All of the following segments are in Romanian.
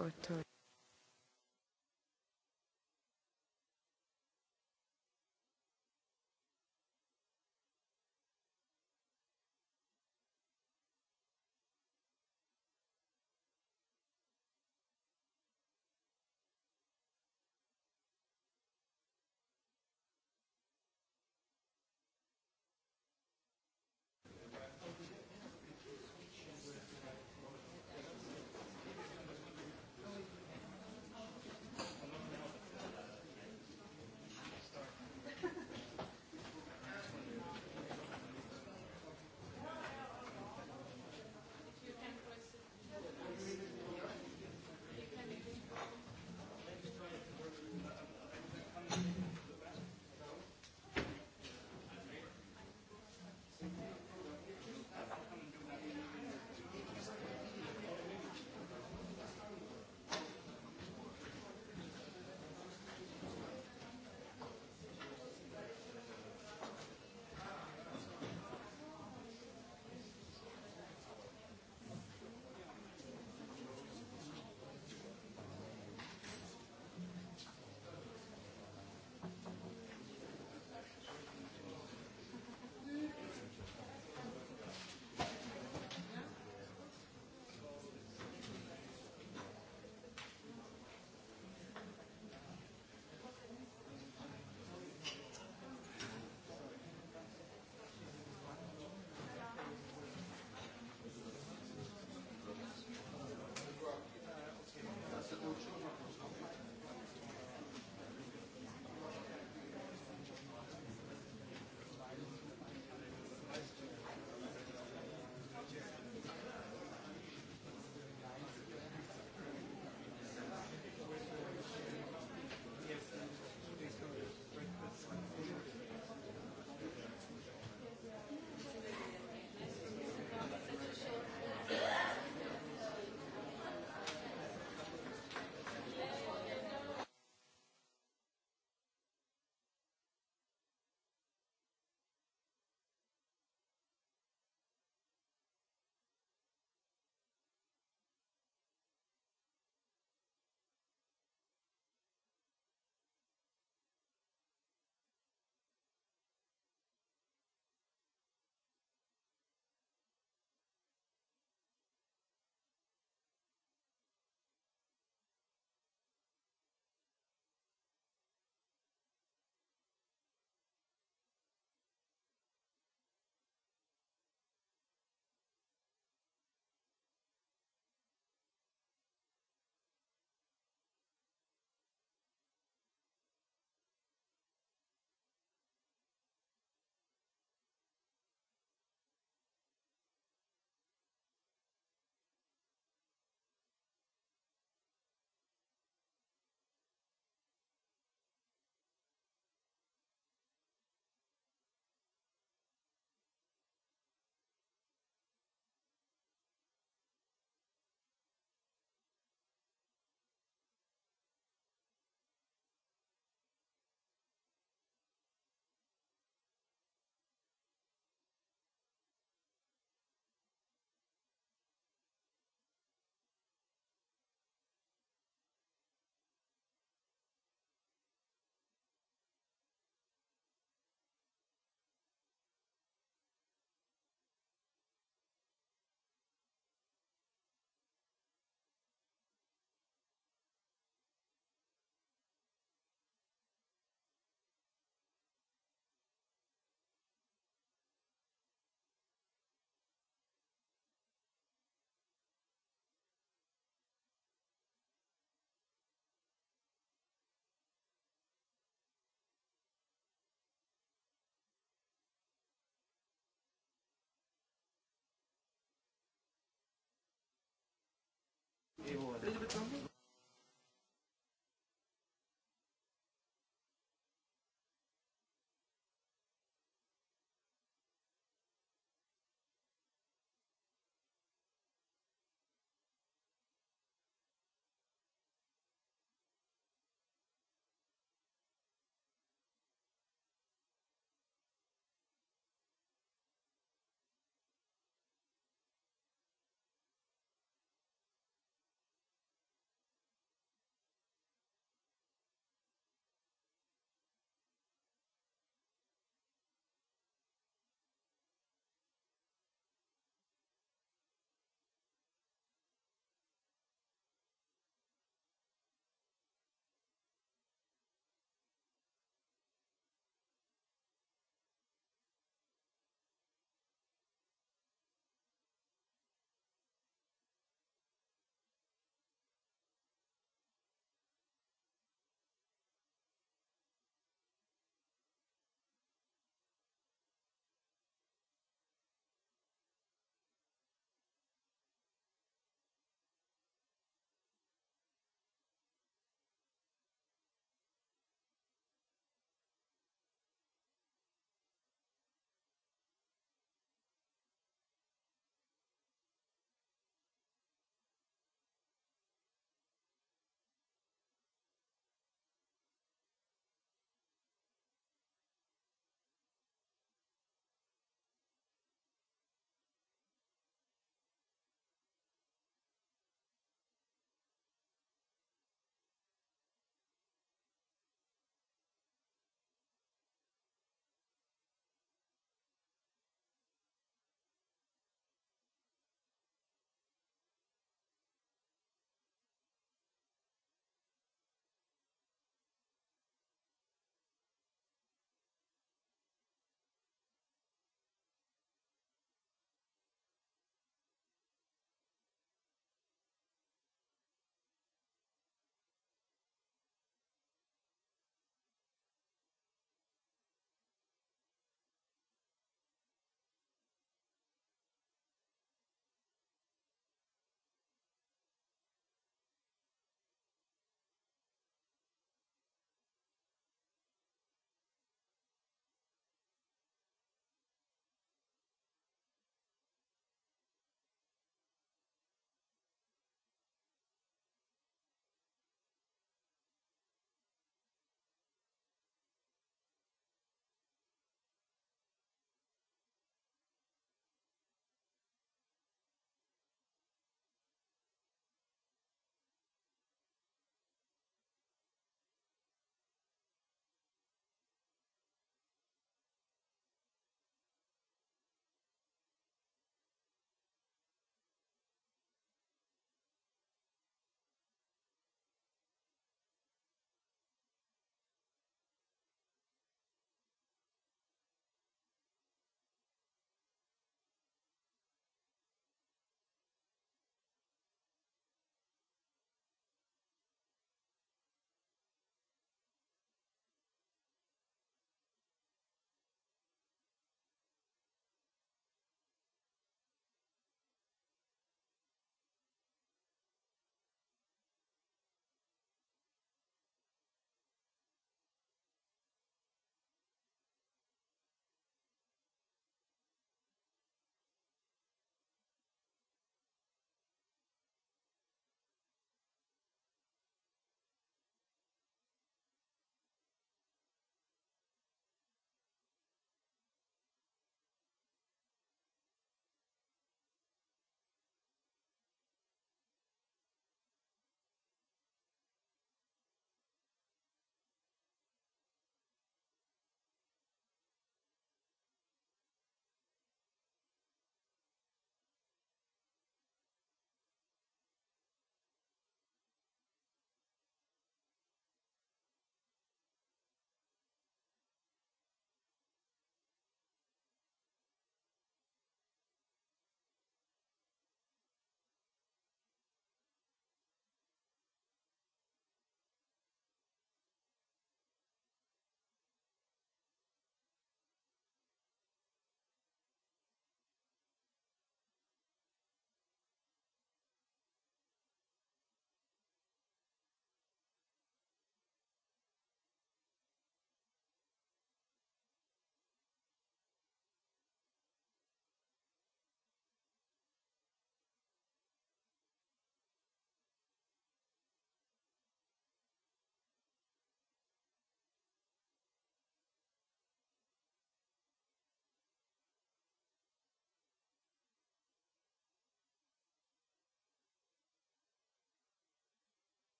rapporteur. Trebuie să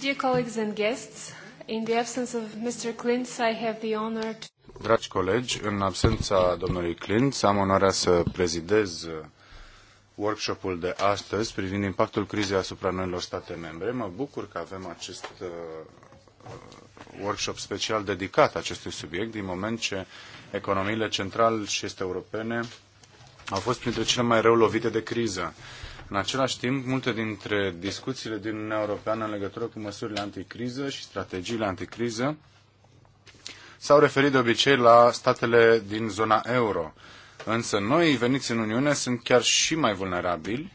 Dear colleagues and guests, in the absence of Mr. I have the honor to... Dragi colegi, în absența domnului Clint, am onoarea să prezidez uh, workshopul de astăzi privind impactul crizei asupra noilor state membre. Mă bucur că avem acest uh, uh, workshop special dedicat acestui subiect, din moment ce economiile central și este europene au fost printre cele mai rău lovite de criză. În același timp, multe dintre discuțiile din Uniunea Europeană în legătură cu măsurile anticriză și strategiile anticriză s-au referit de obicei la statele din zona euro. Însă noi veniți în Uniune sunt chiar și mai vulnerabili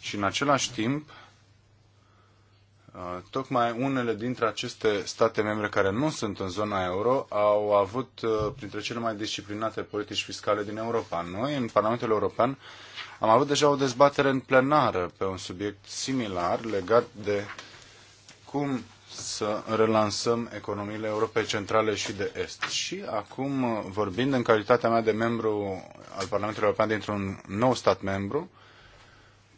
și în același timp uh, Tocmai unele dintre aceste state membre care nu sunt în zona euro au avut uh, printre cele mai disciplinate politici fiscale din Europa. Noi, în Parlamentul European, am avut deja o dezbatere în plenară pe un subiect similar legat de cum să relansăm economiile Europei Centrale și de Est. Și acum, vorbind în calitatea mea de membru al Parlamentului European dintr-un nou stat membru,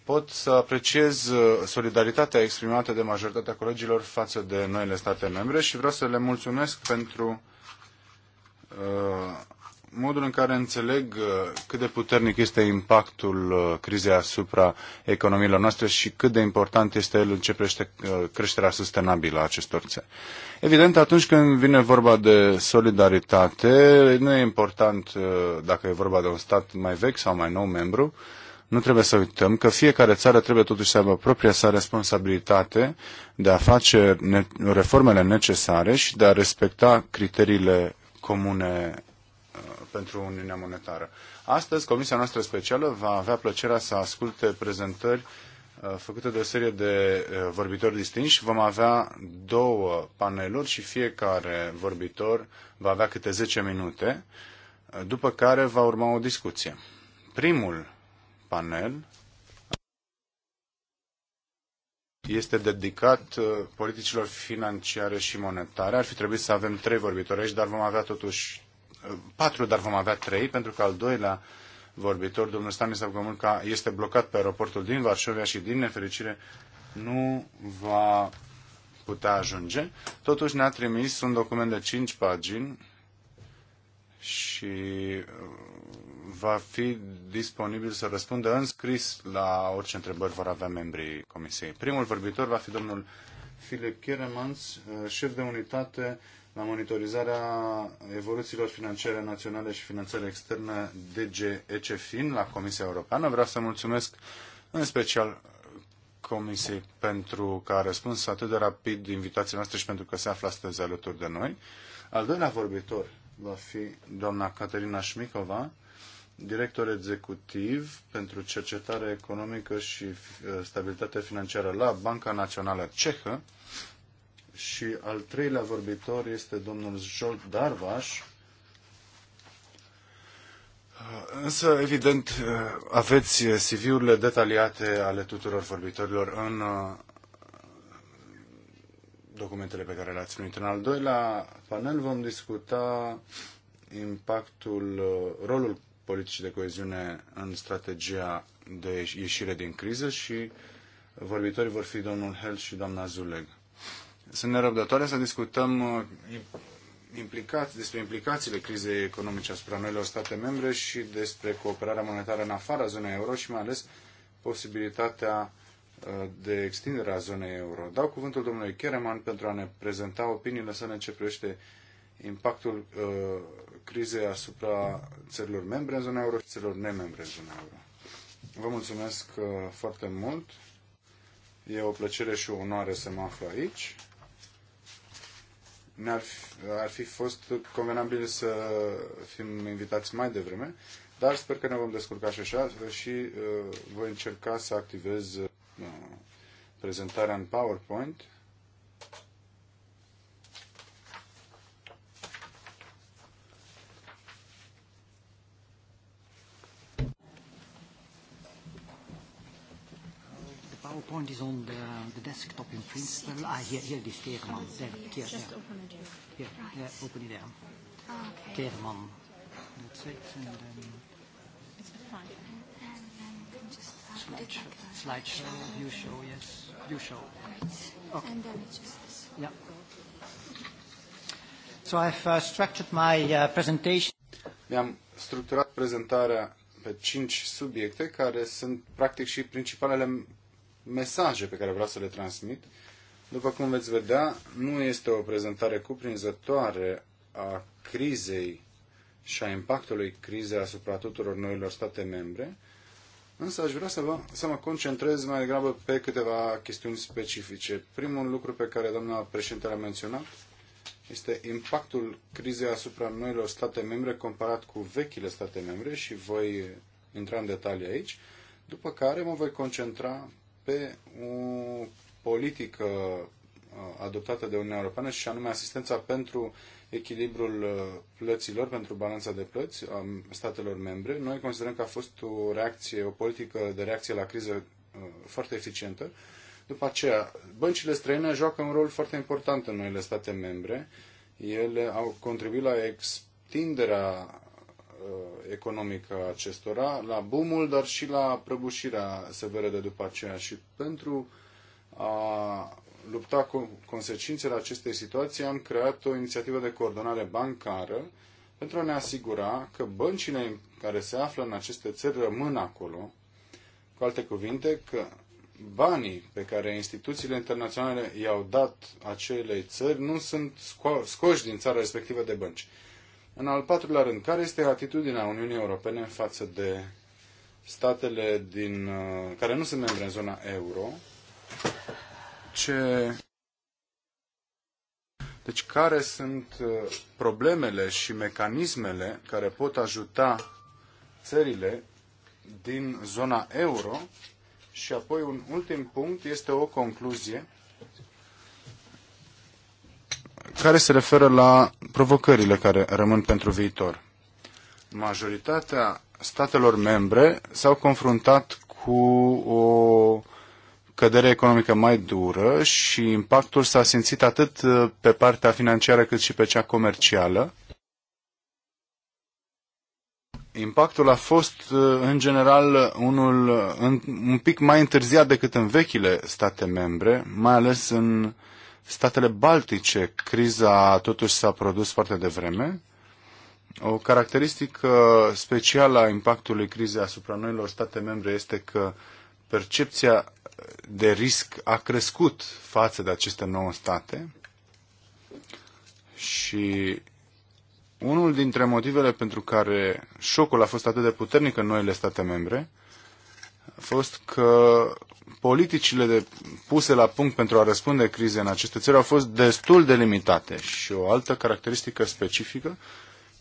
pot să apreciez uh, solidaritatea exprimată de majoritatea colegilor față de noile state membre și vreau să le mulțumesc pentru uh, modul în care înțeleg uh, cât de puternic este impactul uh, crizei asupra economiilor noastre și cât de important este el în ce privește uh, creșterea sustenabilă a acestor țări. Evident, atunci când vine vorba de solidaritate, nu e important dacă e vorba de un stat mai vechi sau mai nou membru, nu trebuie să uităm că fiecare țară trebuie totuși să aibă propria sa responsabilitate de a face reformele necesare și de a respecta criteriile comune pentru Uniunea Monetară. Astăzi, Comisia noastră specială va avea plăcerea să asculte prezentări uh, făcute de o serie de uh, vorbitori distinși. Vom avea două paneluri și fiecare vorbitor va avea câte 10 minute, uh, după care va urma o discuție. Primul panel este dedicat politicilor financiare și monetare. Ar fi trebuit să avem trei vorbitori aici, dar vom avea totuși patru, dar vom avea trei, pentru că al doilea vorbitor, domnul Stanislav Gomulca, este blocat pe aeroportul din Varșovia și, din nefericire, nu va putea ajunge. Totuși ne-a trimis un document de 5 pagini și uh, va fi disponibil să răspundă în scris la orice întrebări vor avea membrii Comisiei. Primul vorbitor va fi domnul Filip Kieremans, uh, șef de unitate la monitorizarea evoluțiilor financiare naționale și finanțare externe DG ECFIN la Comisia Europeană. Vreau să mulțumesc în special Comisiei pentru că a răspuns atât de rapid invitația noastre și pentru că se află astăzi alături de noi. Al doilea vorbitor va fi doamna Caterina Șmicova, director executiv pentru cercetare economică și uh, stabilitate financiară la Banca Națională Cehă și al treilea vorbitor este domnul Jolt Darvaș. Însă, evident, aveți CV-urile detaliate ale tuturor vorbitorilor în uh, documentele pe care le-ați primit. În al doilea panel vom discuta impactul, uh, rolul politicii de coeziune în strategia de ieșire din criză și vorbitorii vor fi domnul Hel și doamna Zuleg. Sunt nerăbdătoare să discutăm uh, implicați, despre implicațiile crizei economice asupra noilor state membre și despre cooperarea monetară în afara zonei euro și mai ales posibilitatea uh, de extindere a zonei euro. Dau cuvântul domnului Kereman pentru a ne prezenta opiniile sale în ce privește impactul uh, crizei asupra țărilor membre în zona euro și țărilor nemembre în zona euro. Vă mulțumesc uh, foarte mult. E o plăcere și o onoare să mă aflu aici ne-ar fi, ar fi fost convenabil să fim invitați mai devreme, dar sper că ne vom descurca și așa și uh, voi încerca să activez uh, prezentarea în PowerPoint PowerPoint is on the, the desktop in principle. Ah, here, here it is, Keerman. There, here, Just yeah. open it here. Here, right. yeah, open it there. Ah, okay. Keerman. That's it, and then... It's fine. And then just... Uh, slideshow, uh, slideshow, you show, yes. You show. Great. Okay. And then it's just this. Yeah. So I've uh, structured my uh, presentation. Mi-am structurat prezentarea pe cinci subiecte care sunt practic și principalele mesaje pe care vreau să le transmit. După cum veți vedea, nu este o prezentare cuprinzătoare a crizei și a impactului crizei asupra tuturor noilor state membre, însă aș vrea să, vă, să mă concentrez mai degrabă pe câteva chestiuni specifice. Primul lucru pe care doamna președinte l-a menționat este impactul crizei asupra noilor state membre comparat cu vechile state membre și voi intra în detalii aici, după care mă voi concentra pe o politică uh, adoptată de Uniunea Europeană și anume asistența pentru echilibrul uh, plăților, pentru balanța de plăți a statelor membre. Noi considerăm că a fost o reacție, o politică de reacție la criză uh, foarte eficientă. După aceea, băncile străine joacă un rol foarte important în noile state membre. Ele au contribuit la extinderea Uh, economică a acestora, la boomul, dar și la prăbușirea severă de după aceea. Și pentru a lupta cu consecințele acestei situații, am creat o inițiativă de coordonare bancară pentru a ne asigura că băncile care se află în aceste țări rămân acolo, cu alte cuvinte, că banii pe care instituțiile internaționale i-au dat acelei țări nu sunt sco- scoși din țara respectivă de bănci. În al patrulea rând, care este atitudinea Uniunii Europene față de statele din, uh, care nu sunt membre în zona euro? Ce... Deci care sunt uh, problemele și mecanismele care pot ajuta țările din zona euro? Și apoi un ultim punct este o concluzie care se referă la provocările care rămân pentru viitor. Majoritatea statelor membre s-au confruntat cu o cădere economică mai dură și impactul s-a simțit atât uh, pe partea financiară cât și pe cea comercială. Impactul a fost, uh, în general, unul uh, un pic mai întârziat decât în vechile state membre, mai ales în statele baltice, criza totuși s-a produs foarte devreme. O caracteristică specială a impactului crizei asupra noilor state membre este că percepția de risc a crescut față de aceste nouă state și unul dintre motivele pentru care șocul a fost atât de puternic în noile state membre a fost că politicile de, puse la punct pentru a răspunde crize în aceste țări au fost destul de limitate. Și o altă caracteristică specifică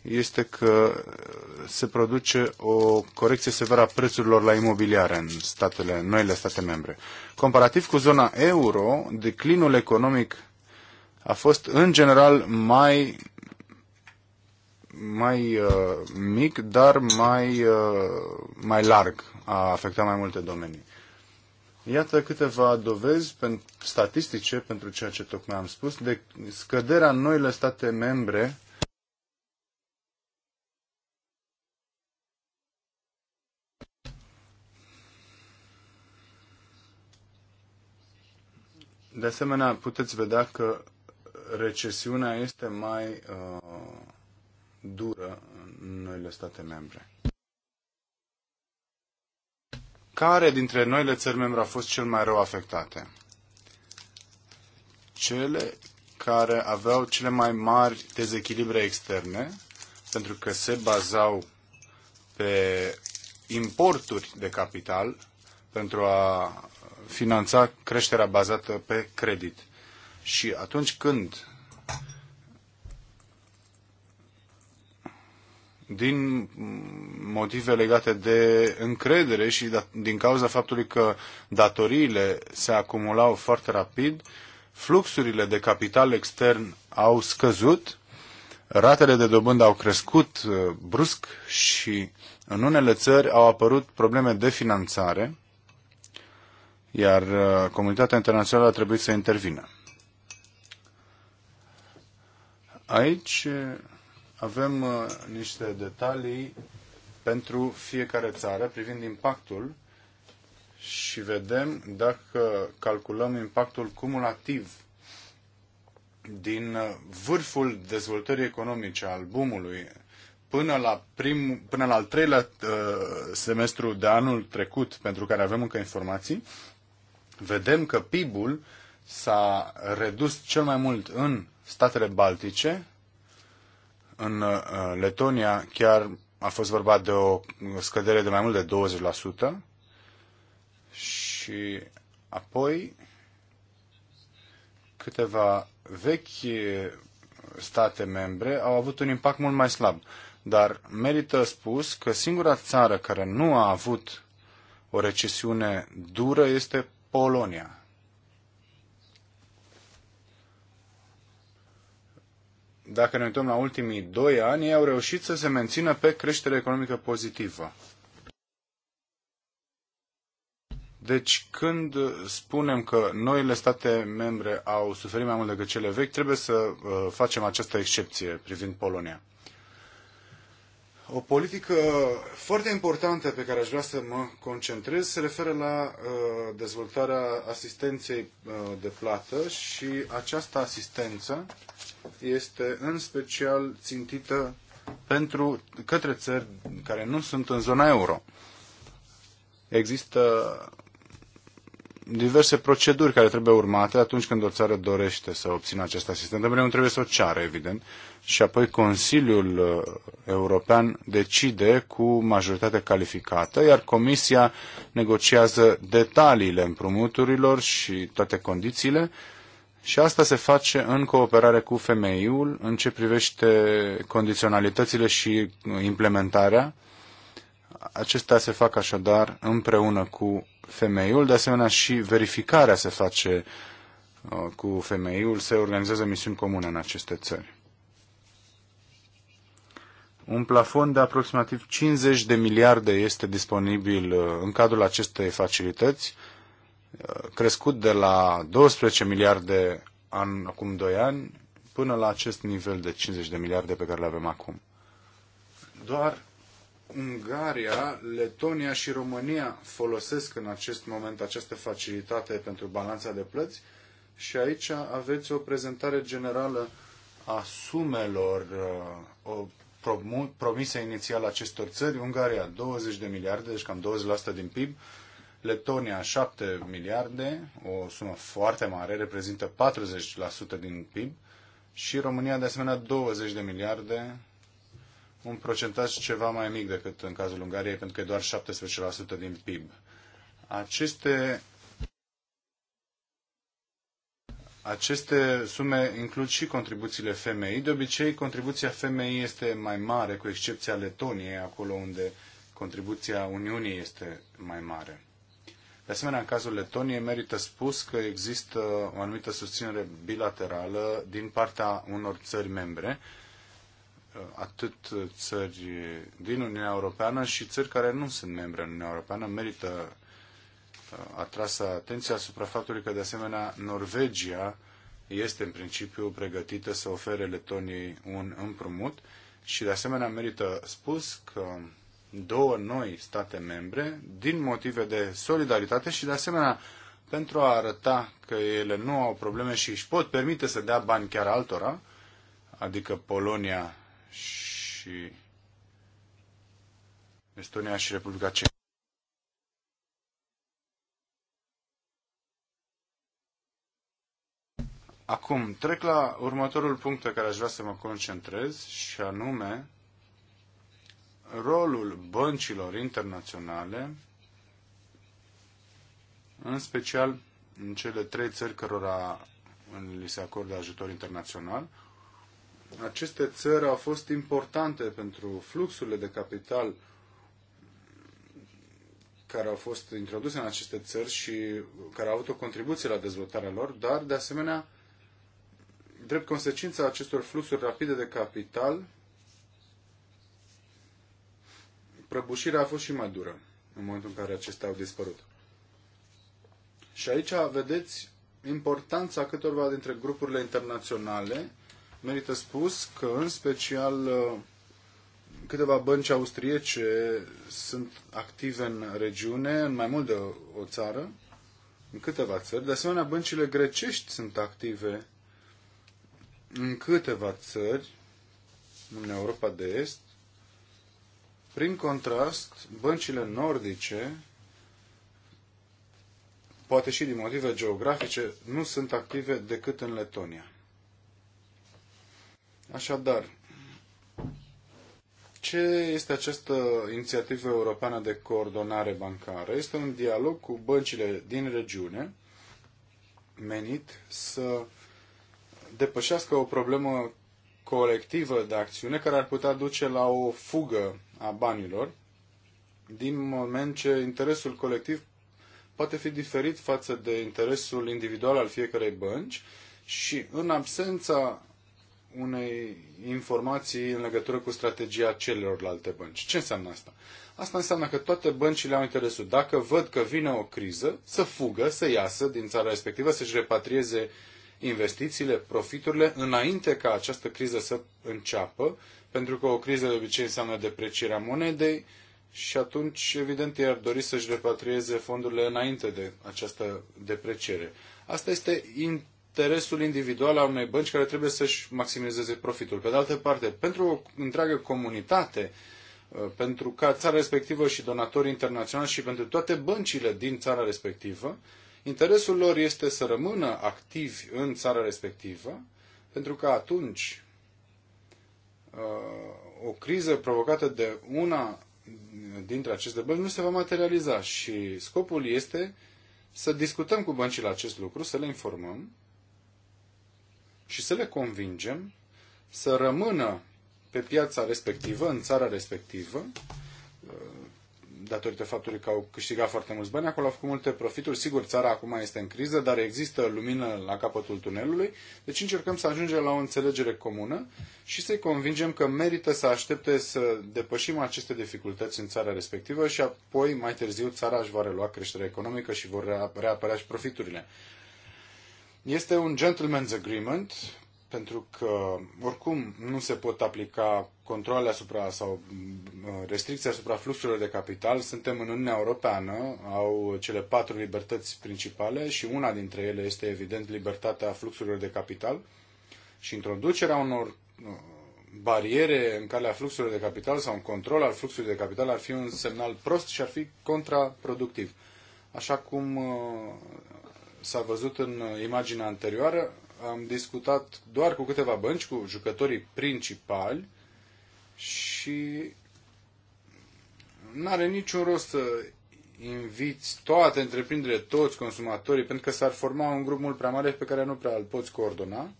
este că se produce o corecție severă a prețurilor la imobiliare în statele, noile state membre. Comparativ cu zona euro, declinul economic a fost în general mai mai uh, mic, dar mai, uh, mai larg, a afectat mai multe domenii. Iată câteva dovezi statistice pentru ceea ce tocmai am spus de scăderea în noile state membre De asemenea, puteți vedea că recesiunea este mai uh, dură în noile state membre care dintre noile țări membre a fost cel mai rău afectate? Cele care aveau cele mai mari dezechilibre externe, pentru că se bazau pe importuri de capital pentru a finanța creșterea bazată pe credit. Și atunci când din motive legate de încredere și din cauza faptului că datoriile se acumulau foarte rapid, fluxurile de capital extern au scăzut, ratele de dobândă au crescut uh, brusc și în unele țări au apărut probleme de finanțare, iar uh, comunitatea internațională a trebuit să intervină. Aici uh, avem uh, niște detalii pentru fiecare țară privind impactul și vedem dacă calculăm impactul cumulativ din uh, vârful dezvoltării economice al boomului până la, prim, până la al treilea uh, semestru de anul trecut, pentru care avem încă informații, vedem că PIB-ul s-a redus cel mai mult în statele baltice, în uh, Letonia chiar a fost vorba de o scădere de mai mult de 20% și apoi câteva vechi state membre au avut un impact mult mai slab. Dar merită spus că singura țară care nu a avut o recesiune dură este Polonia. dacă ne uităm la ultimii doi ani, ei au reușit să se mențină pe creștere economică pozitivă. Deci când spunem că noile state membre au suferit mai mult decât cele vechi, trebuie să uh, facem această excepție privind Polonia. O politică foarte importantă pe care aș vrea să mă concentrez se referă la uh, dezvoltarea asistenței uh, de plată și această asistență este în special țintită pentru către țări care nu sunt în zona euro. Există diverse proceduri care trebuie urmate atunci când o țară dorește să obțină această asistență. În primul trebuie să o ceară, evident, și apoi Consiliul uh, European decide cu majoritate calificată, iar Comisia negociază detaliile împrumuturilor și toate condițiile și asta se face în cooperare cu femeiul în ce privește condiționalitățile și uh, implementarea. Acestea se fac așadar împreună cu femeiul, de asemenea și verificarea se face uh, cu femeiul, se organizează misiuni comune în aceste țări. Un plafon de aproximativ 50 de miliarde este disponibil uh, în cadrul acestei facilități, uh, crescut de la 12 miliarde an, acum 2 ani până la acest nivel de 50 de miliarde pe care le avem acum. Doar Ungaria, Letonia și România folosesc în acest moment această facilitate pentru balanța de plăți și aici aveți o prezentare generală a sumelor uh, promise inițial acestor țări, Ungaria 20 de miliarde, deci cam 20% din PIB, Letonia 7 miliarde, o sumă foarte mare, reprezintă 40% din PIB, și România de asemenea 20 de miliarde, un procentaj ceva mai mic decât în cazul Ungariei, pentru că e doar 17% din PIB. Aceste Aceste sume includ și contribuțiile femei. De obicei, contribuția femei este mai mare, cu excepția Letoniei, acolo unde contribuția Uniunii este mai mare. De asemenea, în cazul Letoniei merită spus că există o anumită susținere bilaterală din partea unor țări membre, atât țări din Uniunea Europeană și țări care nu sunt membre în Uniunea Europeană merită atrasă atenția asupra faptului că, de asemenea, Norvegia este în principiu pregătită să ofere Letoniei un împrumut și, de asemenea, merită spus că două noi state membre, din motive de solidaritate și, de asemenea, pentru a arăta că ele nu au probleme și își pot permite să dea bani chiar altora, adică Polonia și Estonia și Republica Cehă. Acum, trec la următorul punct pe care aș vrea să mă concentrez și anume rolul băncilor internaționale, în special în cele trei țări cărora li se acordă ajutor internațional. Aceste țări au fost importante pentru fluxurile de capital care au fost introduse în aceste țări și care au avut o contribuție la dezvoltarea lor, dar, de asemenea, drept consecință a acestor fluxuri rapide de capital, prăbușirea a fost și mai dură în momentul în care acestea au dispărut. Și aici vedeți importanța câtorva dintre grupurile internaționale. Merită spus că, în special, câteva bănci austriece sunt active în regiune, în mai mult de o țară, în câteva țări. De asemenea, băncile grecești sunt active în câteva țări, în Europa de Est, prin contrast, băncile nordice, poate și din motive geografice, nu sunt active decât în Letonia. Așadar, ce este această inițiativă europeană de coordonare bancară? Este un dialog cu băncile din regiune menit să depășească o problemă colectivă de acțiune care ar putea duce la o fugă a banilor, din moment ce interesul colectiv poate fi diferit față de interesul individual al fiecărei bănci și în absența unei informații în legătură cu strategia celorlalte bănci. Ce înseamnă asta? Asta înseamnă că toate băncile au interesul, dacă văd că vine o criză, să fugă, să iasă din țara respectivă, să-și repatrieze investițiile, profiturile, înainte ca această criză să înceapă, pentru că o criză de obicei înseamnă deprecierea monedei și atunci, evident, ei ar dori să-și repatrieze fondurile înainte de această depreciere. Asta este interesul individual al unei bănci care trebuie să-și maximizeze profitul. Pe de altă parte, pentru o întreagă comunitate, uh, pentru ca țara respectivă și donatorii internaționali și pentru toate băncile din țara respectivă, Interesul lor este să rămână activi în țara respectivă, pentru că atunci uh, o criză provocată de una dintre aceste bănci nu se va materializa și scopul este să discutăm cu băncile acest lucru, să le informăm și să le convingem să rămână pe piața respectivă, în țara respectivă, uh, datorită faptului că au câștigat foarte mulți bani, acolo au făcut multe profituri. Sigur, țara acum este în criză, dar există lumină la capătul tunelului, deci încercăm să ajungem la o înțelegere comună și să-i convingem că merită să aștepte să depășim aceste dificultăți în țara respectivă și apoi, mai târziu, țara își va relua creșterea economică și vor reapărea și profiturile. Este un gentleman's agreement, pentru că oricum nu se pot aplica controle asupra sau uh, restricții asupra fluxurilor de capital. Suntem în Uniunea Europeană, au cele patru libertăți principale și una dintre ele este evident libertatea fluxurilor de capital și introducerea unor uh, bariere în calea fluxurilor de capital sau un control al fluxului de capital ar fi un semnal prost și ar fi contraproductiv. Așa cum uh, s-a văzut în imaginea anterioară, am discutat doar cu câteva bănci, cu jucătorii principali și nu are niciun rost să inviți toate întreprinderile, toți consumatorii, pentru că s-ar forma un grup mult prea mare pe care nu prea îl poți coordona.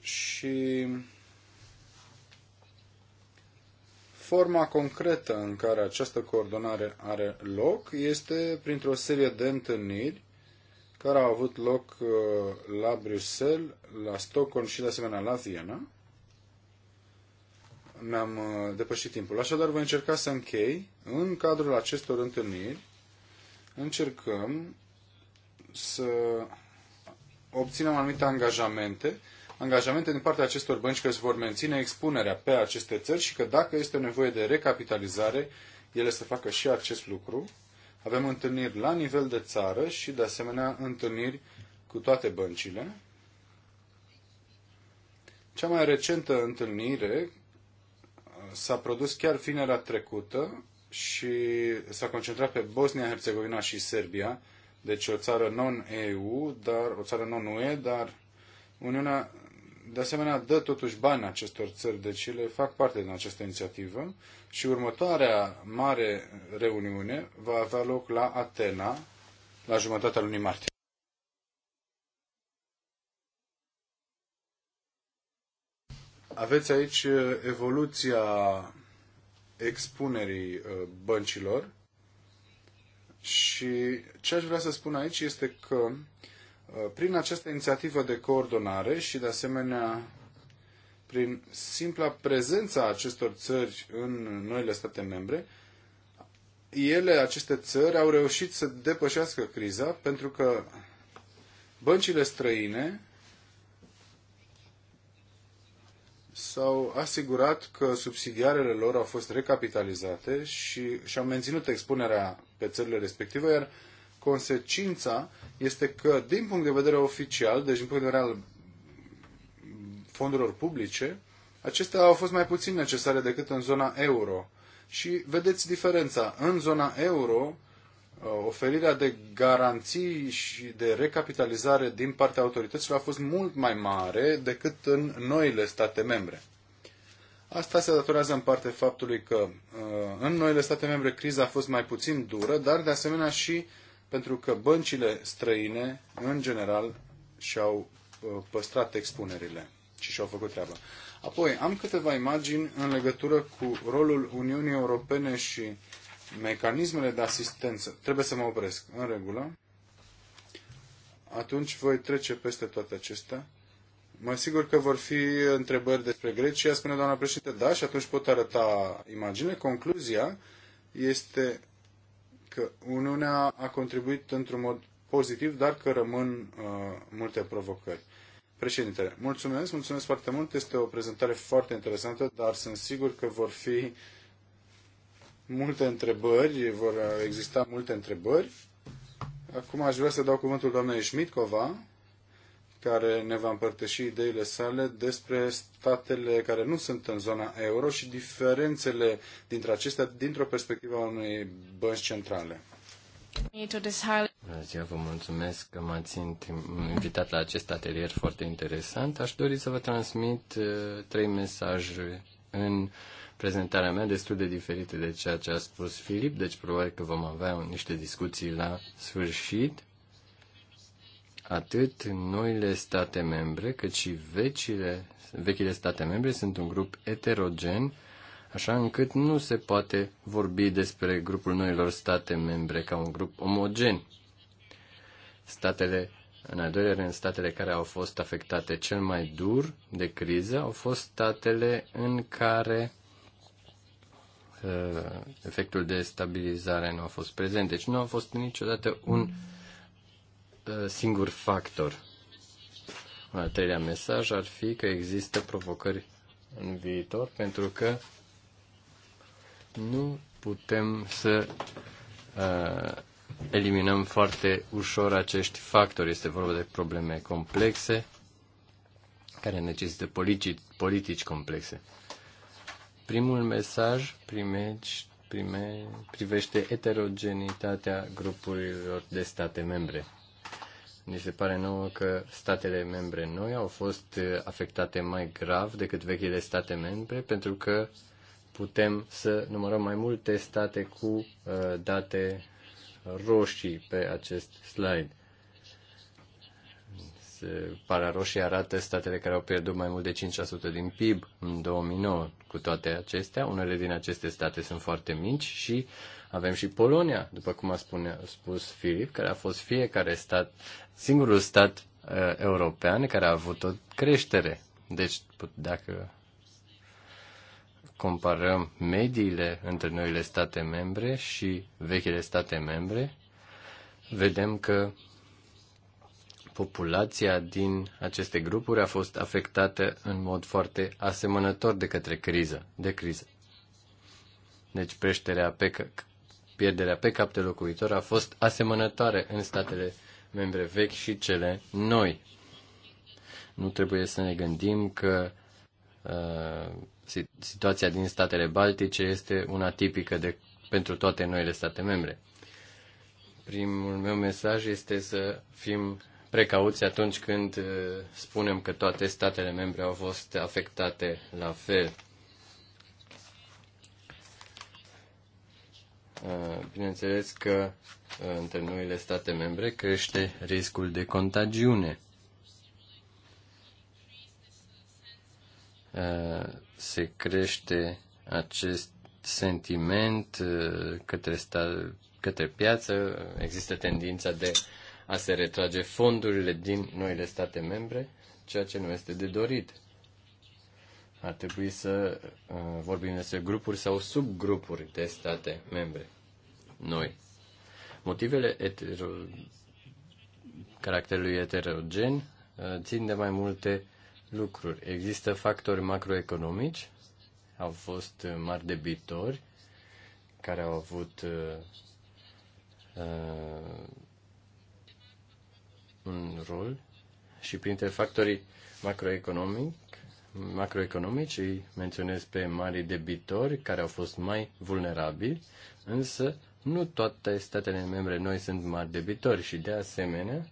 Și forma concretă în care această coordonare are loc este printr-o serie de întâlniri care au avut loc uh, la Bruxelles, la Stockholm și de asemenea la Viena. Mi-am uh, depășit timpul. Așadar, voi încerca să închei în cadrul acestor întâlniri. Încercăm să obținem anumite angajamente, angajamente din partea acestor bănci că se vor menține expunerea pe aceste țări și că dacă este nevoie de recapitalizare, ele să facă și acest lucru. Avem întâlniri la nivel de țară și, de asemenea, întâlniri cu toate băncile. Cea mai recentă întâlnire uh, s-a produs chiar vinerea trecută și s-a concentrat pe Bosnia-Herzegovina și Serbia, deci o țară non-EU, dar o țară non-UE, dar Uniunea de asemenea dă totuși bani acestor țări, deci ele fac parte din această inițiativă și următoarea mare reuniune va avea loc la Atena la jumătatea lunii martie. Aveți aici uh, evoluția expunerii uh, băncilor și ce aș vrea să spun aici este că Uh, prin această inițiativă de coordonare și, de asemenea, prin simpla prezența acestor țări în noile state membre, ele, aceste țări, au reușit să depășească criza pentru că băncile străine s-au asigurat că subsidiarele lor au fost recapitalizate și și-au menținut expunerea pe țările respective, iar uh, Consecința este că, din punct de vedere oficial, deci din punct de vedere al fondurilor publice, acestea au fost mai puțin necesare decât în zona euro. Și vedeți diferența. În zona euro, uh, oferirea de garanții și de recapitalizare din partea autorităților a fost mult mai mare decât în noile state membre. Asta se datorează în parte faptului că uh, în noile state membre criza a fost mai puțin dură, dar de asemenea și pentru că băncile străine, în general, și-au uh, păstrat expunerile și și-au făcut treaba. Apoi, am câteva imagini în legătură cu rolul Uniunii Europene și mecanismele de asistență. Trebuie să mă opresc. În regulă. Atunci voi trece peste toate acestea. Mă sigur că vor fi întrebări despre Grecia, spune doamna președinte, da, și atunci pot arăta imagine. Concluzia este că Uniunea a contribuit într-un mod pozitiv, dar că rămân uh, multe provocări. Președintele, mulțumesc, mulțumesc foarte mult. Este o prezentare foarte interesantă, dar sunt sigur că vor fi multe întrebări, vor exista multe întrebări. Acum aș vrea să dau cuvântul doamnei Șmitcova, care ne va împărtăși ideile sale despre statele care nu sunt în zona euro și diferențele dintre acestea dintr-o perspectivă a unei bănci centrale. Bună ziua, vă mulțumesc că m-ați invitat la acest atelier foarte interesant. Aș dori să vă transmit uh, trei mesaje în prezentarea mea destul de diferite de ceea ce a spus Filip, deci probabil că vom avea niște discuții la sfârșit Atât noile state membre, cât și vecile, vechile state membre sunt un grup eterogen, așa încât nu se poate vorbi despre grupul noilor state membre ca un grup omogen. Statele, în al doilea rând, statele care au fost afectate cel mai dur de criză au fost statele în care uh, efectul de stabilizare nu a fost prezent. Deci nu a fost niciodată un Uh, singur factor. Un al treilea mesaj ar fi că există provocări în viitor pentru că nu putem să uh, eliminăm foarte ușor acești factori. Este vorba de probleme complexe care necesită politici, politici complexe. Primul mesaj primești, prime, privește eterogenitatea grupurilor de state membre. Ni se pare nouă că statele membre noi au fost uh, afectate mai grav decât vechile state membre pentru că putem să numărăm mai multe state cu uh, date roșii pe acest slide. Para roșii arată statele care au pierdut mai mult de 5% din PIB în 2009. Cu toate acestea, unele din aceste state sunt foarte mici și uh, avem și Polonia, după cum a spune, spus Filip, care a fost fiecare stat, singurul stat uh, european care a avut o creștere. Deci, dacă comparăm mediile între noile state membre și vechile state membre, vedem că populația din aceste grupuri a fost afectată în mod foarte asemănător de către criză, de criză. Deci creșterea pe pierderea pe cap de locuitor a fost asemănătoare în statele membre vechi și cele noi. Nu trebuie să ne gândim că uh, situația din statele baltice este una tipică de, pentru toate noile state membre. Primul meu mesaj este să fim precauți atunci când uh, spunem că toate statele membre au fost afectate la fel Eh, bineînțeles că eh, între noile state membre crește riscul de contagiune. Eh, se crește acest sentiment către, stat, către piață, există tendința de a se retrage fondurile din noile state membre, ceea ce nu este de dorit ar trebui să uh, vorbim despre grupuri sau subgrupuri de state membre. Noi. Motivele etero... caracterului heterogen uh, țin de mai multe lucruri. Există factori macroeconomici, au fost uh, mari debitori care au avut uh, un rol și printre factorii macroeconomici macroeconomici, îi menționez pe mari debitori care au fost mai vulnerabili, însă nu toate statele membre noi sunt mari debitori și de asemenea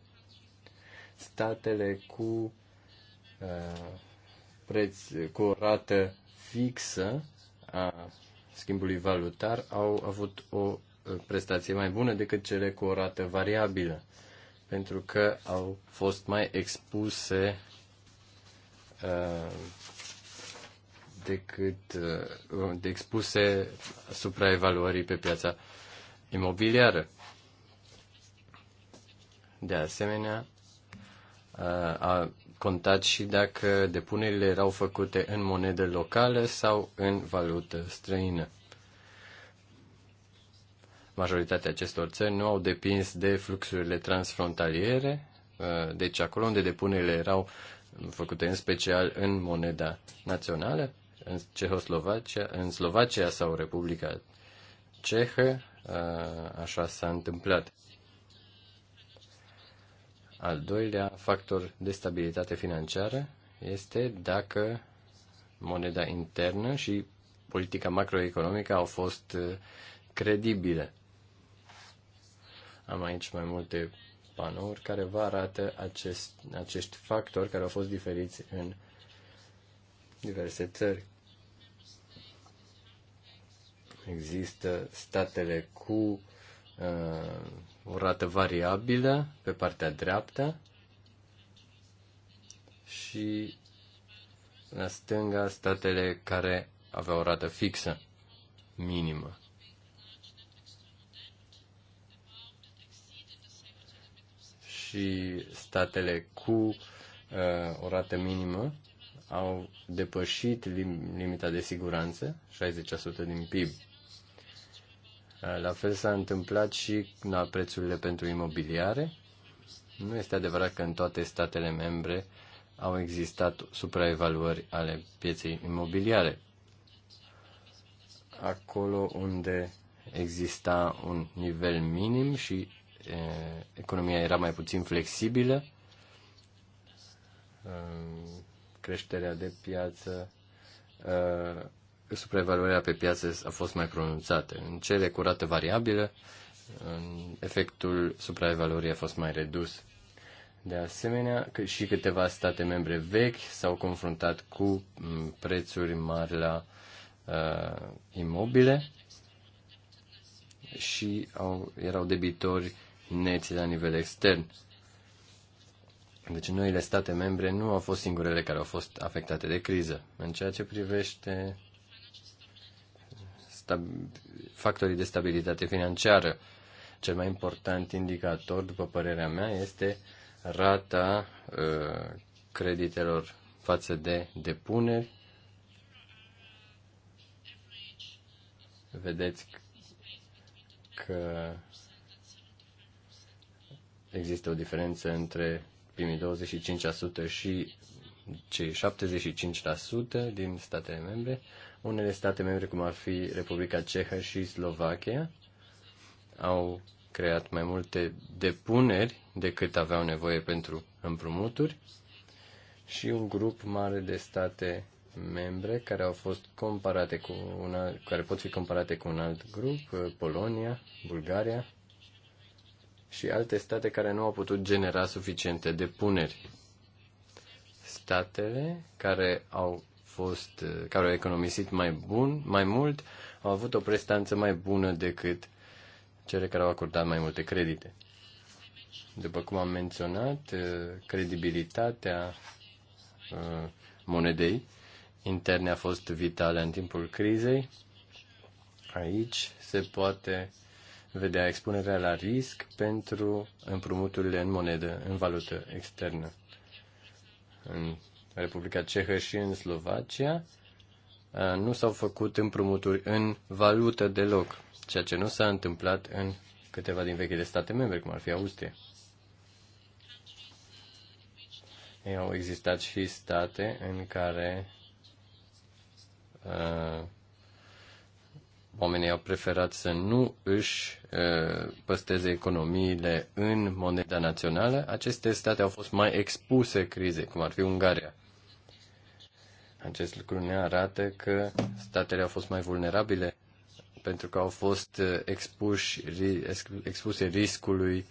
statele cu uh, preț, cu o rată fixă a schimbului valutar au avut o uh, prestație mai bună decât cele cu o rată variabilă, pentru că au fost mai expuse Uh, decât uh, de expuse supraevaluării pe piața imobiliară. De asemenea, uh, a contat și dacă depunerile erau făcute în monedă locală sau în valută străină. Majoritatea acestor țări nu au depins de fluxurile transfrontaliere, deci acolo unde depunerile erau făcute în special în moneda națională, în Cehoslovacia, în Slovacia sau Republica Cehă, așa s-a întâmplat. Al doilea factor de stabilitate financiară este dacă moneda internă și politica macroeconomică au fost uh, credibile. Am aici mai multe panouri care vă arată acest, acești factori care au fost diferiți în diverse țări. Există statele cu uh, o rată variabilă pe partea dreaptă și la stânga statele care aveau o rată fixă minimă. și statele cu uh, o rată minimă au depășit lim- limita de siguranță, 60% din PIB. Uh, la fel s-a întâmplat și la prețurile pentru imobiliare. Nu este adevărat că în toate statele membre au existat supraevaluări ale pieței imobiliare. Acolo unde exista un nivel minim și economia era mai puțin flexibilă, creșterea de piață, supraevaluarea pe piață a fost mai pronunțată. În cele curate variabilă, efectul supraevaluării a fost mai redus. De asemenea, și câteva state membre vechi s-au confruntat cu prețuri mari la uh, imobile și au, erau debitori neții la nivel extern. Deci noile state membre nu au fost singurele care au fost afectate de criză. În ceea ce privește factorii de stabilitate financiară, cel mai important indicator, după părerea mea, este rata uh, creditelor față de depuneri. Vedeți că există o diferență între primii 25% și cei 75% din statele membre. Unele state membre, cum ar fi Republica Cehă și Slovacia, au creat mai multe depuneri decât aveau nevoie pentru împrumuturi și un grup mare de state membre care au fost comparate cu una, care pot fi comparate cu un alt grup, Polonia, Bulgaria, și alte state care nu au putut genera suficiente depuneri. Statele care au fost, care au economisit mai bun, mai mult, au avut o prestanță mai bună decât cele care au acordat mai multe credite. După cum am menționat, eh, credibilitatea eh, monedei interne a fost vitală în timpul crizei. Aici se poate uh, vedea expunerea la risc pentru împrumuturile în monedă, în valută externă. În Republica Cehă și în Slovacia nu s-au făcut împrumuturi în valută deloc, ceea ce nu s-a întâmplat în câteva din vechile state membre, cum ar fi Austria. Ei, au existat și state în care uh, oamenii au preferat să nu își păsteze economiile în moneda națională, aceste state au fost mai expuse crize, cum ar fi Ungaria. Acest lucru ne arată că statele au fost mai vulnerabile pentru că au fost expuși, expuse riscului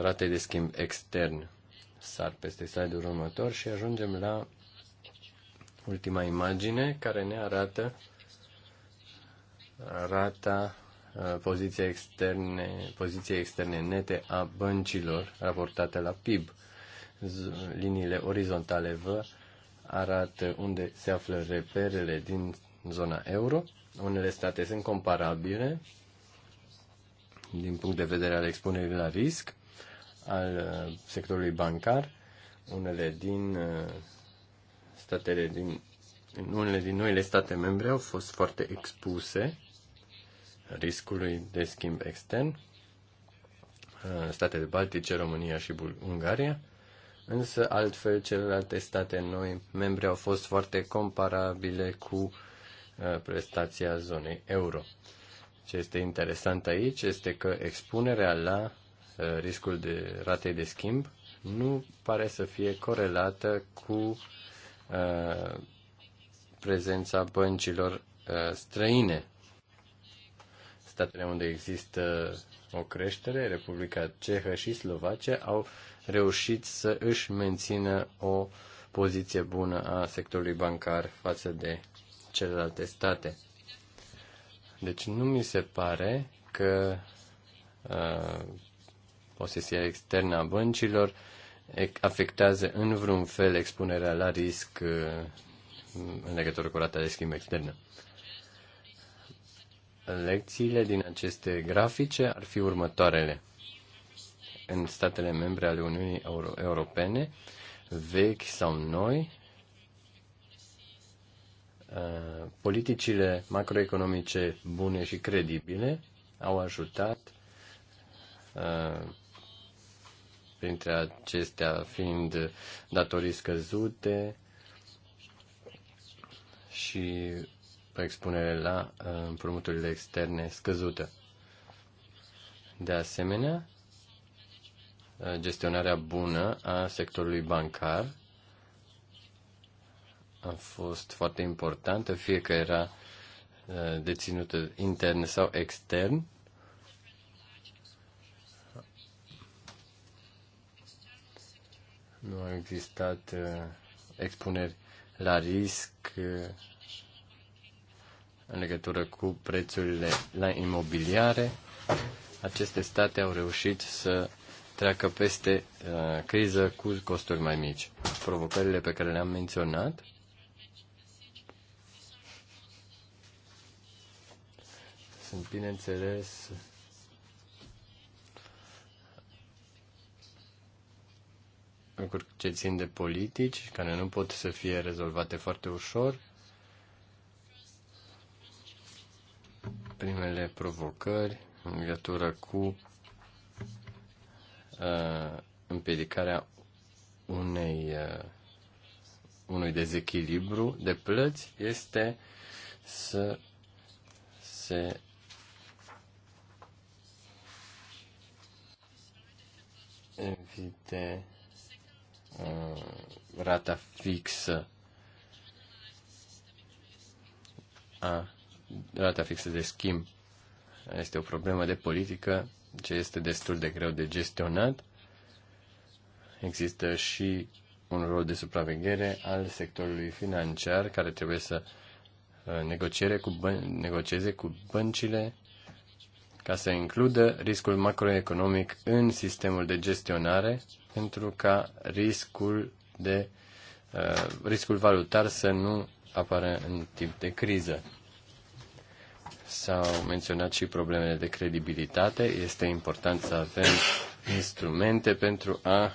ratei de schimb extern. Sar peste slide-ul următor și ajungem la ultima imagine care ne arată rata uh, poziției externe, poziției externe nete a băncilor raportate la PIB. Liniile orizontale v arată unde se află reperele din zona euro. Unele state sunt comparabile din punct de vedere al expunerii la risc al uh, sectorului bancar. Unele din uh, statele din unele din noile state membre au fost foarte expuse riscului de schimb extern, uh, statele Baltice, România și Ungaria, însă altfel celelalte state noi membre au fost foarte comparabile cu uh, prestația zonei euro. Ce este interesant aici este că expunerea la uh, riscul de rate de schimb nu pare să fie corelată cu prezența băncilor străine statele unde există o creștere, Republica Cehă și Slovacia, au reușit să își mențină o poziție bună a sectorului bancar față de celelalte state. Deci nu mi se pare că uh, posesia externă a băncilor afectează în vreun fel expunerea la risc uh, în legătură cu rata de schimb externă. Uh, Lecțiile din aceste grafice ar fi următoarele. În statele membre ale Uniunii Euro- Europene, vechi sau noi, uh, politicile macroeconomice bune și credibile au ajutat, uh, printre acestea fiind datorii scăzute și o expunere la uh, împrumuturile externe scăzută. De asemenea, uh, gestionarea bună a sectorului bancar a fost foarte importantă, fie că era uh, deținută intern sau extern. Nu au existat expuneri la risc în legătură cu prețurile la imobiliare. Aceste state au reușit să treacă peste uh, criză cu costuri mai mici. Provocările pe care le-am menționat sunt, bineînțeles, lucruri ce țin de politici, care nu pot să fie rezolvate foarte ușor, primele provocări în legătură cu uh, împiedicarea unei, uh, unui dezechilibru de plăți este să se evite uh, rata fixă a rata fixă de schimb este o problemă de politică ce este destul de greu de gestionat. Există și un rol de supraveghere al sectorului financiar care trebuie să uh, negociere cu negocieze cu băncile ca să includă riscul macroeconomic în sistemul de gestionare pentru ca riscul de uh, riscul valutar să nu apară în timp de criză. S-au menționat și problemele de credibilitate. Este important să avem instrumente pentru a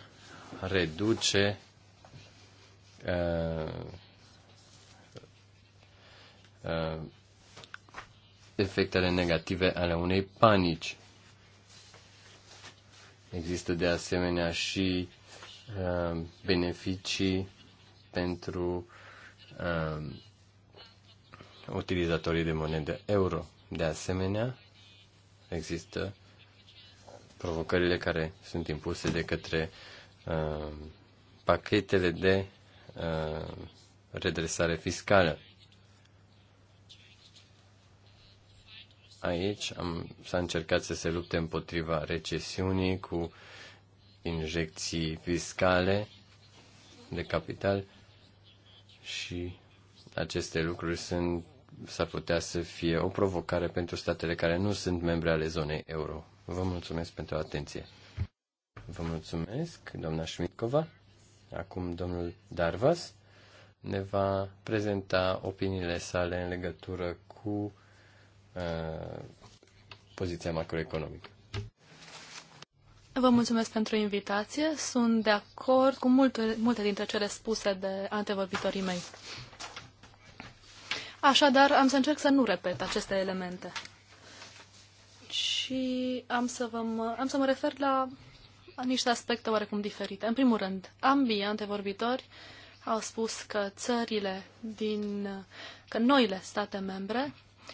reduce uh, uh, efectele negative ale unei panici. Există de asemenea și uh, beneficii pentru uh, utilizatorii de monedă euro. De asemenea, există provocările care sunt impuse de către uh, pachetele de uh, redresare fiscală. Aici am, s-a încercat să se lupte împotriva recesiunii cu injecții fiscale de capital și aceste lucruri sunt s-ar putea să fie o provocare pentru statele care nu sunt membre ale zonei euro. Vă mulțumesc pentru atenție. Vă mulțumesc, doamna Șmitcova. Acum domnul Darvas ne va prezenta opiniile sale în legătură cu uh, poziția macroeconomică. Vă mulțumesc pentru invitație. Sunt de acord cu multe, multe dintre cele spuse de antevorbitorii mei. Așadar, am să încerc să nu repet aceste elemente. Și am să, vă mă, am să mă refer la niște aspecte oarecum diferite. În primul rând, ambii antevorbitori au spus că țările din, că noile state membre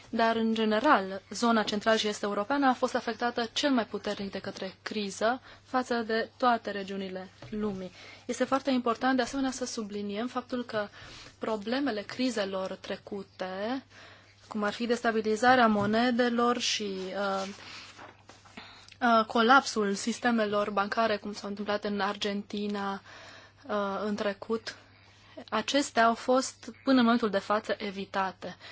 dar în general zona central și este europeană a fost afectată cel mai puternic de către criză față de toate regiunile lumii. Este foarte important de asemenea să subliniem faptul că problemele crizelor trecute, cum ar fi destabilizarea monedelor și uh, uh, colapsul sistemelor bancare, cum s-a întâmplat în Argentina uh, în trecut, acestea au fost până în momentul de față evitate. Uh,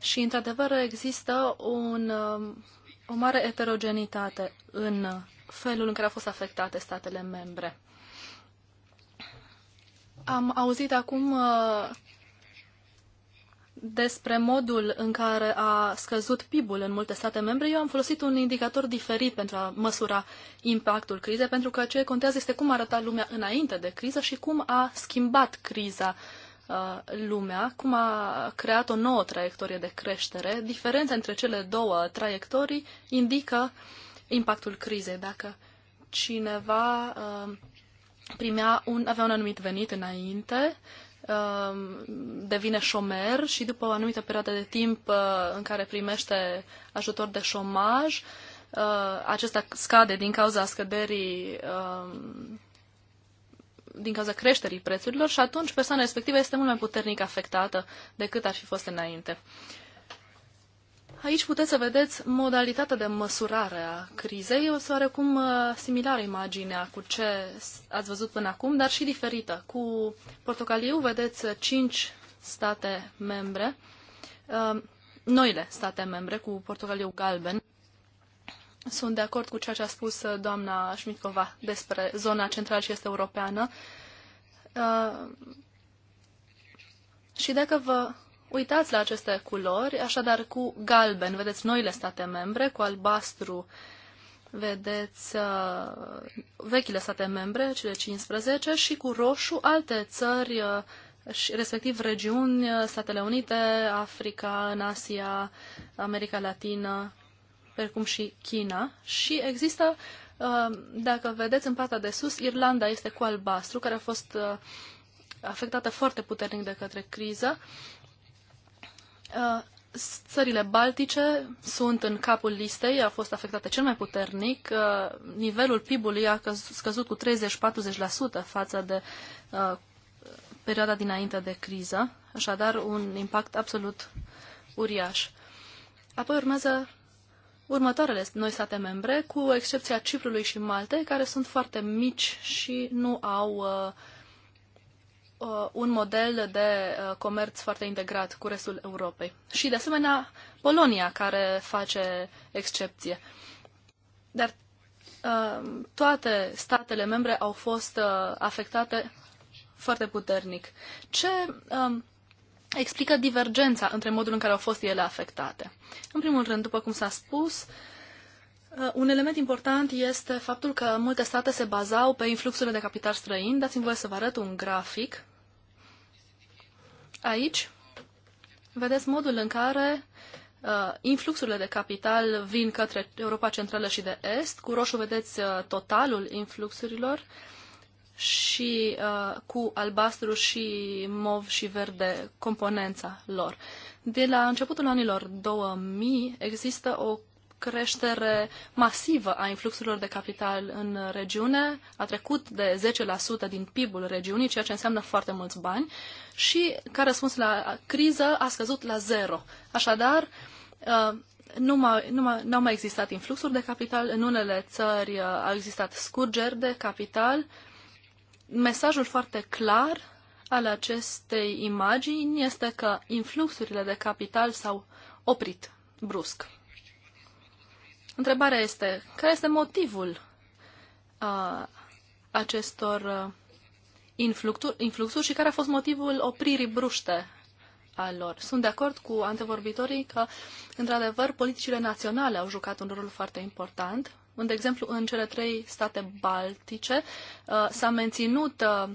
și, într-adevăr, există un, um, o mare eterogenitate în felul în care au fost afectate statele membre. Am auzit acum uh, despre modul în care a scăzut PIB-ul în multe state membre, eu am folosit un indicator diferit pentru a măsura impactul crizei, pentru că ce contează este cum arăta lumea înainte de criză și cum a schimbat criza uh, Uh, lumea, cum a creat o nouă traiectorie de creștere. Diferența între cele două traiectorii indică impactul crizei. Dacă cineva uh, primea un, avea un anumit venit înainte, uh, devine șomer și după o anumită perioadă de timp în care primește ajutor de șomaj, acesta scade din cauza scăderii din cauza creșterii prețurilor și atunci persoana respectivă este mult mai puternic afectată decât ar fi fost înainte. Aici puteți să vedeți modalitatea de măsurare a crizei. o să oarecum uh, similară imaginea cu ce ați văzut până acum, dar și diferită. Cu portocaliu vedeți 5 uh, state membre, uh, noile state membre cu portocaliu galben, sunt de acord cu ceea ce a spus uh, doamna Șmitcova despre zona centrală și este europeană. Uh, și dacă vă uitați la aceste culori, așadar cu galben vedeți noile state membre, cu albastru vedeți uh, vechile state membre, cele 15, și cu roșu alte țări, uh, și respectiv regiuni, uh, Statele Unite, Africa, în Asia, America Latină precum și China. Și există, uh, dacă vedeți în partea de sus, Irlanda este cu albastru, care a fost uh, afectată foarte puternic de către criză. Uh, țările baltice sunt în capul listei, au fost afectate cel mai puternic. Nivelul PIB-ului a scăzut cu 30-40% față de perioada dinainte de criză, așadar un impact absolut uriaș. Apoi urmează următoarele noi state membre, cu excepția Ciprului și Maltei, care sunt foarte mici și nu au uh, uh, un model de uh, comerț foarte integrat cu restul Europei. Și, de asemenea, Polonia, care face excepție. Dar uh, toate statele membre au fost uh, afectate foarte puternic. Ce uh, explică divergența între modul în care au fost ele afectate. În primul rând, după cum s-a spus, uh, un element important este faptul că multe state se bazau pe influxurile de capital străin. Dați-mi voie să vă arăt un grafic. Aici vedeți modul în care uh, influxurile de capital vin către Europa Centrală și de Est. Cu roșu vedeți uh, totalul influxurilor și uh, cu albastru și mov și verde componența lor. De la începutul anilor 2000 există o creștere masivă a influxurilor de capital în regiune, a trecut de 10% din PIB-ul regiunii, ceea ce înseamnă foarte mulți bani, și ca răspuns la criză a scăzut la zero. Așadar, uh, nu, mai, nu, mai, nu au mai existat influxuri de capital, în unele țări uh, au existat scurgeri de capital, mesajul foarte clar al acestei imagini este că influxurile de capital s-au oprit brusc. Întrebarea este, care este motivul uh, acestor uh, influxuri, influxuri și care a fost motivul opririi bruște a lor? Sunt de acord cu antevorbitorii că, într-adevăr, politicile naționale au jucat un rol foarte important unde, de exemplu, în cele trei state baltice uh, s-a menținut uh,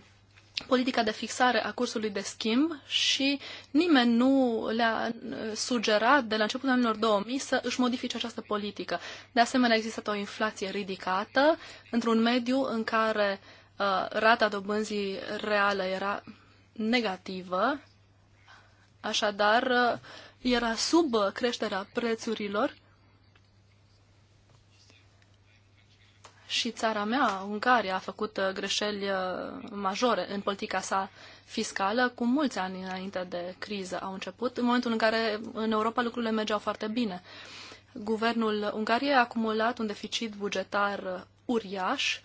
politica de fixare a cursului de schimb și nimeni nu le-a uh, sugerat de la începutul anilor 2000 să își modifice această politică. De asemenea, există o inflație ridicată într-un mediu în care uh, rata dobânzii reală era negativă, așadar uh, era sub creșterea prețurilor și țara mea, Ungaria, a făcut uh, greșeli uh, majore în politica sa fiscală cu mulți ani înainte de criză au început, în momentul în care în Europa lucrurile mergeau foarte bine. Guvernul Ungariei a acumulat un deficit bugetar uh, uriaș,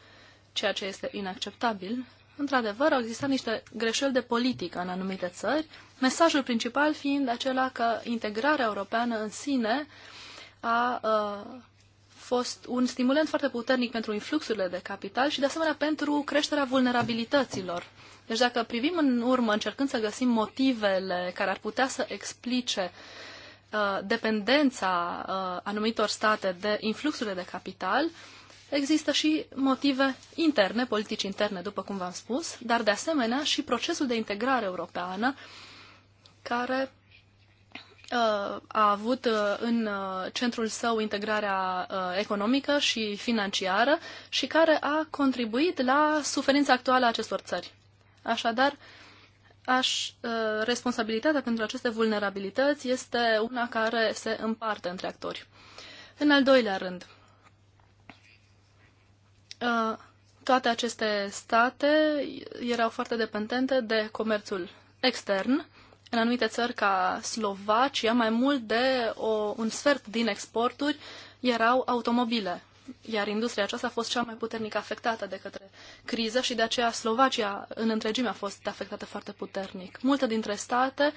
ceea ce este inacceptabil. Într-adevăr, au existat niște greșeli de politică în anumite țări, mesajul principal fiind acela că integrarea europeană în sine a uh, fost un stimulant foarte puternic pentru influxurile de capital și, de asemenea, pentru creșterea vulnerabilităților. Deci dacă privim în urmă, încercând să găsim motivele care ar putea să explice uh, dependența uh, anumitor state de influxurile de capital, există și motive interne, politici interne, după cum v-am spus, dar de asemenea și procesul de integrare europeană care a avut uh, în uh, centrul său integrarea uh, economică și financiară și care a contribuit la suferința actuală a acestor țări. Așadar, aș, responsabilitatea pentru aceste vulnerabilități este una care se împarte între actori. În al doilea rând, toate aceste state erau foarte dependente de comerțul extern, în anumite țări ca Slovacia, mai mult de o, un sfert din exporturi erau automobile, iar industria aceasta a fost cea mai puternic afectată de către criză și de aceea Slovacia în întregime a fost afectată foarte puternic. Multe dintre state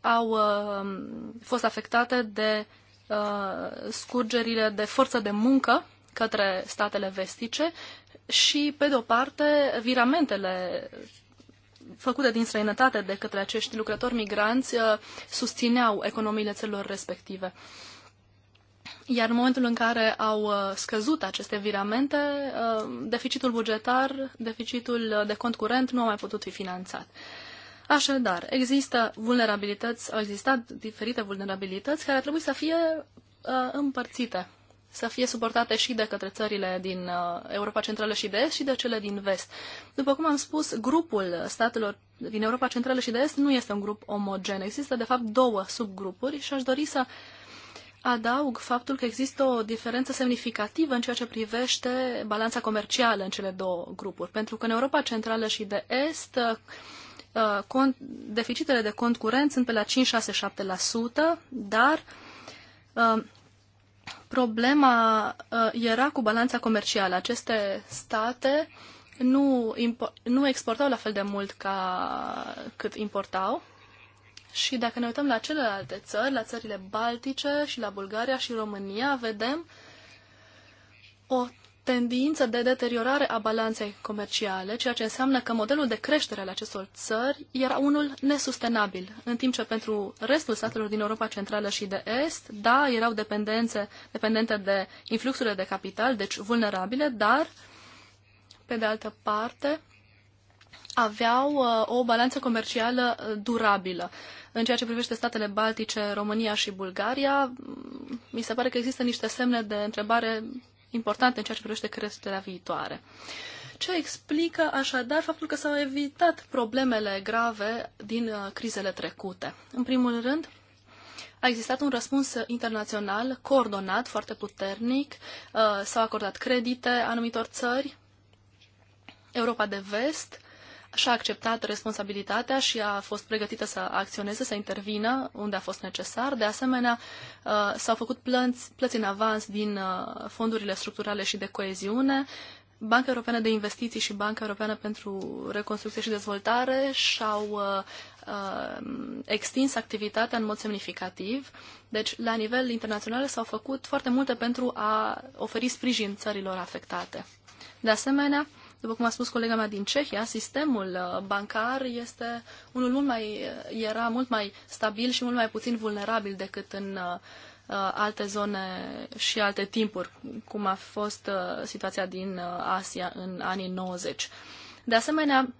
au uh, fost afectate de uh, scurgerile de forță de muncă către statele vestice și, pe de o parte, viramentele făcute din străinătate de către acești lucrători migranți uh, susțineau economiile țărilor respective. Iar în momentul în care au uh, scăzut aceste viramente, uh, deficitul bugetar, deficitul de cont curent nu a mai putut fi finanțat. Așadar, există vulnerabilități, au existat diferite vulnerabilități care ar trebui să fie împărțite să fie suportate și de către țările din uh, Europa Centrală și de Est și de cele din Vest. După cum am spus, grupul statelor din Europa Centrală și de Est nu este un grup omogen. Există, de fapt, două subgrupuri și aș dori să adaug faptul că există o diferență semnificativă în ceea ce privește balanța comercială în cele două grupuri. Pentru că în Europa Centrală și de Est, uh, deficitele de cont curent sunt pe la 5-6-7%, dar uh, problema uh, era cu balanța comercială. Aceste state nu, nu exportau la fel de mult ca cât importau. Și dacă ne uităm la celelalte țări, la țările baltice și la Bulgaria și România, vedem o tendință de deteriorare a balanței comerciale, ceea ce înseamnă că modelul de creștere al acestor țări era unul nesustenabil, în timp ce pentru restul statelor din Europa Centrală și de Est, da, erau dependențe, dependente de influxurile de capital, deci vulnerabile, dar, pe de altă parte, aveau uh, o balanță comercială uh, durabilă. În ceea ce privește statele baltice, România și Bulgaria, mm, mi se pare că există niște semne de întrebare importante în ceea ce privește creșterea viitoare. Ce explică așadar faptul că s-au evitat problemele grave din uh, crizele trecute? În primul rând, a existat un răspuns internațional coordonat, foarte puternic, uh, s-au acordat credite anumitor țări, Europa de Vest și-a acceptat responsabilitatea și a fost pregătită să acționeze, să intervină unde a fost necesar. De asemenea, uh, s-au făcut plăți, plăți în avans din uh, fondurile structurale și de coeziune. Banca Europeană de Investiții și Banca Europeană pentru Reconstrucție și Dezvoltare și-au uh, extins activitatea în mod semnificativ. Deci, la nivel internațional s-au făcut foarte multe pentru a oferi sprijin țărilor afectate. De asemenea, după cum a spus colega mea din Cehia, sistemul uh, bancar este unul mult mai, uh, era mult mai stabil și mult mai puțin vulnerabil decât în uh, alte zone și alte timpuri, cum a fost situația din Asia în anii 90. De asemenea,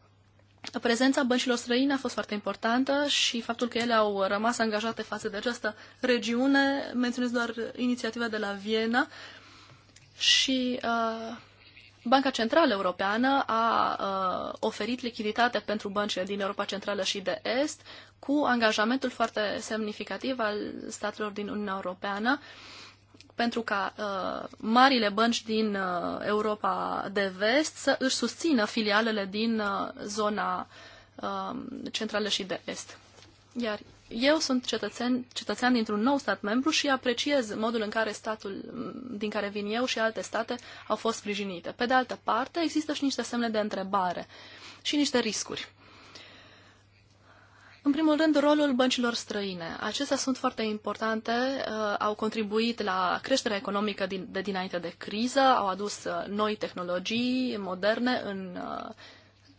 prezența băncilor străine a fost foarte importantă și faptul că ele au rămas angajate față de această regiune, menționez doar inițiativa de la Viena și uh, Banca Centrală Europeană a uh, oferit lichiditate pentru băncile din Europa Centrală și de Est cu angajamentul foarte semnificativ al statelor din Uniunea Europeană pentru ca uh, marile bănci din uh, Europa de Vest să își susțină filialele din uh, zona uh, centrală și de Est. Iar eu sunt cetățen, cetățean dintr-un nou stat membru și apreciez modul în care statul din care vin eu și alte state au fost sprijinite. Pe de altă parte, există și niște semne de întrebare și niște riscuri. În primul rând, rolul băncilor străine. Acestea sunt foarte importante, uh, au contribuit la creșterea economică de dinainte de criză, au adus uh, noi tehnologii moderne în uh,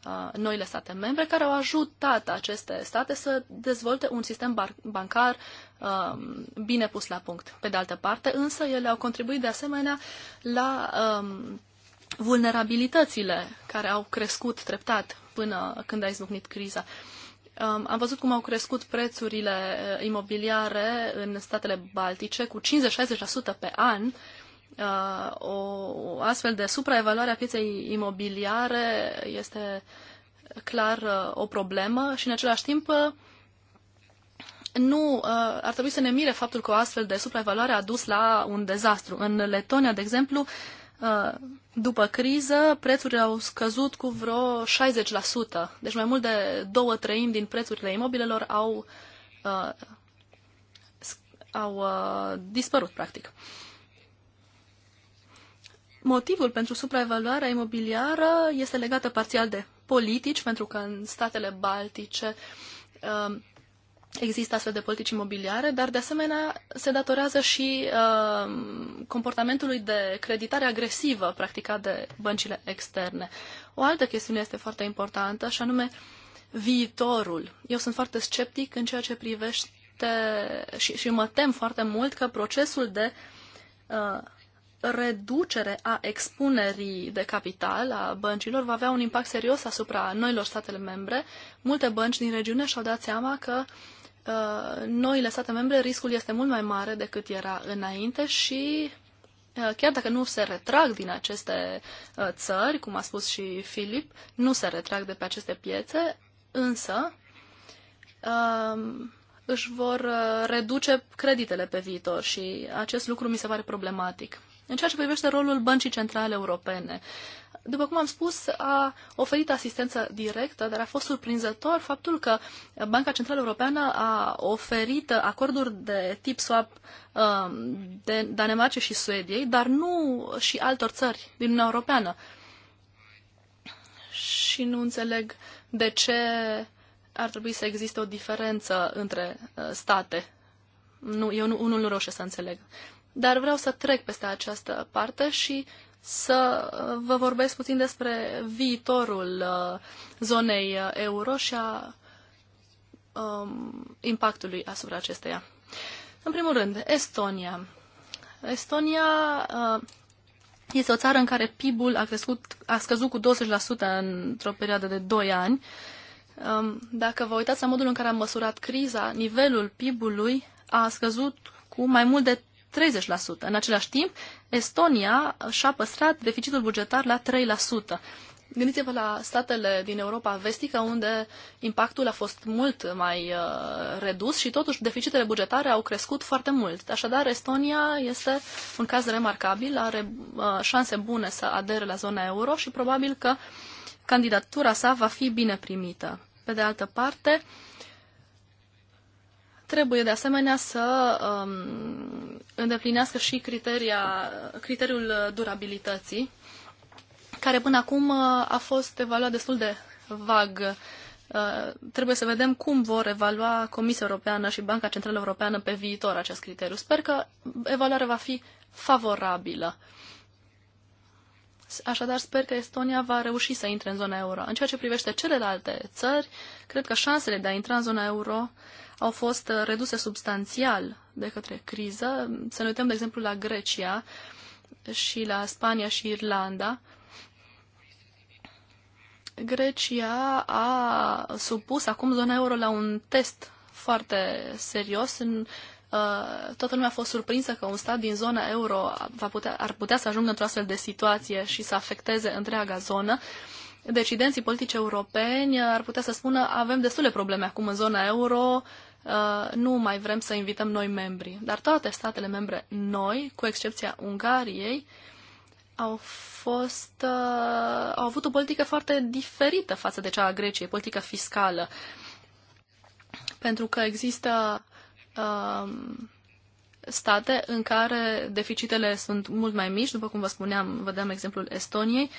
Uh, noile state membre care au ajutat aceste state să dezvolte un sistem bancar um, bine pus la punct. Pe de altă parte, însă, ele au contribuit de asemenea la um, vulnerabilitățile care au crescut treptat până când a izbucnit criza. Um, am văzut cum au crescut prețurile uh, imobiliare în statele baltice cu 50-60% pe an, uh, uh, o astfel de supraevaluare a pieței imobiliare este clar uh, o problemă și în același timp uh, nu uh, ar trebui să ne mire faptul că o astfel de supraevaluare a dus la un dezastru. În Letonia, de exemplu, uh, după criză, prețurile au scăzut cu vreo 60%, deci mai mult de două treimi din prețurile imobilelor au, uh, au uh, dispărut, practic. Uh, Motivul pentru supraevaluarea imobiliară este legată parțial de politici, pentru că în statele baltice um, există astfel de politici imobiliare, dar de asemenea se datorează și um, comportamentului de creditare agresivă practicat de băncile externe. O altă chestiune este foarte importantă, și anume viitorul. Eu sunt foarte sceptic în ceea ce privește și, și mă tem foarte mult că procesul de uh, reducere a expunerii de capital a băncilor va avea un impact serios asupra noilor statele membre. Multe bănci din regiune și-au dat seama că uh, noile state membre riscul este mult mai mare decât era înainte și uh, chiar dacă nu se retrag din aceste uh, țări, cum a spus și Filip, nu se retrag de pe aceste piețe, însă um, își vor uh, reduce creditele pe viitor și acest lucru mi se pare problematic. În ceea ce privește rolul Băncii Centrale Europene, după cum am spus, a oferit asistență directă, dar a fost surprinzător faptul că Banca Centrală Europeană a oferit acorduri de tip swap um, de Danemarce și Suediei, dar nu și altor țări din Uniunea Europeană. Și nu înțeleg de ce ar trebui să existe o diferență între uh, state. Nu, eu nu, unul nu reușesc să înțeleg. Dar vreau să trec peste această parte și să uh, vă vorbesc puțin despre viitorul uh, zonei uh, euro și a um, impactului asupra acesteia. În primul rând, Estonia. Estonia uh, este o țară în care PIB-ul a, crescut, a scăzut cu 20% într-o perioadă de 2 ani. Um, dacă vă uitați la modul în care am măsurat criza, nivelul PIB-ului a scăzut cu mai mult de 30%. În același timp, Estonia și-a păstrat deficitul bugetar la 3%. Gândiți-vă la statele din Europa vestică, unde impactul a fost mult mai uh, redus și totuși deficitele bugetare au crescut foarte mult. Așadar, Estonia este un caz remarcabil, are uh, șanse bune să adere la zona euro și probabil că candidatura sa va fi bine primită. Pe de altă parte, uh, Trebuie de asemenea să um, îndeplinească și criteria, criteriul durabilității, care până acum uh, a fost evaluat destul de vag. Uh, trebuie să vedem cum vor evalua Comisia Europeană și Banca Centrală Europeană pe viitor acest criteriu. Sper că evaluarea va fi favorabilă. Așadar, sper că Estonia va reuși să intre în zona euro. În ceea ce privește celelalte țări, cred că șansele de a intra în zona euro au fost uh, reduse substanțial de către criză. Să ne uităm, de exemplu, la Grecia și la Spania și Irlanda. Grecia a supus acum zona euro la un test foarte serios în Uh, toată lumea a fost surprinsă că un stat din zona euro va putea, ar putea să ajungă într-o astfel de situație și să afecteze întreaga zonă. Decidenții politici europeni ar putea să spună avem destule probleme acum în zona euro, uh, nu mai vrem să invităm noi membri. Dar toate statele membre noi, cu excepția Ungariei, au fost uh, au avut o politică foarte diferită față de cea a Greciei, politică fiscală. Pentru că există um, state în care deficitele sunt mult mai mici, după cum vă spuneam, vedeam exemplul Estoniei,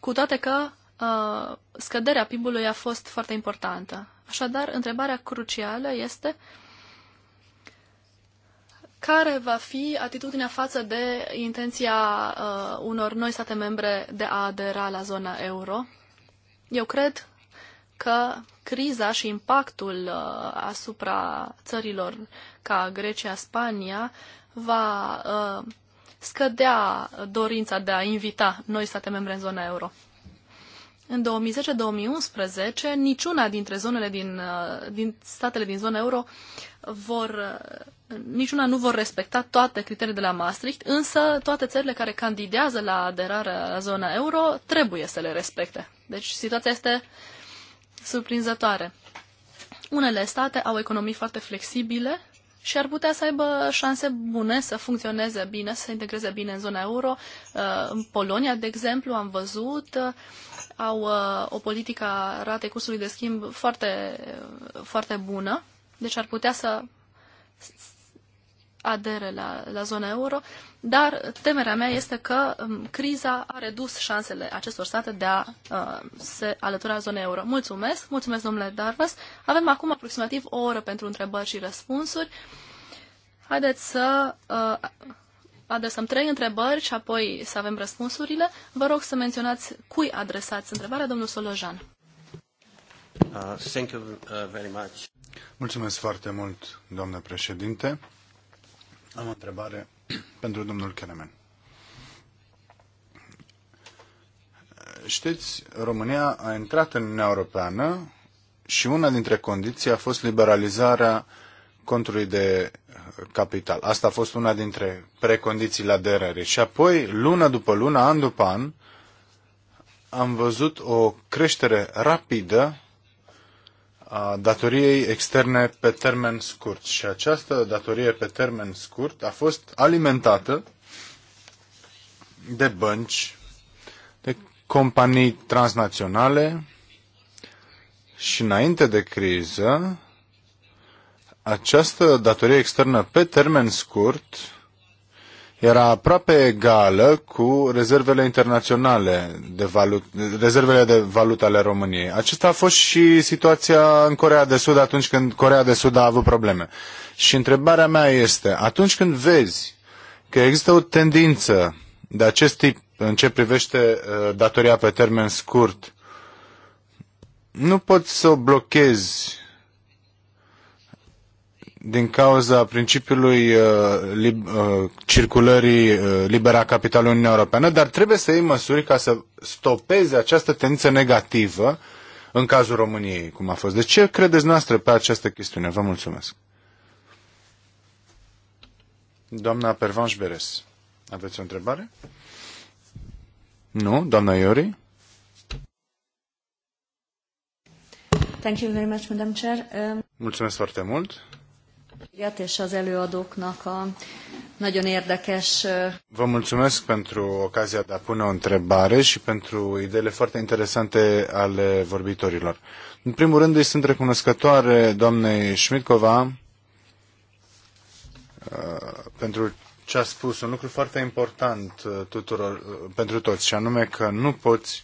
cu toate că uh, scăderea PIB-ului a fost foarte importantă. Așadar, întrebarea crucială este care va fi atitudinea față de intenția uh, unor noi state membre de a adera la zona euro. Eu cred că criza și impactul uh, asupra țărilor ca Grecia, Spania va uh, scădea dorința de a invita noi state membre în zona euro. În 2010-2011, niciuna dintre zonele din, uh, din statele din zona euro vor, niciuna nu vor respecta toate criteriile de la Maastricht, însă toate țările care candidează la aderarea la zona euro trebuie să le respecte. Deci situația este uh, surprinzătoare. Unele state au economii foarte flexibile și ar putea să aibă șanse bune să funcționeze bine, să se integreze bine în zona euro. Uh, în Polonia, de exemplu, am văzut, uh, au uh, o politică a ratei cursului de schimb foarte, foarte bună, deci ar putea să adere la, la zona euro, dar temerea mea este că um, criza a redus șansele acestor state de a uh, se alătura zonei euro. Mulțumesc, mulțumesc domnule Darvas. Avem acum aproximativ o oră pentru întrebări și răspunsuri. Haideți să uh, adresăm trei întrebări și apoi să avem răspunsurile. Vă rog să menționați cui adresați întrebarea, domnul Solojan. Uh, thank you uh, very much. Mulțumesc foarte mult, doamnă președinte. Am o întrebare pentru domnul Kenemen. Știți, România a intrat în Uniunea Europeană și una dintre condiții a fost liberalizarea contului de uh, capital. Asta a fost una dintre precondițiile aderării. Și apoi, lună după lună, an după an, am văzut o creștere rapidă a datoriei externe pe termen scurt. Și această datorie pe termen scurt a fost alimentată de bănci, de companii transnaționale și înainte de criză, această datorie externă pe termen scurt era aproape egală cu rezervele internaționale de valut, rezervele de valută ale României. Acesta a fost și situația în Corea de Sud atunci când Corea de Sud a avut probleme. Și întrebarea mea este, atunci când vezi că există o tendință de acest tip în ce privește uh, datoria pe termen scurt, nu poți să o blochezi din cauza principiului uh, lib, uh, circulării uh, libera a capitalului Uniunea Europeană, dar trebuie să iei măsuri ca să stopeze această tendință negativă în cazul României, cum a fost. Deci ce credeți noastră pe această chestiune? Vă mulțumesc. Doamna Pervanș Beres, aveți o întrebare? Nu? Doamna Iori? Thank you very much, Madam Chair. Um... Mulțumesc foarte mult. És az előadóknak a nagyon érdekes... Vă mulțumesc pentru ocazia de a pune o întrebare și pentru ideile foarte interesante ale vorbitorilor. În primul rând îi sunt recunoscătoare doamnei Șmitcova uh, pentru ce a spus, un lucru foarte important uh, tuturor, uh, pentru toți, și anume că nu poți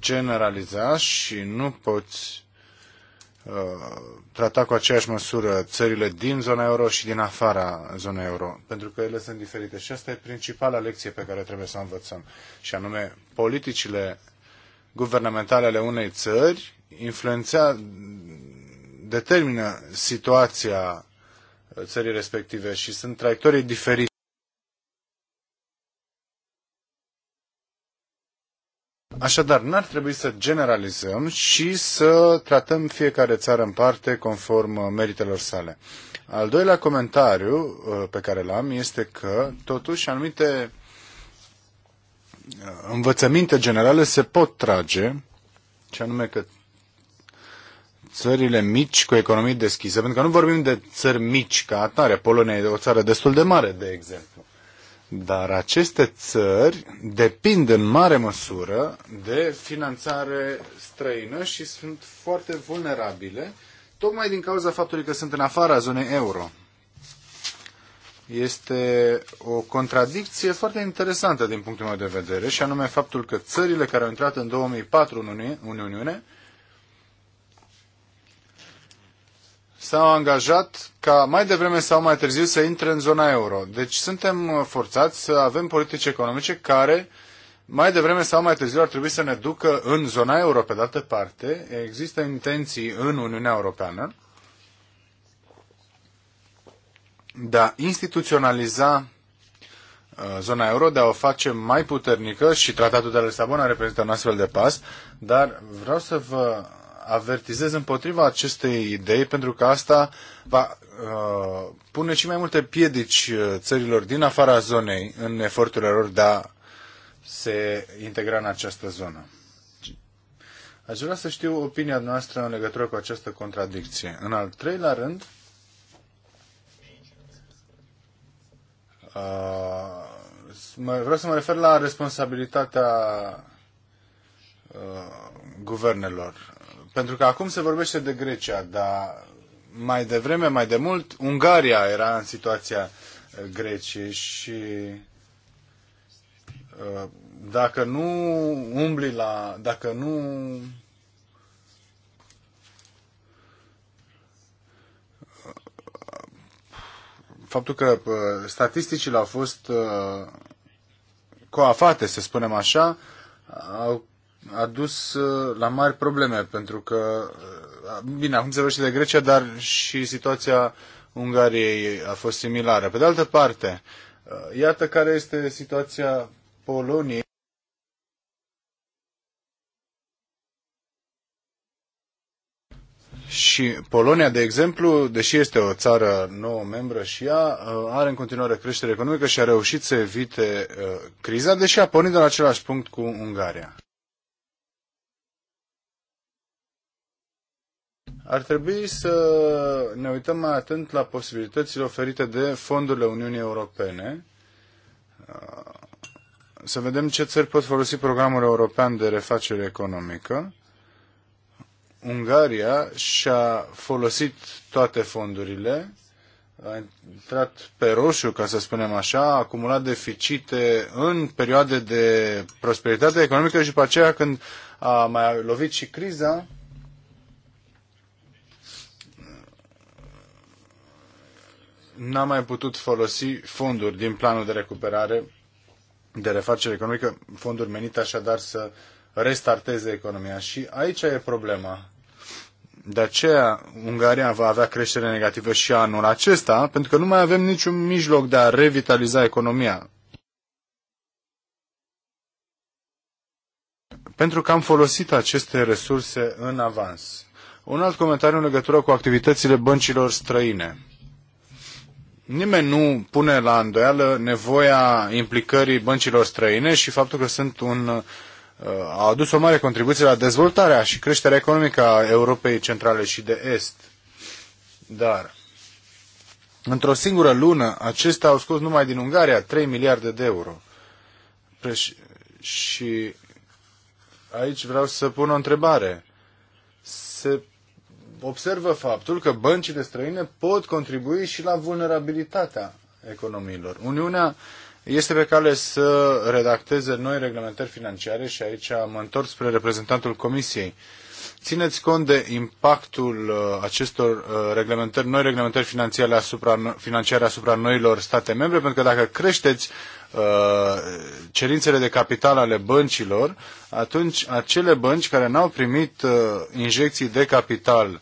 generaliza și nu poți trata cu aceeași măsură țările din zona euro și din afara zonei euro, pentru că ele sunt diferite. Și asta e principala lecție pe care trebuie să o învățăm, și anume politicile guvernamentale ale unei țări influențează, determină situația țării respective și sunt traiectorii diferite Așadar, n-ar trebui să generalizăm și să tratăm fiecare țară în parte conform uh, meritelor sale. Al doilea comentariu uh, pe care l-am este că, totuși, anumite uh, învățăminte generale se pot trage, ce anume că țările mici cu economii deschise, pentru că nu vorbim de țări mici ca atare, Polonia e o țară destul de mare, de exemplu. Dar aceste țări depind în mare măsură de finanțare străină și sunt foarte vulnerabile, tocmai din cauza faptului că sunt în afara zonei euro. Este o contradicție foarte interesantă din punctul meu de vedere, și anume faptul că țările care au intrat în 2004 în Uniune s-au angajat ca mai devreme sau mai târziu să intre în zona euro. Deci suntem uh, forțați să avem politici economice care mai devreme sau mai târziu ar trebui să ne ducă în zona euro. Pe de parte, există intenții în Uniunea Europeană de a instituționaliza uh, zona euro, de a o face mai puternică și tratatul de la Lisabona reprezintă un astfel de pas, dar vreau să vă avertizez împotriva acestei idei, pentru că asta va uh, pune și mai multe piedici uh, țărilor din afara zonei în eforturile lor de a se integra în această zonă. Aș vrea să știu opinia noastră în legătură cu această contradicție. În al treilea rând, uh, vreau să mă refer la responsabilitatea uh, guvernelor. Pentru că acum se vorbește de Grecia, dar mai devreme, mai de mult, Ungaria era în situația uh, Greciei și uh, dacă nu umbli la, dacă nu faptul că uh, statisticile au fost coafate, să spunem așa, au a dus uh, la mari probleme, pentru că, uh, bine, acum se vorbește de Grecia, dar și situația Ungariei a fost similară. Pe de altă parte, uh, iată care este situația Poloniei. Și Polonia, de exemplu, deși este o țară nouă membră și ea, are în continuare creștere economică și a reușit să evite criza, deși a pornit de la același punct cu Ungaria. ar trebui să ne uităm mai atent la posibilitățile oferite de fondurile Uniunii Europene, uh, să vedem ce țări pot folosi programul european de refacere economică. Ungaria și-a folosit toate fondurile, a intrat pe roșu, ca să spunem așa, a acumulat deficite în perioade de prosperitate economică și după aceea când a mai lovit și criza, n-a mai putut folosi fonduri din planul de recuperare, de refacere economică, fonduri menite așadar să restarteze economia. Și aici e problema. De aceea Ungaria va avea creștere negativă și anul acesta, pentru că nu mai avem niciun mijloc de a revitaliza economia. Pentru că am folosit aceste resurse în avans. Un alt comentariu în legătură cu activitățile băncilor străine. Nimeni nu pune la îndoială nevoia implicării băncilor străine și faptul că sunt un, uh, a adus o mare contribuție la dezvoltarea și creșterea economică a Europei Centrale și de Est. Dar, într-o singură lună, acestea au scos numai din Ungaria 3 miliarde de euro. Preș- și aici vreau să pun o întrebare. Se observă faptul că băncile străine pot contribui și la vulnerabilitatea economiilor. Uniunea este pe cale să redacteze noi reglementări financiare și aici mă întorc spre reprezentantul Comisiei. Țineți cont de impactul uh, acestor uh, reglementări, noi reglementări financiare asupra, financiare asupra noilor state membre, pentru că dacă creșteți uh, cerințele de capital ale băncilor, atunci acele bănci care n-au primit injecții de capital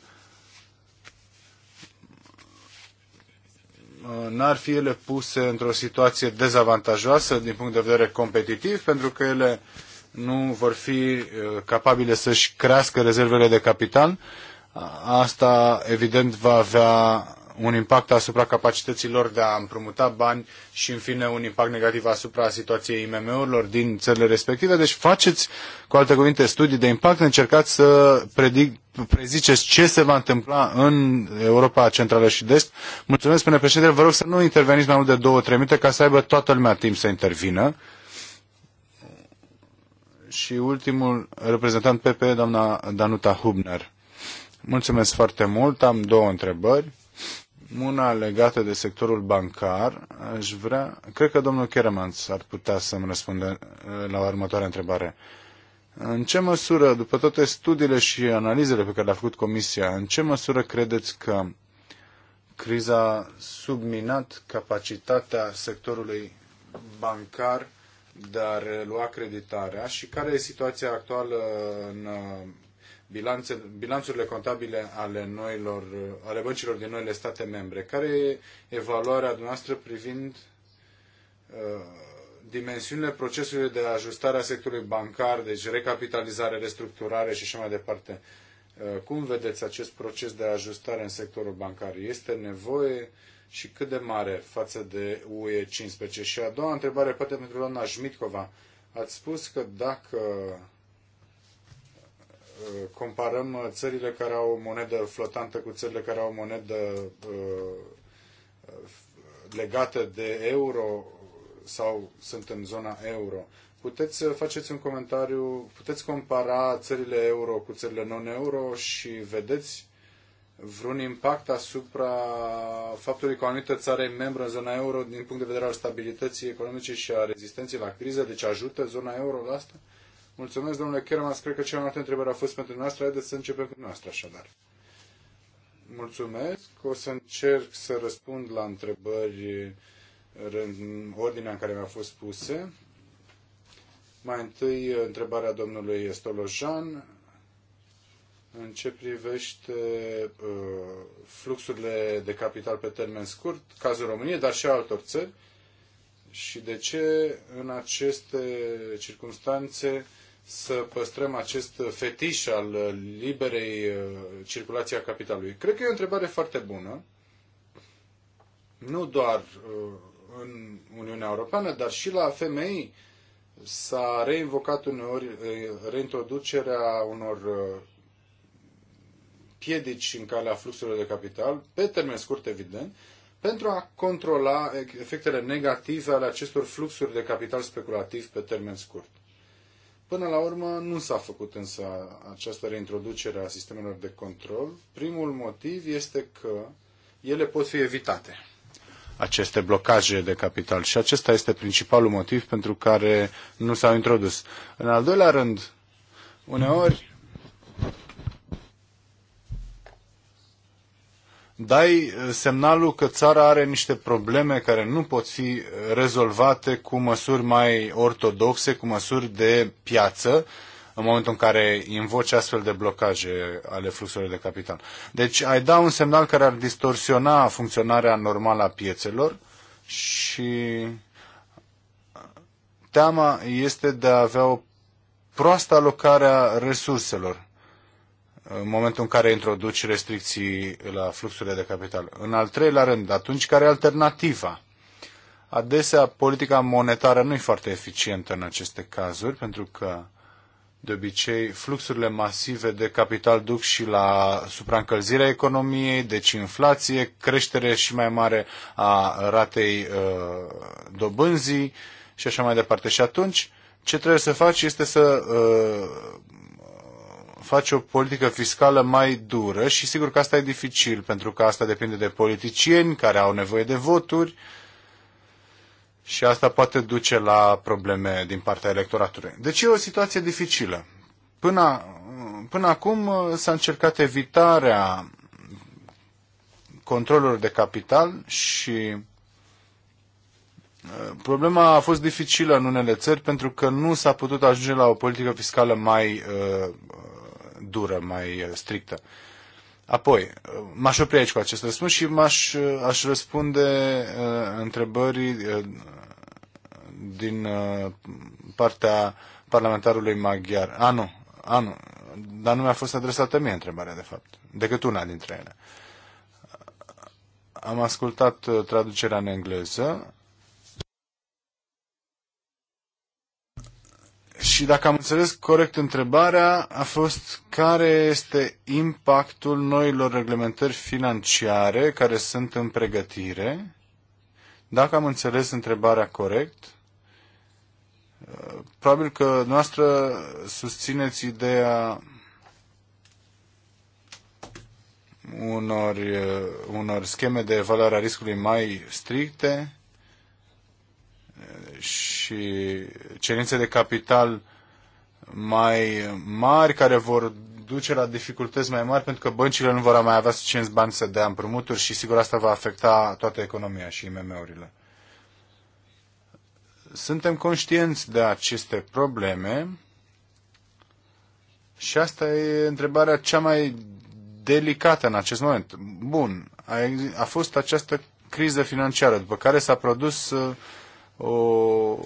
n-ar fi ele puse într-o situație dezavantajoasă din punct de vedere competitiv, pentru că ele nu vor fi uh, capabile să-și crească rezervele de capital. Asta, evident, va avea un impact asupra capacității lor de a împrumuta bani și, în fine, un impact negativ asupra situației IMM-urilor din țările respective. Deci faceți, cu alte cuvinte, studii de impact, încercați să predic, preziceți ce se va întâmpla în Europa Centrală și Dest. Mulțumesc, spune președinte, vă rog să nu interveniți mai mult de două, trei minute ca să aibă toată lumea timp să intervină. Și ultimul reprezentant PP, doamna Danuta Hubner. Mulțumesc foarte mult. Am două întrebări. Una legată de sectorul bancar, aș vrea, cred că domnul Keremans ar putea să-mi răspundă uh, la următoarea întrebare. În ce măsură, după toate studiile și analizele pe care le-a făcut Comisia, în ce măsură credeți că criza a subminat capacitatea sectorului bancar de a relua creditarea și care e situația actuală în uh, bilanțe, bilanțurile contabile ale, noilor, ale băncilor din noile state membre. Care e evaluarea noastră privind uh, dimensiunile procesului de ajustare a sectorului bancar, deci recapitalizare, restructurare și așa mai departe? Uh, cum vedeți acest proces de ajustare în sectorul bancar? Este nevoie și cât de mare față de UE 15? Și a doua întrebare, poate pentru doamna Șmitcova. Ați spus că dacă comparăm uh, țările care au o monedă flotantă cu țările care au o monedă uh, uh, legată de euro sau sunt în zona euro. Puteți faceți un comentariu, puteți compara țările euro cu țările non-euro și vedeți vreun impact asupra faptului că o anumită țară e membră în zona euro din punct de vedere al stabilității economice și a rezistenței la criză, deci ajută zona euro la asta? Uh, Mulțumesc, domnule Kermans. Cred că cealaltă întrebare a fost pentru noastră. Haideți să începem cu noastră, așadar. Mulțumesc. O să încerc să răspund la întrebări în ordinea în care mi-au fost puse. Mai întâi, întrebarea domnului Estolojan. în ce privește uh, fluxurile de capital pe termen scurt, cazul României, dar și altor țări, și de ce în aceste circunstanțe să păstrăm acest fetiș al liberei uh, circulației a capitalului? Cred că e o întrebare foarte bună, nu doar uh, în Uniunea Europeană, dar și la femei s-a reinvocat uneori uh, reintroducerea unor piedici în calea fluxurilor de capital, pe termen scurt, evident, pentru a controla efectele negative ale acestor fluxuri de capital speculativ pe termen scurt. Până la urmă nu s-a făcut însă această reintroducere a sistemelor de control. Primul motiv este că ele pot fi evitate, aceste blocaje de capital. Și acesta este principalul motiv pentru care nu s-au introdus. În al doilea rând, uneori dai eh, semnalul că țara are niște probleme care nu pot fi rezolvate cu măsuri mai ortodoxe, cu măsuri de piață, în momentul în care invoci astfel de blocaje ale fluxurilor de capital. Deci ai da un semnal care ar distorsiona funcționarea normală a piețelor și teama este de a avea o proastă alocare a resurselor în momentul în care introduci restricții la fluxurile de capital. În al treilea rând, atunci care e alternativa? Adesea, politica monetară nu e foarte eficientă în aceste cazuri, pentru că, de obicei, fluxurile masive de capital duc și la supraîncălzirea economiei, deci inflație, creștere și mai mare a ratei uh, dobânzii și așa mai departe. Și atunci, ce trebuie să faci este să uh, face o politică fiscală mai dură și sigur că asta e dificil, pentru că asta depinde de politicieni care au nevoie de voturi și asta poate duce la probleme din partea electoratului. Deci e o situație dificilă. Până, până acum uh, s-a încercat evitarea controlului de capital și uh, Problema a fost dificilă în unele țări pentru că nu s-a putut ajunge la o politică fiscală mai uh, dură, mai uh, strictă. Apoi, uh, m-aș opri aici cu acest răspuns și m-aș uh, aș răspunde uh, întrebării uh, din uh, partea parlamentarului maghiar. A, nu, a, nu. Dar nu mi-a fost adresată mie întrebarea, de fapt, decât una dintre ele. Am ascultat traducerea în engleză Și dacă am înțeles corect întrebarea, a fost care este impactul noilor reglementări financiare care sunt în pregătire. Dacă am înțeles întrebarea corect, uh, probabil că noastră susțineți ideea unor, uh, unor scheme de evaluare a riscului mai stricte, și cerințe de capital mai mari care vor duce la dificultăți mai mari pentru că băncile nu vor mai avea suficienți bani să dea împrumuturi și sigur asta va afecta toată economia și IMM-urile. Suntem conștienți de aceste probleme și asta e întrebarea cea mai delicată în acest moment. Bun, a, a fost această criză financiară, după care s-a produs uh, o,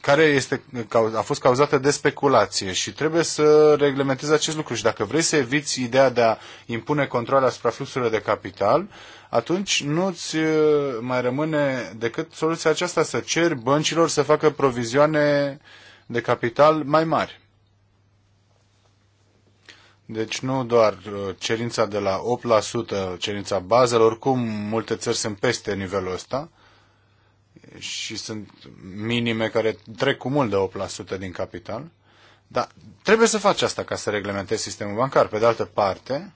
care este, a fost cauzată de speculație și trebuie să reglementezi acest lucru. Și dacă vrei să eviți ideea de a impune control asupra fluxurilor de capital, atunci nu-ți uh, mai rămâne decât soluția aceasta să ceri băncilor să facă provizioane de capital mai mari. Deci nu doar uh, cerința de la 8%, cerința bazelor, oricum multe țări sunt peste nivelul ăsta și sunt minime care trec cu mult de 8% din capital. Dar trebuie să faci asta ca să reglementezi sistemul bancar. Pe de altă parte,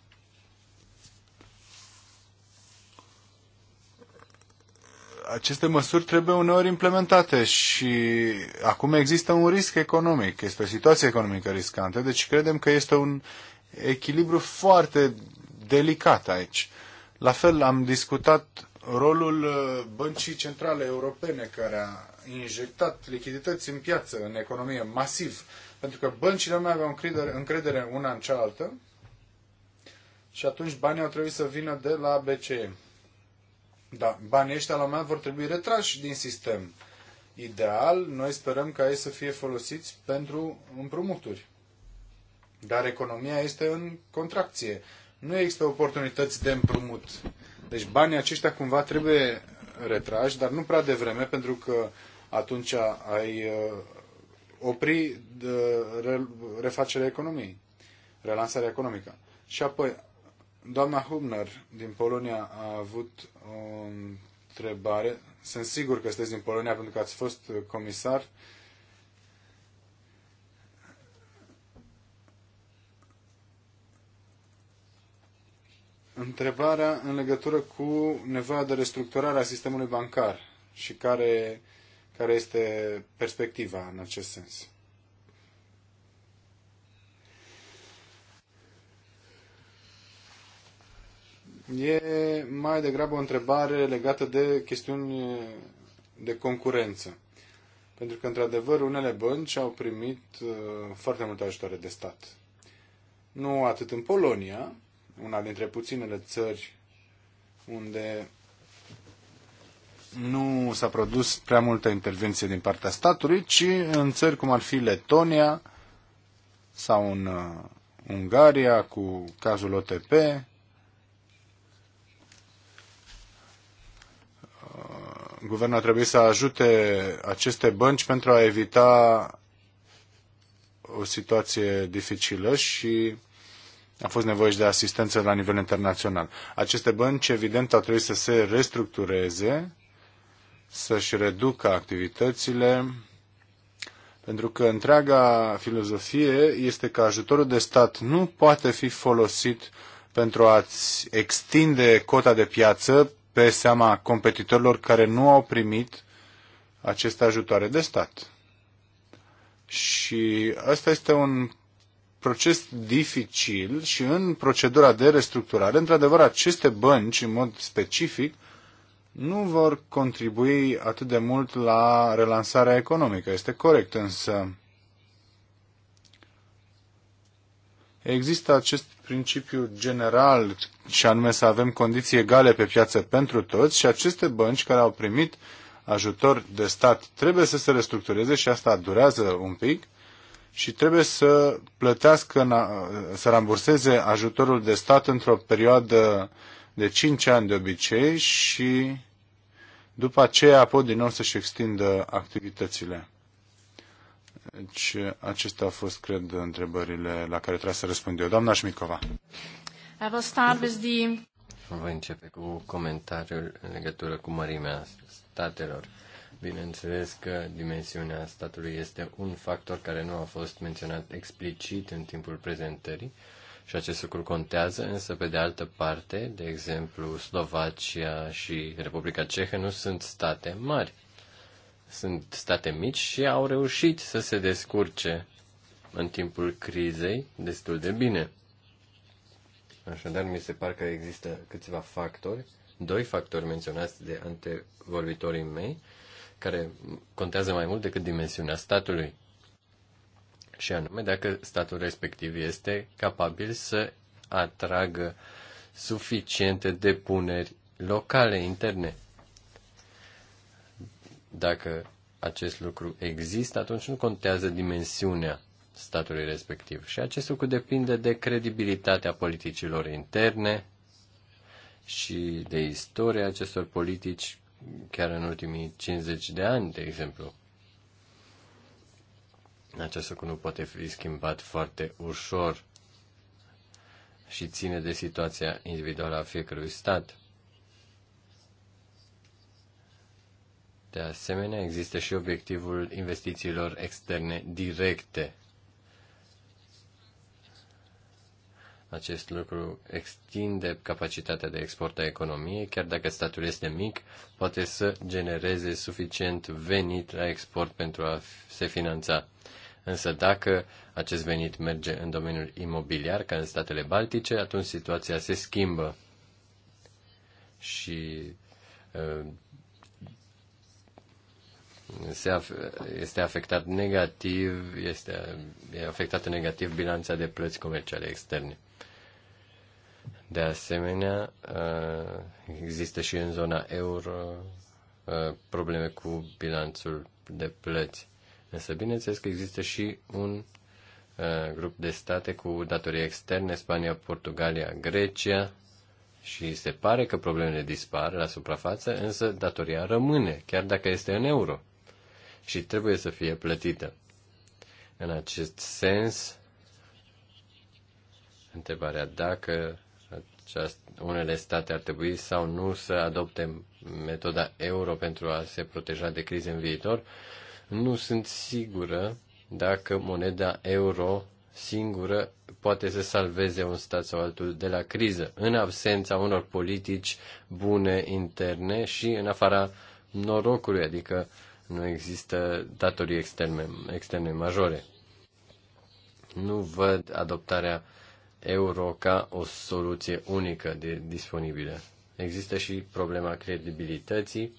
aceste măsuri trebuie uneori implementate și acum există un risc economic, este o situație economică riscantă, deci credem că este un echilibru foarte delicat aici. La fel am discutat rolul uh, băncii centrale europene care a injectat lichidități în piață, în economie, masiv, pentru că băncile nu mai aveau încredere, încredere una în cealaltă și atunci banii au trebuit să vină de la BCE. Da, banii ăștia la un vor trebui retrași din sistem. Ideal, noi sperăm ca ei să fie folosiți pentru împrumuturi. Dar economia este în contracție. Nu există oportunități de împrumut. Deci banii aceștia cumva trebuie retrași, dar nu prea devreme, pentru că atunci ai uh, opri uh, refacerea economiei, relansarea economică. Și apoi, doamna Hubner din Polonia a avut o întrebare. Sunt sigur că sunteți din Polonia pentru că ați fost comisar întrebarea în legătură cu nevoia de restructurare a sistemului bancar și care, care este perspectiva în acest sens. E mai degrabă o întrebare legată de chestiuni de concurență. Pentru că, într-adevăr, unele bănci au primit uh, foarte multe ajutoare de stat. Nu atât în Polonia, una dintre puținele țări unde nu s-a produs prea multă intervenție din partea statului, ci în țări cum ar fi Letonia sau în uh, Ungaria cu cazul OTP, uh, guvernul a trebuit să ajute aceste bănci pentru a evita o situație dificilă și a fost nevoie și de asistență la nivel internațional. Aceste bănci, evident, au trebuit să se restructureze, să-și reducă activitățile, pentru că întreaga filozofie este că ajutorul de stat nu poate fi folosit pentru a-ți extinde cota de piață pe seama competitorilor care nu au primit aceste ajutoare de stat. Și ăsta este un proces dificil și în procedura de restructurare, într-adevăr, aceste bănci, în mod specific, nu vor contribui atât de mult la relansarea economică. Este corect, însă există acest principiu general și anume să avem condiții egale pe piață pentru toți și aceste bănci care au primit ajutor de stat trebuie să se restructureze și asta durează un pic și trebuie să plătească, să ramburseze ajutorul de stat într-o perioadă de 5 ani de obicei și după aceea pot din nou să-și extindă activitățile. Deci, acestea au fost, cred, întrebările la care trebuie să răspund eu. Doamna Șmicova. Voi începe cu comentariul în legătură cu mărimea statelor. Bineînțeles că dimensiunea statului este un factor care nu a fost menționat explicit în timpul prezentării și acest lucru contează, însă pe de altă parte, de exemplu, Slovacia și Republica Cehă nu sunt state mari. Sunt state mici și au reușit să se descurce în timpul crizei destul de bine. Așadar, mi se pare că există câțiva factori, doi factori menționați de antevorbitorii mei, care contează mai mult decât dimensiunea statului. Și anume, dacă statul respectiv este capabil să atragă suficiente depuneri locale, interne. Dacă acest lucru există, atunci nu contează dimensiunea statului respectiv. Și acest lucru depinde de credibilitatea politicilor interne și de istoria acestor politici chiar în ultimii 50 de ani, de exemplu. Acest lucru nu poate fi schimbat foarte ușor și ține de situația individuală a fiecărui stat. De asemenea, există și obiectivul investițiilor externe directe. Acest lucru extinde capacitatea de export a economiei, chiar dacă statul este mic, poate să genereze suficient venit la export pentru a se finanța. Însă dacă acest venit merge în domeniul imobiliar, ca în statele baltice, atunci situația se schimbă și uh, se este afectat negativ, este e afectată negativ bilanța de plăți comerciale externe. De asemenea, uh, există și în zona euro uh, probleme cu bilanțul de plăți. Însă, bineînțeles că există și un uh, grup de state cu datorii externe, Spania, Portugalia, Grecia, și se pare că problemele dispar la suprafață, însă datoria rămâne, chiar dacă este în euro, și trebuie să fie plătită. În acest sens, întrebarea dacă unele state ar trebui sau nu să adopte metoda euro pentru a se proteja de crize în viitor, nu sunt sigură dacă moneda euro singură poate să salveze un stat sau altul de la criză, în absența unor politici bune interne și în afara norocului, adică nu există datorii externe, externe majore. Nu văd adoptarea uh, euro ca o soluție unică de disponibilă. Există și problema credibilității.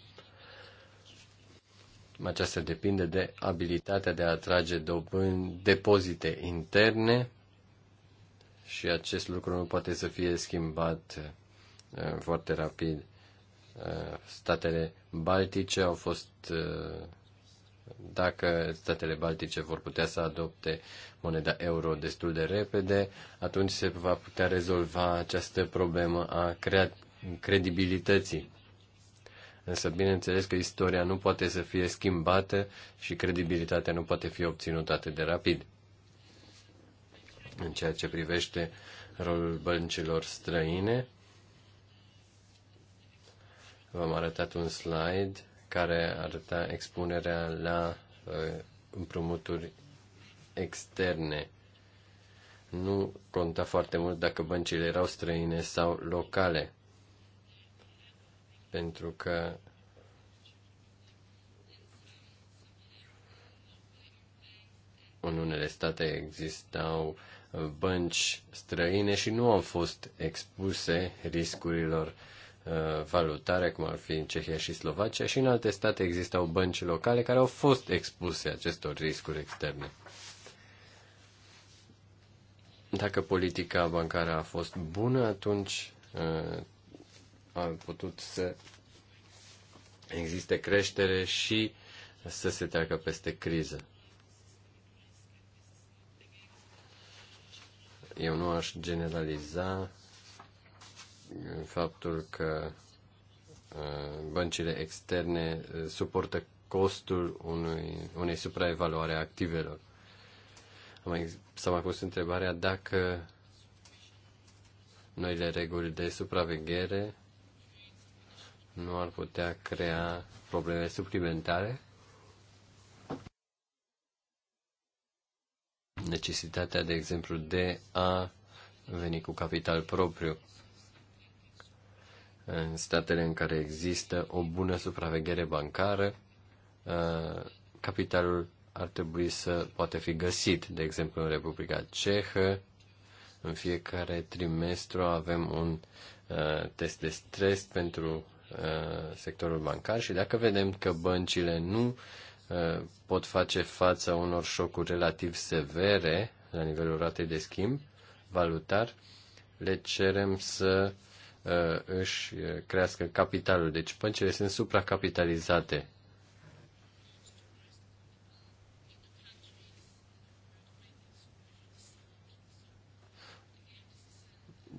Aceasta depinde de abilitatea de a atrage dobând, depozite interne și acest lucru nu poate să fie schimbat uh, foarte rapid. Uh, statele Baltice au fost uh, dacă statele baltice vor putea să adopte moneda euro destul de repede, atunci se va putea rezolva această problemă a credibilității. Însă, bineînțeles că istoria nu poate să fie schimbată și credibilitatea nu poate fi obținută atât de rapid. În ceea ce privește rolul băncilor străine, v-am arătat un slide care arăta expunerea la uh, împrumuturi externe. Nu conta foarte mult dacă băncile erau străine sau locale, pentru că în unele state existau bănci străine și nu au fost expuse riscurilor uh, Uh, valutare, cum ar fi în Cehia și Slovacia, și în alte state existau bănci locale care au fost expuse acestor riscuri externe. Dacă politica bancară a fost bună, atunci uh, a putut să existe creștere și să se treacă peste criză. Eu nu aș generaliza faptul că uh, băncile externe uh, suportă costul unui, unei supraevaluare a activelor. S-a mai pus întrebarea dacă noile reguli de supraveghere nu ar putea crea probleme suplimentare. Necesitatea, de exemplu, de a veni cu capital propriu în statele în care există o bună supraveghere bancară, uh, capitalul ar trebui să poate fi găsit. De exemplu, în Republica Cehă, în fiecare trimestru avem un uh, test de stres pentru uh, sectorul bancar și dacă vedem că băncile nu pot face față unor șocuri relativ severe la nivelul ratei de schimb valutar, le cerem să uh, Uh, își crească capitalul. Deci băncile sunt supracapitalizate.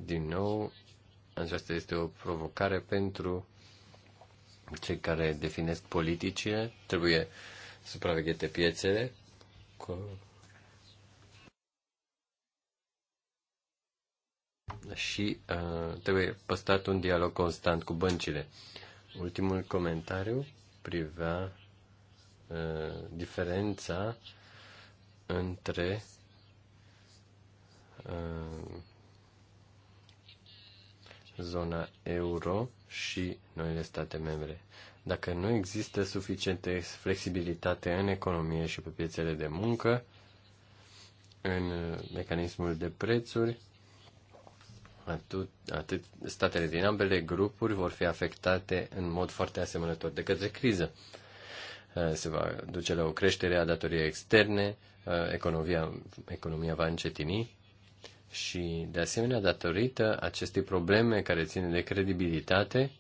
Din nou, aceasta este o provocare pentru cei care definesc politicile. Trebuie supraveghete piețele, și uh, trebuie păstrat un dialog constant cu băncile. Ultimul comentariu privea uh, diferența între uh, zona euro și noile state membre. Dacă nu există suficientă flexibilitate în economie și pe piețele de muncă, în uh, mecanismul de prețuri, atât, atât statele din ambele grupuri vor fi afectate în mod foarte asemănător de către criză. Uh, se va duce la o creștere a datoriei externe, uh, economia, economia va încetini și, de asemenea, datorită acestei probleme care țin de credibilitate,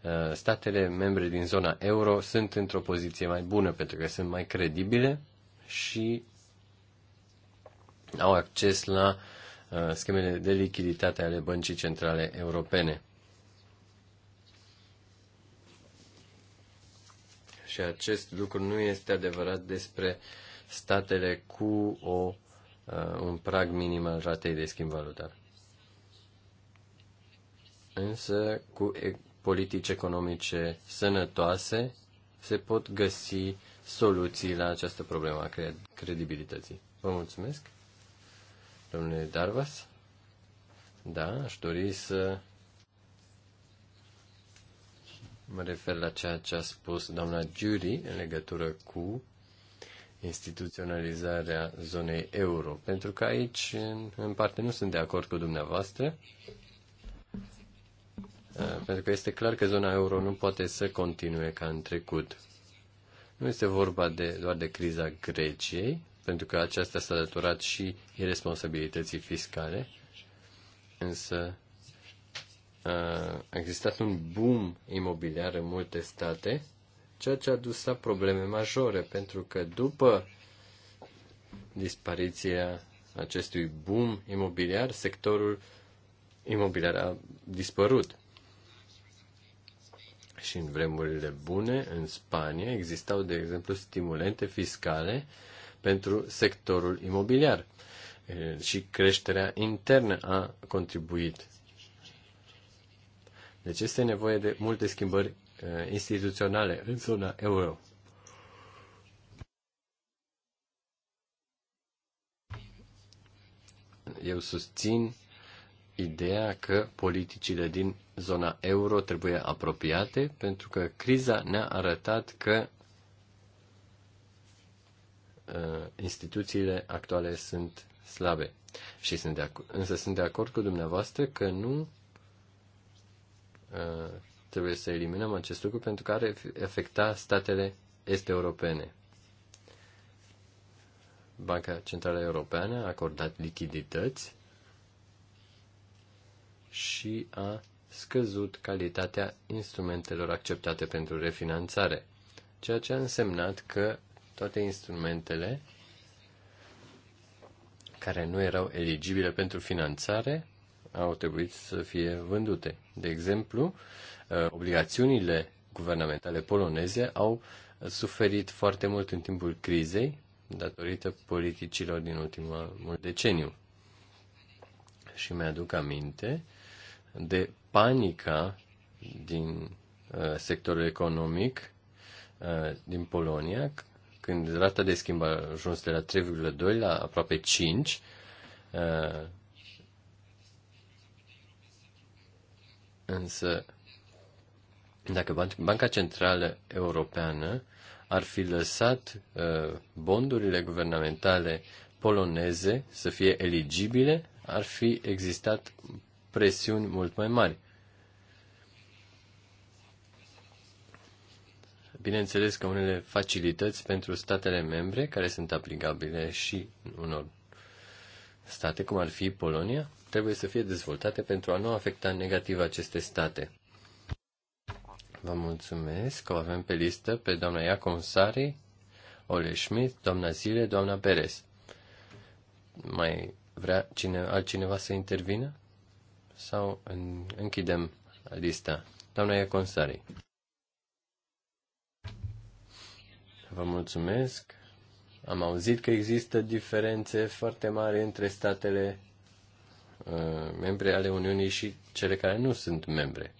uh, statele membre din zona euro sunt într-o poziție mai bună pentru că sunt mai credibile și au acces la Uh, schemele de lichiditate ale Băncii Centrale Europene. Și acest lucru nu este adevărat despre statele cu o, uh, un prag minim al ratei de schimb valutar. Însă, cu politici economice sănătoase, se pot găsi soluții la această problemă a credibilității. Vă mulțumesc! Domnule Darvas? Da, aș dori să mă refer la ceea ce a spus doamna Jury în legătură cu instituționalizarea zonei euro, pentru că aici, în, parte, nu sunt de acord cu dumneavoastră, pentru că este clar că zona euro nu poate să continue ca în trecut. Nu este vorba de, doar de criza Greciei, pentru că aceasta s-a datorat și irresponsabilității fiscale, însă a existat un boom imobiliar în multe state, ceea ce a dus la probleme majore, pentru că după dispariția acestui boom imobiliar, sectorul imobiliar a dispărut. Și în vremurile bune, în Spania, existau, de exemplu, stimulente fiscale uh, pentru sectorul imobiliar și creșterea internă a contribuit. Deci este nevoie de multe schimbări instituționale în zona euro. Eu susțin ideea că politicile din zona euro trebuie apropiate, pentru că criza ne-a arătat că Uh, instituțiile actuale sunt slabe. Și sunt de ac- însă sunt de acord cu dumneavoastră că nu uh, trebuie să eliminăm acest lucru pentru că are afecta statele este europene Banca Centrală Europeană a acordat lichidități și a scăzut calitatea instrumentelor acceptate pentru refinanțare, ceea ce a însemnat că toate instrumentele care nu erau eligibile pentru finanțare au trebuit să fie vândute. De exemplu, uh, obligațiunile guvernamentale poloneze au suferit foarte mult în timpul crizei datorită politicilor din ultimul deceniu. Și mi-aduc aminte de panica din uh, sectorul economic uh, din Polonia, când rata de schimb a ajuns de la 3,2 la aproape 5, uh, însă dacă Banca Centrală Europeană ar fi lăsat uh, bondurile guvernamentale poloneze să fie eligibile, ar fi existat presiuni mult mai mari. bineînțeles că unele facilități pentru statele membre care sunt aplicabile și unor state, cum ar fi Polonia, trebuie să fie dezvoltate pentru a nu afecta negativ aceste state. Vă mulțumesc că o avem pe listă pe doamna Iacom Sari, Ole Schmidt, doamna Zile, doamna Perez. Mai vrea cine, altcineva să intervină? Sau în, închidem lista? Doamna Iacom Sari. Vă mulțumesc. Am auzit că există diferențe foarte mari între statele uh, membre ale Uniunii și cele care nu sunt membre.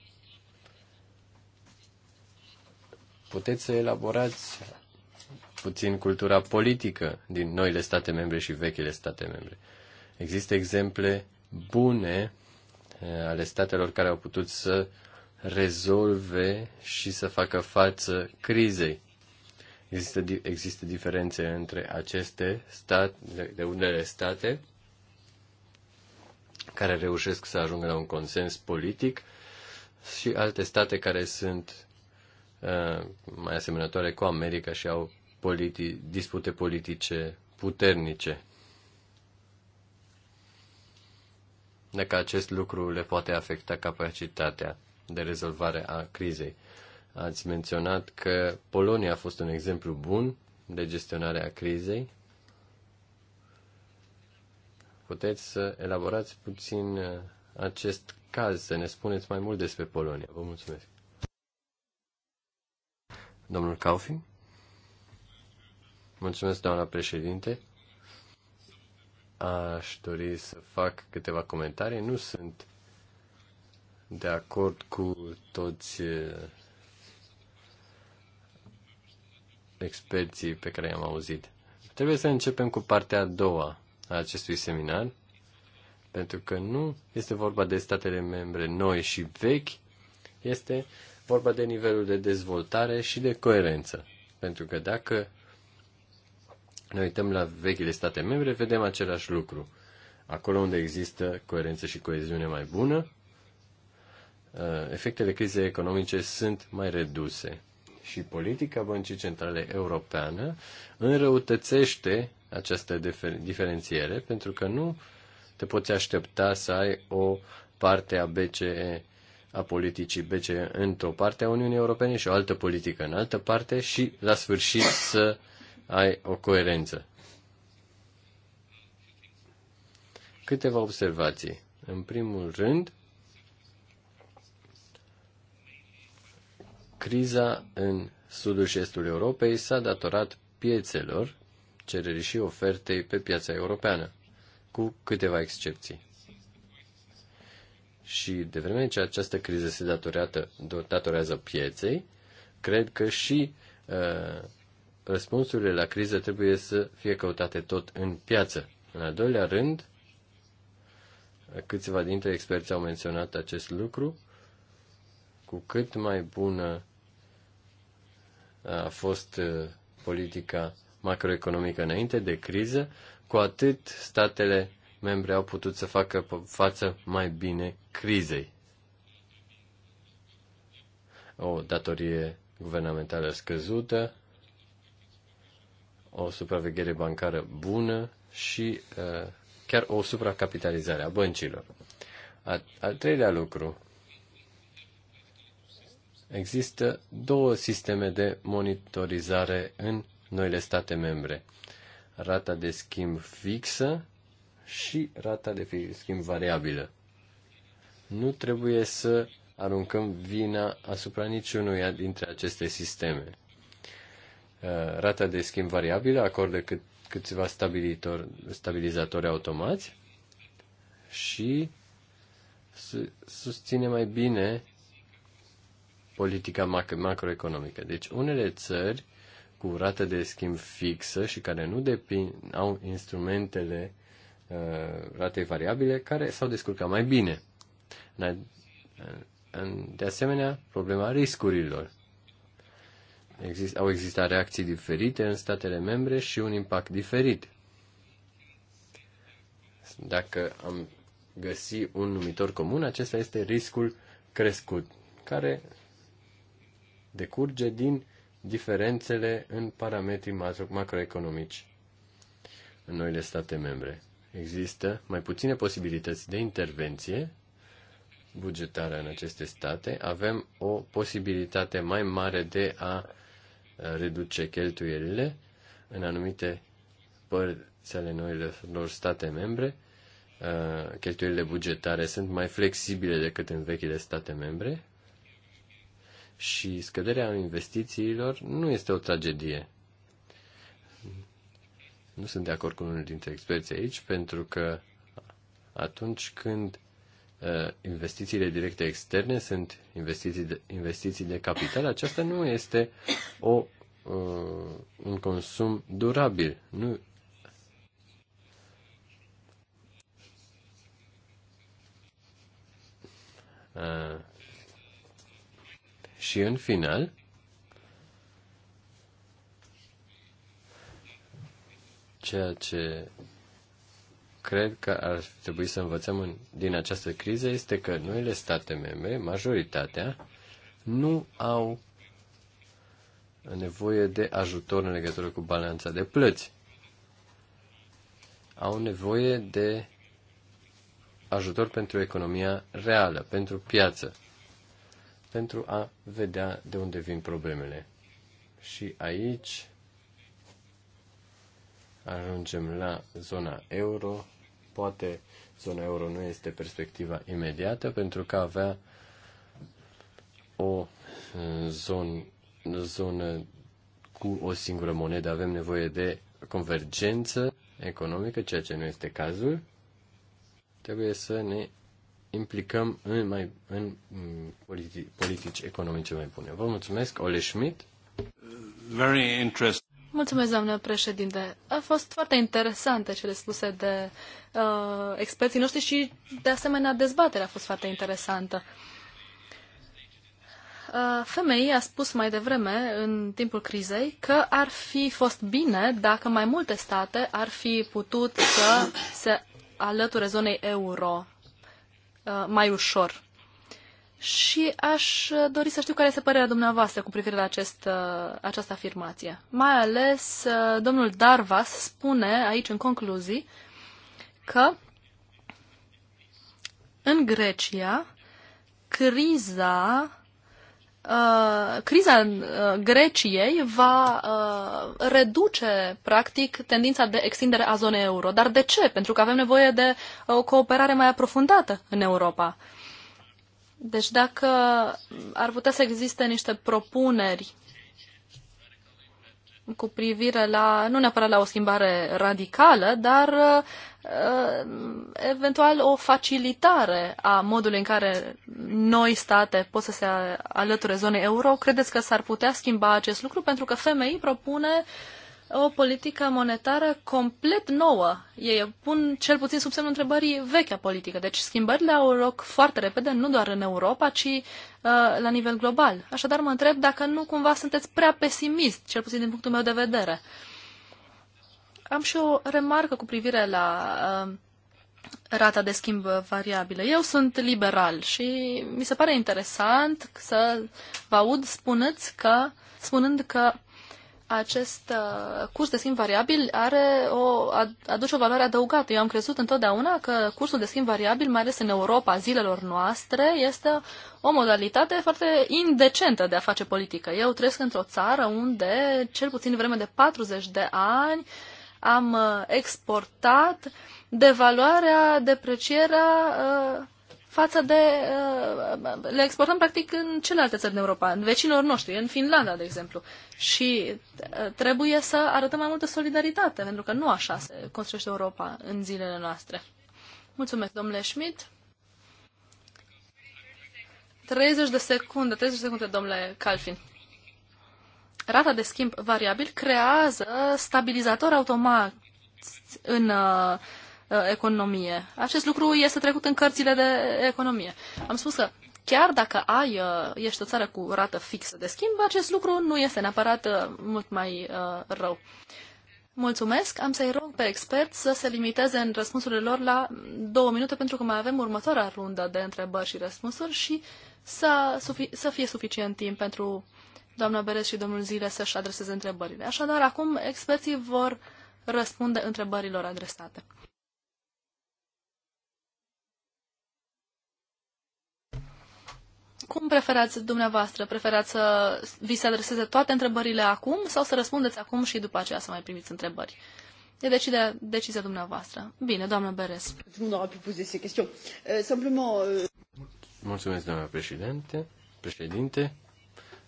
Puteți să elaborați puțin cultura politică din noile state membre și vechile state membre. Există exemple bune uh, ale statelor care au putut să rezolve și să facă față crizei. Există, există diferențe între aceste state, de unele state care reușesc să ajungă la un consens politic și alte state care sunt uh, mai asemănătoare cu America și au politi- dispute politice puternice. Dacă acest lucru le poate afecta capacitatea de rezolvare a crizei. Ați menționat că Polonia a fost un exemplu bun de gestionare a crizei. Puteți să elaborați puțin uh, acest caz, să ne spuneți mai mult despre Polonia. Vă mulțumesc. Domnul Kaufin? Mulțumesc, doamna președinte. Aș dori să fac câteva comentarii. Nu sunt de acord cu toți uh, experții pe care i-am auzit. Trebuie să începem cu partea a doua a acestui seminar, pentru că nu este vorba de statele membre noi și vechi, este vorba de nivelul de dezvoltare și de coerență. Pentru că dacă ne uităm la vechile state membre, vedem același lucru. Acolo unde există coerență și coeziune mai bună, uh, efectele crizei economice sunt mai reduse și politica Băncii Centrale Europeană înrăutățește această diferențiere pentru că nu te poți aștepta să ai o parte a BCE a politicii BCE într-o parte a Uniunii Europene și o altă politică în altă parte și la sfârșit să ai o coerență. Câteva observații. În primul rând, Criza în sudul și estul Europei s-a datorat piețelor, cererii și ofertei pe piața europeană, cu câteva excepții. Și de vreme ce această criză se datorează, datorează pieței, cred că și uh, răspunsurile la criză trebuie să fie căutate tot în piață. În al doilea rând, câțiva dintre experți au menționat acest lucru, cu cât mai bună a fost uh, politica macroeconomică înainte de criză, cu atât statele membre au putut să facă față mai bine crizei. O datorie guvernamentală scăzută, o supraveghere bancară bună și uh, chiar o supracapitalizare a băncilor. Al, al treilea lucru, Există două sisteme de monitorizare în noile state membre. Rata de schimb fixă și rata de schimb variabilă. Nu trebuie să aruncăm vina asupra niciunuia dintre aceste sisteme. Uh, rata de schimb variabilă acordă cât, câțiva stabilitor, stabilizatori automați și susține mai bine politica macroeconomică. Deci unele țări cu rată de schimb fixă și care nu depind, au instrumentele uh, ratei variabile care s-au descurcat mai bine. De asemenea, problema riscurilor. Exist, au existat reacții diferite în statele membre și un impact diferit. Dacă am găsi un numitor comun, acesta este riscul crescut, care decurge din diferențele în parametrii macroeconomici în noile state membre. Există mai puține posibilități de intervenție bugetară în aceste state. Avem o posibilitate mai mare de a uh, reduce cheltuielile în anumite părți ale noilor state membre. Uh, cheltuielile bugetare sunt mai flexibile decât în vechile state membre, și scăderea investițiilor nu este o tragedie. Nu sunt de acord cu unul dintre experți aici, pentru că atunci când uh, investițiile directe externe sunt investiții de, investiții de capital, aceasta nu este o, uh, un consum durabil. Nu, uh, și în final, ceea ce cred că ar trebui să învățăm în, din această criză este că noile state membre, majoritatea, nu au nevoie de ajutor în legătură cu balanța de plăți. Au nevoie de ajutor pentru economia reală, pentru piață pentru a vedea de unde vin problemele. Și aici ajungem la zona euro. Poate zona euro nu este perspectiva imediată pentru că avea o eh, zonă, zonă cu o singură monedă. Avem nevoie de convergență economică, ceea ce nu este cazul. Trebuie să ne implicăm în, mai, în mm, politici, politici economice mai bune. Vă mulțumesc, Ole Schmidt. Very interesting. Mulțumesc, doamnă președinte. A fost foarte interesante cele spuse de uh, experții noștri și, de asemenea, dezbaterea a fost foarte interesantă. Uh, femeii a spus mai devreme, în timpul crizei, că ar fi fost bine dacă mai multe state ar fi putut să se alăture zonei euro Uh, mai ușor. Și aș dori să știu care este părerea dumneavoastră cu privire la acest, uh, această afirmație. Mai ales uh, domnul Darvas spune aici în concluzii că în Grecia criza Uh, criza în uh, Greciei va uh, reduce, practic, tendința de extindere a zonei euro. Dar de ce? Pentru că avem nevoie de o cooperare mai aprofundată în Europa. Deci dacă ar putea să existe niște propuneri cu privire la, nu neapărat la o schimbare radicală, dar uh, eventual o facilitare a modului în care noi state pot să se alăture zonei euro. Credeți că s-ar putea schimba acest lucru? Pentru că FMI propune uh, o politică monetară complet nouă. Ei pun cel puțin sub semnul întrebării vechea politică. Deci schimbările au loc foarte repede, nu doar în Europa, ci uh, la nivel global. Așadar mă întreb dacă nu cumva sunteți prea pesimist, cel puțin din punctul meu de vedere. Am și o remarcă cu privire la uh, rata de schimb variabilă. Eu sunt liberal și mi se pare interesant să vă aud spuneți că, spunând că acest uh, curs de schimb variabil are o, aduce o valoare adăugată. Eu am crezut întotdeauna că cursul de schimb variabil, mai ales în Europa zilelor noastre, este o modalitate foarte indecentă de a face politică. Eu trăiesc într-o țară unde, cel puțin vreme de 40 de ani, am uh, exportat devaluarea, deprecierea uh, față de... Uh, le exportăm practic în celelalte țări din Europa, în vecinilor noștri, în Finlanda, de exemplu. Și uh, trebuie să arătăm mai multă solidaritate, pentru că nu așa se construiește Europa în zilele noastre. Mulțumesc, domnule Schmidt. 30 de secunde, 30 de secunde, domnule Calfin. Rata de schimb variabil creează stabilizator automat în uh, Uh, economie. Acest lucru este trecut în cărțile de economie. Am spus că chiar dacă ai, uh, ești o țară cu rată fixă de schimb, acest lucru nu este neapărat uh, mult mai rău. Mulțumesc. Am să-i rog pe expert să se limiteze în răspunsurile lor la două minute, pentru că mai avem următoarea rundă de întrebări și răspunsuri și să, să fie suficient timp pentru doamna Beres și domnul Zile să-și adreseze întrebările. Așadar, acum experții vor răspunde întrebărilor adresate. Cum preferați dumneavoastră? Preferați să vi se adreseze toate întrebările acum sau să răspundeți acum și după aceea să mai primiți întrebări? E decide, decizia dumneavoastră. Bine, doamnă Beres. Euh, euh, Mulțumesc, doamna președinte. președinte.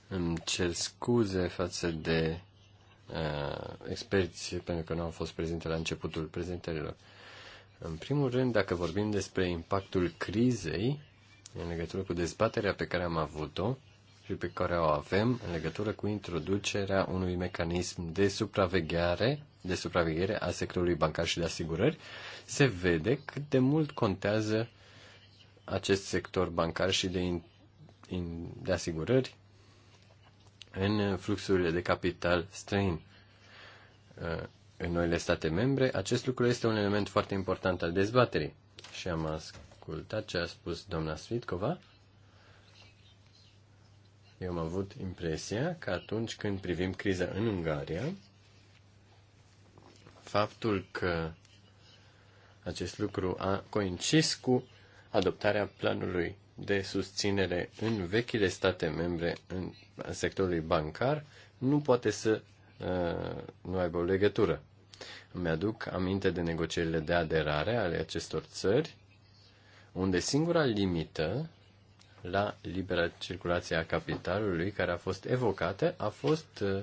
Îmi cer scuze față de uh, experți pentru că nu am fost prezente la începutul prezentărilor. În primul rând, dacă vorbim despre impactul crizei, în legătură cu dezbaterea pe care am avut-o și pe care o avem în legătură cu introducerea unui mecanism de supraveghere, de supraveghere a sectorului bancar și de asigurări, se vede cât de mult contează acest sector bancar și de, in, in, de asigurări în fluxurile de capital străin. Uh, în noile state membre, acest lucru este un element foarte important al dezbaterii și am asculta ce a spus doamna Svitkova, eu am avut impresia că atunci când privim criza în Ungaria, faptul că acest lucru a coincis cu adoptarea planului de susținere în vechile state membre în sectorului bancar nu poate să uh, nu aibă o legătură. Îmi aduc aminte de negocierile de aderare ale acestor țări unde singura limită la libera circulație a capitalului care a fost evocată a fost uh,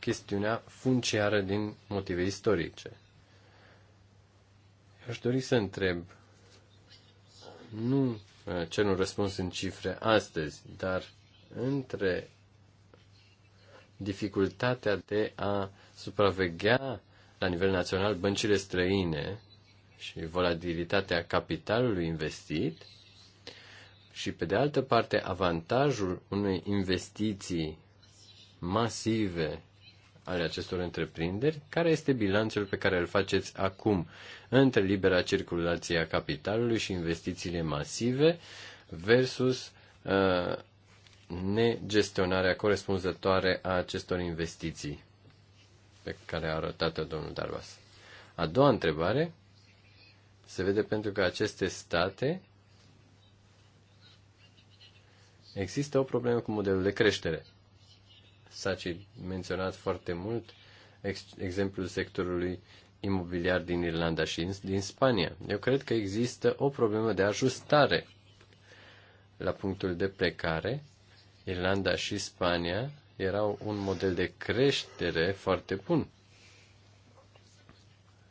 chestiunea funciară din motive istorice. Aș dori să întreb, nu uh, ce nu răspuns în cifre astăzi, dar între dificultatea de a supraveghea la nivel național băncile străine și volatilitatea capitalului investit și, pe de altă parte, avantajul unei investiții masive ale acestor întreprinderi, care este bilanțul pe care îl faceți acum între libera circulație a capitalului și investițiile masive versus uh, negestionarea corespunzătoare a acestor investiții pe care a arătat-o domnul Darvas. A doua întrebare se vede pentru că aceste state există o problemă cu modelul de creștere. Saci menționat foarte mult ex- exemplul sectorului imobiliar din Irlanda și din Spania. Eu cred că există o problemă de ajustare la punctul de plecare. Irlanda și Spania erau un model de creștere foarte bun.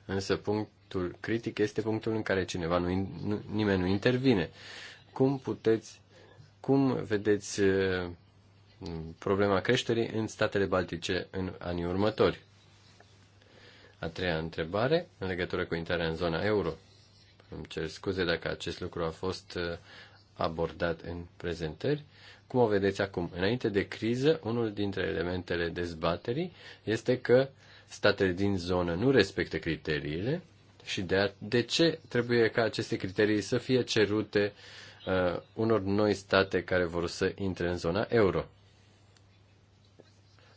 Însă punct, punctul critic este punctul în care cineva nu, nu nimeni nu intervine. Cum puteți, cum vedeți uh, problema creșterii în statele baltice în anii următori? A treia întrebare, în legătură cu intrarea în zona euro. Îmi cer scuze dacă acest lucru a fost uh, abordat în prezentări. Cum o vedeți acum? Înainte de criză, unul dintre elementele dezbaterii este că statele din zonă nu respectă criteriile și de, de ce trebuie ca aceste criterii să fie cerute uh, unor noi state care vor să intre în zona euro?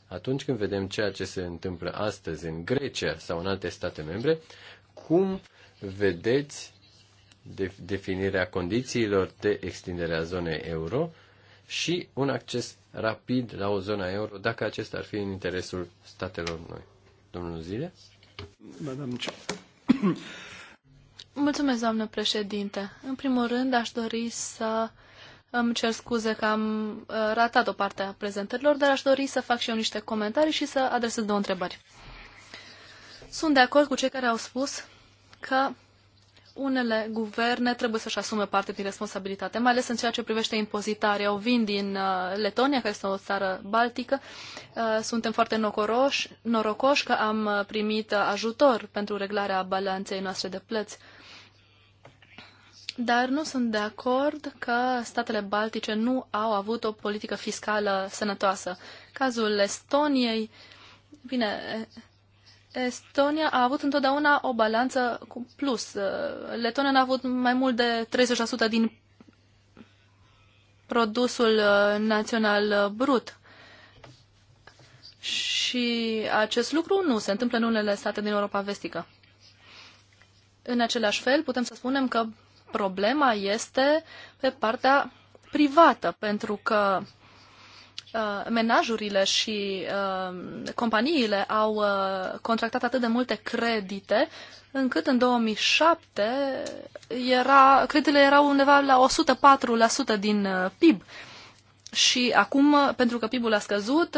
Atunci când vedem ceea ce se întâmplă astăzi în Grecia sau în alte state membre, cum vedeți de, definirea condițiilor de extindere a zonei euro și un acces rapid la o zonă euro, dacă acesta ar fi în interesul statelor noi? Domnul Zile? Madame Mulțumesc, doamnă președinte. În primul rând, aș dori să îmi cer scuze că am uh, ratat o parte a prezentărilor, dar aș dori să fac și eu niște comentarii și să adresez două întrebări. Sunt de acord cu cei care au spus că unele guverne trebuie să-și asume parte din responsabilitate, mai ales în ceea ce privește impozitarea. O vin din uh, Letonia, care este o țară baltică. Uh, suntem foarte nocoroși, norocoși că am uh, primit ajutor pentru reglarea balanței noastre de plăți. Dar nu sunt de acord că statele baltice nu au avut o politică fiscală sănătoasă. Cazul Estoniei, bine, Estonia a avut întotdeauna o balanță cu plus. Uh, Letonia a avut mai mult de 30% din produsul uh, național uh, brut. Și acest lucru nu se întâmplă în unele state din Europa vestică. În același fel, putem să spunem că problema este pe partea privată, pentru că Uh, menajurile și uh, companiile au uh, contractat atât de multe credite, încât în 2007 era, creditele erau undeva la 104% din PIB. Și acum, pentru că PIB-ul a scăzut,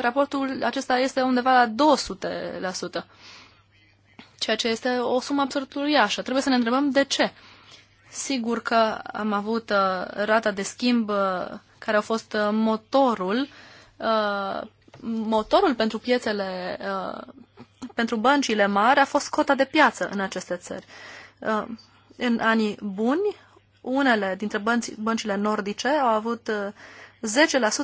raportul acesta este undeva la 200%, ceea ce este o sumă absolut uriașă. Trebuie să ne întrebăm de ce. Sigur că am avut uh, rata de schimb uh, care a fost uh, motorul motorul pentru piețele, pentru băncile mari a fost cota de piață în aceste țări. În anii buni, unele dintre bănci, băncile nordice au avut 10%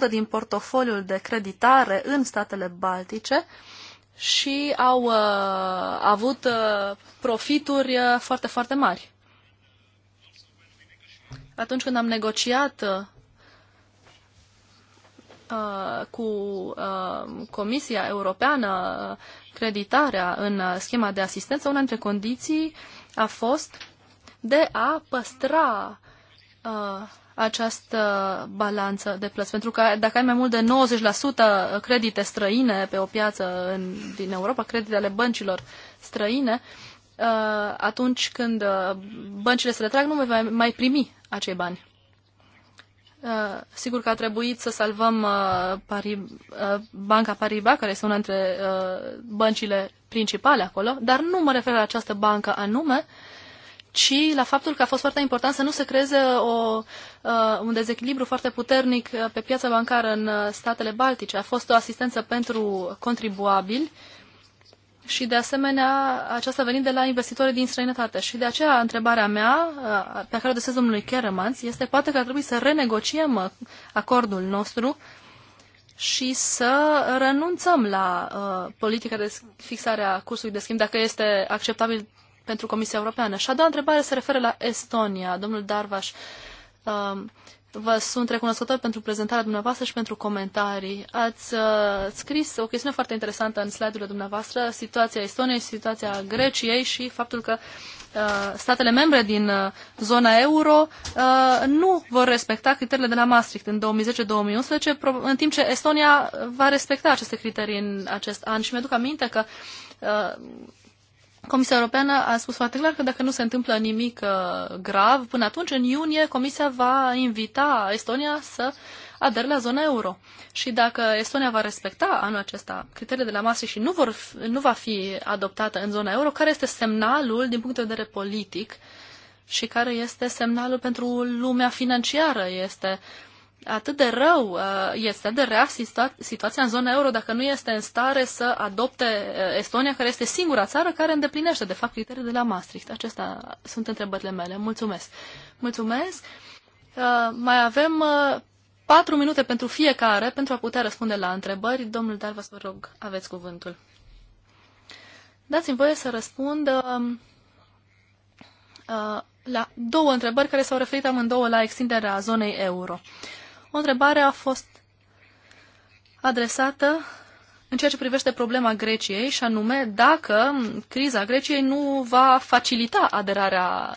din portofoliul de creditare în statele baltice și au avut profituri foarte, foarte mari atunci când am negociat uh, cu uh, Comisia Europeană uh, creditarea în uh, schema de asistență, una dintre condiții a fost de a păstra uh, această balanță de plăți. Pentru că dacă ai mai mult de 90% credite străine pe o piață în, din Europa, creditele băncilor străine, uh, Uh, atunci când uh, băncile se retrag, nu mai mai primi acei bani. Uh, sigur că a trebuit să salvăm Banca Pariba, care este una dintre băncile principale acolo, dar nu mă refer la această bancă anume, ci la faptul că a fost foarte important să nu se creeze o, un dezechilibru foarte puternic pe piața bancară în statele baltice. A fost o asistență pentru contribuabili și, de asemenea, aceasta venind de la investitori din străinătate. Și de aceea, întrebarea mea, uh, pe care o desez domnului Keremans, este poate că ar trebui să renegociem uh, acordul nostru și să renunțăm la uh, politica de fixare a cursului de schimb, dacă este acceptabil pentru Comisia Europeană. Și a doua întrebare se referă la Estonia. Domnul Darvaș, uh, Vă sunt recunoscător pentru prezentarea dumneavoastră și pentru comentarii. Ați uh, scris o chestiune foarte interesantă în slide-urile dumneavoastră, situația Estoniei, situația Greciei și faptul că uh, statele membre din uh, zona euro uh, nu vor respecta criteriile de la Maastricht în 2010-2011, în timp ce Estonia va respecta aceste criterii în acest an. Și mi-aduc aminte că uh, Comisia Europeană a spus foarte clar că dacă nu se întâmplă nimic uh, grav, până atunci, în iunie, Comisia va invita Estonia să adere la zona euro. Și dacă Estonia va respecta anul acesta criteriile de la Maastricht și nu, vor, nu va fi adoptată în zona euro, care este semnalul din punct de vedere politic și care este semnalul pentru lumea financiară? Este uh, atât de rău uh, este de rea situația în zona euro dacă nu este în stare să adopte uh, Estonia, care este singura țară care îndeplinește, de fapt, criteriile de la Maastricht. Acestea sunt întrebările mele. Mulțumesc! Mulțumesc! Uh, mai avem patru minute pentru fiecare pentru a putea răspunde la întrebări. Domnul Dar, vă rog, aveți cuvântul. Dați-mi voie să răspund um, la două întrebări care s-au referit amândouă la extinderea zonei euro. O întrebare a fost adresată în ceea ce privește problema Greciei și anume dacă criza Greciei nu va facilita aderarea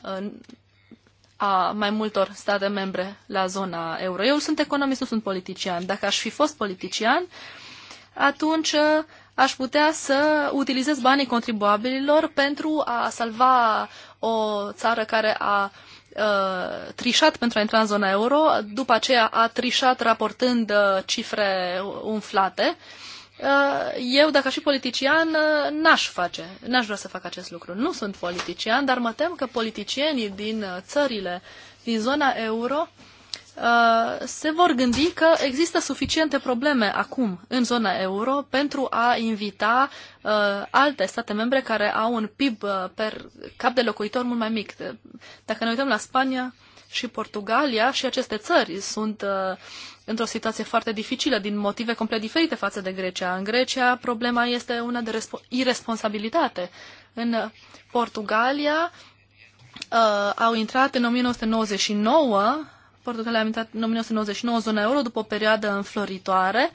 a mai multor state membre la zona euro. Eu sunt economist, nu sunt politician. Dacă aș fi fost politician, atunci aș putea să utilizez banii contribuabililor pentru a salva o țară care a uh, uh, trișat pentru a intra în zona euro, după aceea a trișat raportând uh, cifre umflate. Uh, eu, dacă aș fi politician, uh, n-aș face, n-aș vrea să fac acest lucru. Nu sunt politician, dar mă tem că politicienii din uh, țările din zona euro uh, Uh, se vor gândi că există suficiente probleme acum în zona euro pentru a invita uh, alte state membre care au un PIB uh, per cap de locuitor mult mai mic. Dacă ne uităm la Spania și Portugalia, și aceste țări sunt uh, într-o situație foarte dificilă din motive complet diferite față de Grecia. În Grecia problema este una de irresponsabilitate. În Portugalia uh, au intrat în 1999 Portugalia a intrat în 1999 zona euro după o perioadă înfloritoare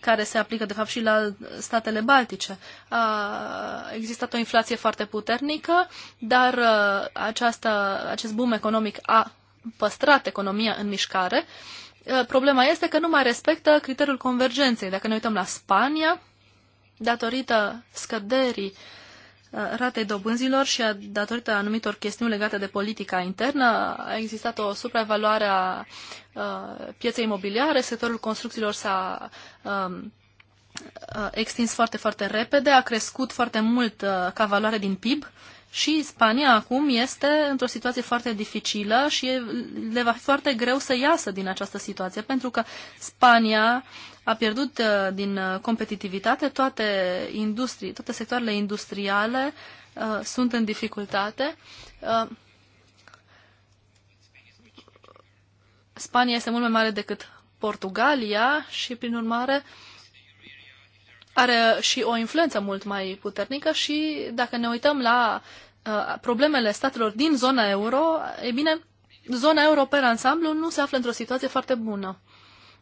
care se aplică de fapt și la statele baltice. A existat o inflație foarte puternică, dar uh, această, acest boom economic a păstrat economia în mișcare. Uh, problema este că nu mai respectă criteriul convergenței. Dacă ne uităm la Spania, datorită scăderii uh, ratei dobânzilor și a, datorită anumitor chestiuni legate de politica internă a existat o supraevaluare a, a pieței imobiliare, sectorul construcțiilor s-a extins foarte, foarte repede, a crescut foarte mult ca valoare din PIB și Spania acum este într-o situație foarte dificilă și le va fi foarte greu să iasă din această situație, pentru că Spania a pierdut uh, din uh, competitivitate toate industrii, toate sectoarele industriale uh, sunt în dificultate. Uh, Spania este mult mai mare decât Portugalia și, prin urmare, are și o influență mult mai puternică și, dacă ne uităm la Uh, problemele statelor din zona euro, e bine, zona euro pe ansamblu nu se află într-o situație foarte bună.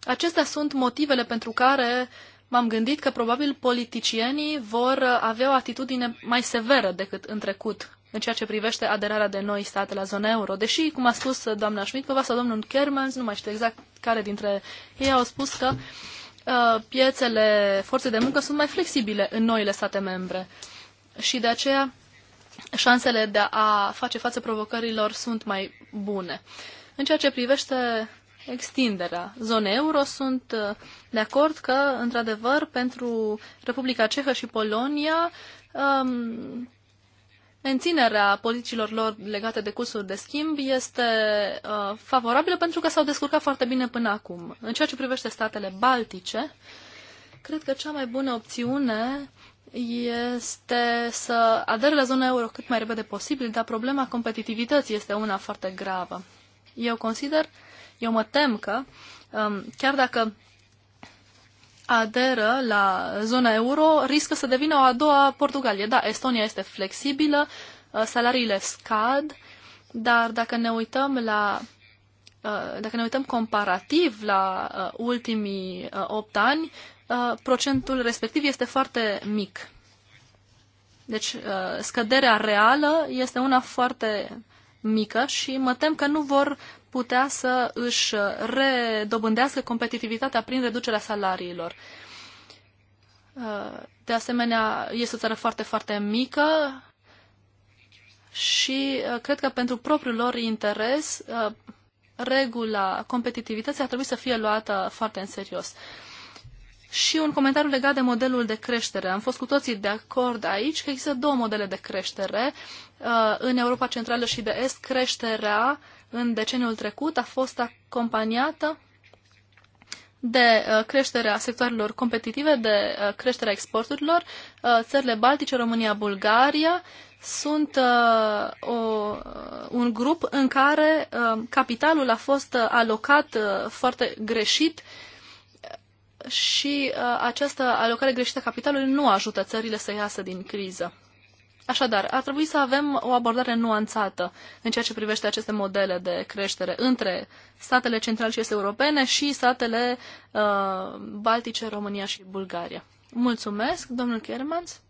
Acestea sunt motivele pentru care m-am gândit că probabil politicienii vor avea o atitudine mai severă decât în trecut în ceea ce privește aderarea de noi state la zona euro. Deși, cum a spus doamna Schmidtova sau domnul Kermans, nu mai știu exact care dintre ei au spus că uh, piețele forțe de muncă sunt mai flexibile în noile state membre. Și de aceea șansele de a face față provocărilor sunt mai bune. În ceea ce privește extinderea zonei euro, sunt uh, de acord că, într-adevăr, pentru Republica Cehă și Polonia, um, menținerea politicilor lor legate de cursuri de schimb este uh, favorabilă pentru că s-au descurcat foarte bine până acum. În ceea ce privește statele baltice, cred că cea mai bună opțiune este să adere la zona euro cât mai repede posibil, dar problema competitivității este una foarte gravă. Eu consider, eu mă tem că, um, chiar dacă aderă la zona euro, riscă să devină o a doua Portugalie. Da, Estonia este flexibilă, uh, salariile scad, dar dacă ne uităm la uh, dacă ne uităm comparativ la uh, ultimii opt ani, Uh, procentul respectiv este foarte mic. Deci uh, scăderea reală este una foarte mică și mă tem că nu vor putea să își redobândească competitivitatea prin reducerea salariilor. Uh, de asemenea, este o țară foarte, foarte mică și cred că pentru propriul lor interes, regula competitivității ar trebui să fie luată foarte în serios. Și un comentariu legat de modelul de creștere. Am fost cu toții de acord aici că există două modele de creștere. Uh, în Europa Centrală și de Est, creșterea în deceniul trecut a fost acompaniată de uh, creșterea sectoarelor competitive, de uh, creșterea exporturilor. Țările Baltice, România, Bulgaria sunt o, un grup în care capitalul a fost alocat foarte greșit și uh, această alocare greșită a capitalului nu ajută țările să iasă din criză. Așadar, ar trebui să avem o abordare nuanțată în ceea ce privește aceste modele de creștere între statele centrale și europene și statele uh, baltice, România și Bulgaria. Mulțumesc, domnul Kermans.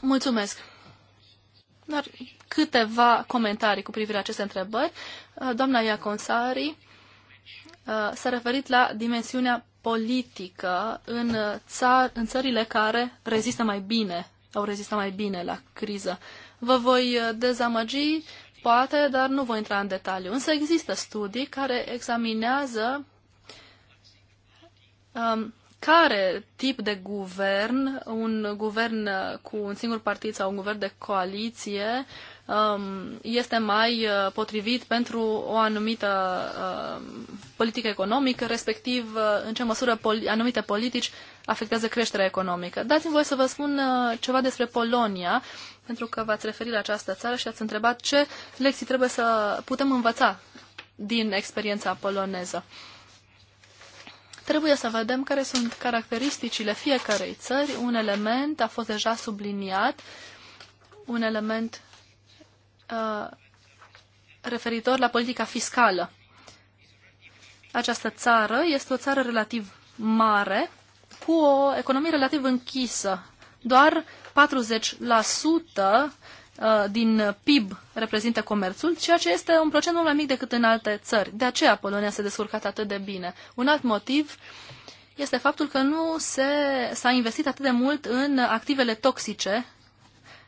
Mulțumesc. Dar câteva comentarii cu privire la aceste întrebări. Uh, doamna Iaconsari Uh, s-a referit la dimensiunea politică în, uh, țar, în țările care rezistă mai bine, au rezistat mai bine la criză. Vă voi uh, dezamăgi, poate, dar nu voi intra în detaliu. Însă există studii care examinează um, care tip de guvern, un guvern cu un singur partid sau un guvern de coaliție, uh, Um, este mai uh, potrivit pentru o anumită uh, politică economică, respectiv uh, în ce măsură anumite politici afectează creșterea economică. Dați-mi voie să vă spun ceva despre Polonia, pentru că v-ați referit la această țară și ați întrebat ce lecții trebuie să putem învăța din experiența poloneză. Trebuie să vedem care sunt caracteristicile fiecarei țări. Un element a fost deja subliniat, un element Uh, referitor la politica fiscală. Această țară este o țară relativ mare, cu o economie relativ închisă. Doar 40% uh, din PIB reprezintă comerțul, ceea ce este un procent mult mai mic decât în alte țări. De aceea Polonia se descurcat atât de bine. Un alt motiv este faptul că nu se, s-a investit atât de mult în activele toxice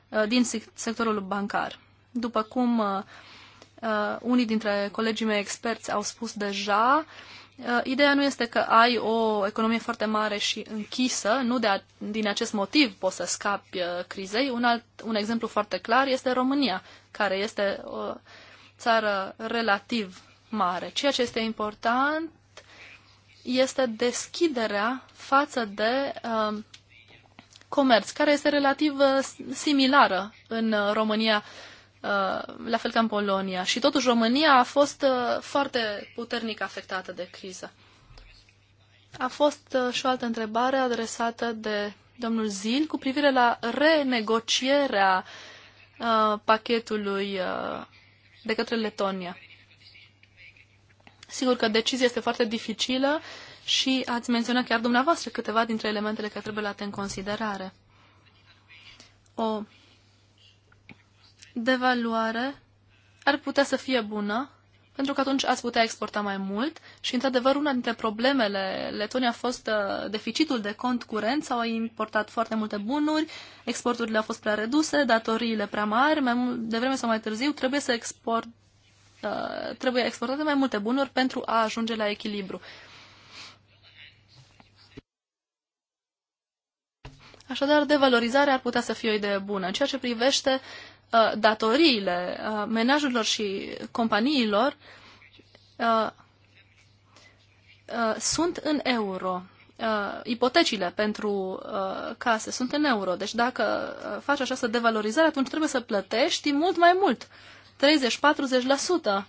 uh, din sectorul bancar. După cum uh, uh, unii dintre colegii mei experți au spus deja, uh, ideea nu este că ai o economie foarte mare și închisă, nu de a, din acest motiv poți să scapi uh, crizei. Un, alt, un exemplu foarte clar este România, care este o țară relativ mare. Ceea ce este important este deschiderea față de uh, comerț, care este relativ uh, similară în uh, România Uh, la fel ca în Polonia. Și totuși România a fost uh, foarte puternic afectată de criză. A fost uh, și o altă întrebare adresată de domnul Zil cu privire la renegocierea pachetului de către Letonia. Sigur că decizia este foarte dificilă și ați menționat chiar dumneavoastră câteva dintre elementele care trebuie luate în considerare. O devaluare ar putea să fie bună, pentru că atunci ați putea exporta mai mult și, într-adevăr, una dintre problemele Letoniei a fost uh, deficitul de cont curent, s-au importat foarte multe bunuri, exporturile au fost prea reduse, datoriile prea mari, mai mult, de vreme sau mai târziu trebuie să export, uh, trebuie exportate mai multe bunuri pentru a ajunge la echilibru. Așadar, devalorizarea ar putea să fie o idee bună. În ceea ce privește uh, Uh, datoriile uh, menajurilor și companiilor uh, sunt în euro. Uh, ipotecile pentru uh, case sunt în euro. Deci dacă uh, faci această devalorizare, atunci trebuie să plătești mult mai mult. 30-40%. Uh,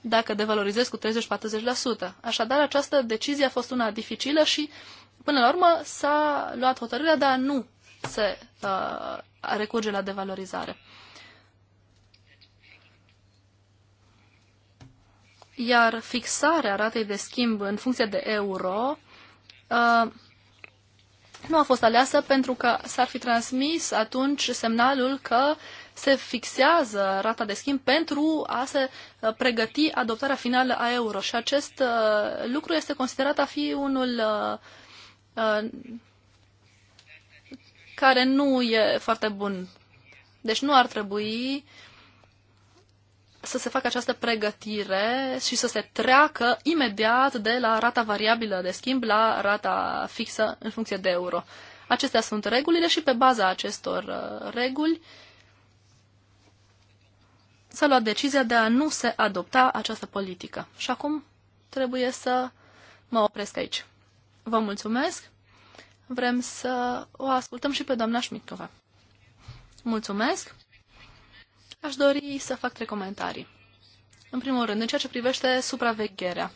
dacă devalorizezi cu 30-40%. Așadar, această decizie a fost una dificilă și, până la urmă, s-a luat hotărârea de a nu se uh, recurge la devalorizare. Iar fixarea ratei de schimb în funcție de euro uh, nu a fost aleasă pentru că s-ar fi transmis atunci semnalul că se fixează rata de schimb pentru a se uh, pregăti adoptarea finală a euro. Și acest uh, lucru este considerat a fi unul uh, care nu e foarte bun. Deci nu ar trebui să se facă această pregătire și să se treacă imediat de la rata variabilă de schimb la rata fixă în funcție de euro. Acestea sunt regulile și pe baza acestor uh, reguli s-a luat decizia de a nu se adopta această politică. Și acum trebuie să mă opresc aici. Vă mulțumesc! vrem să o ascultăm și pe doamna Șmitova. Mulțumesc! Aș dori să fac trei comentarii. În primul rând, în ceea ce privește supravegherea.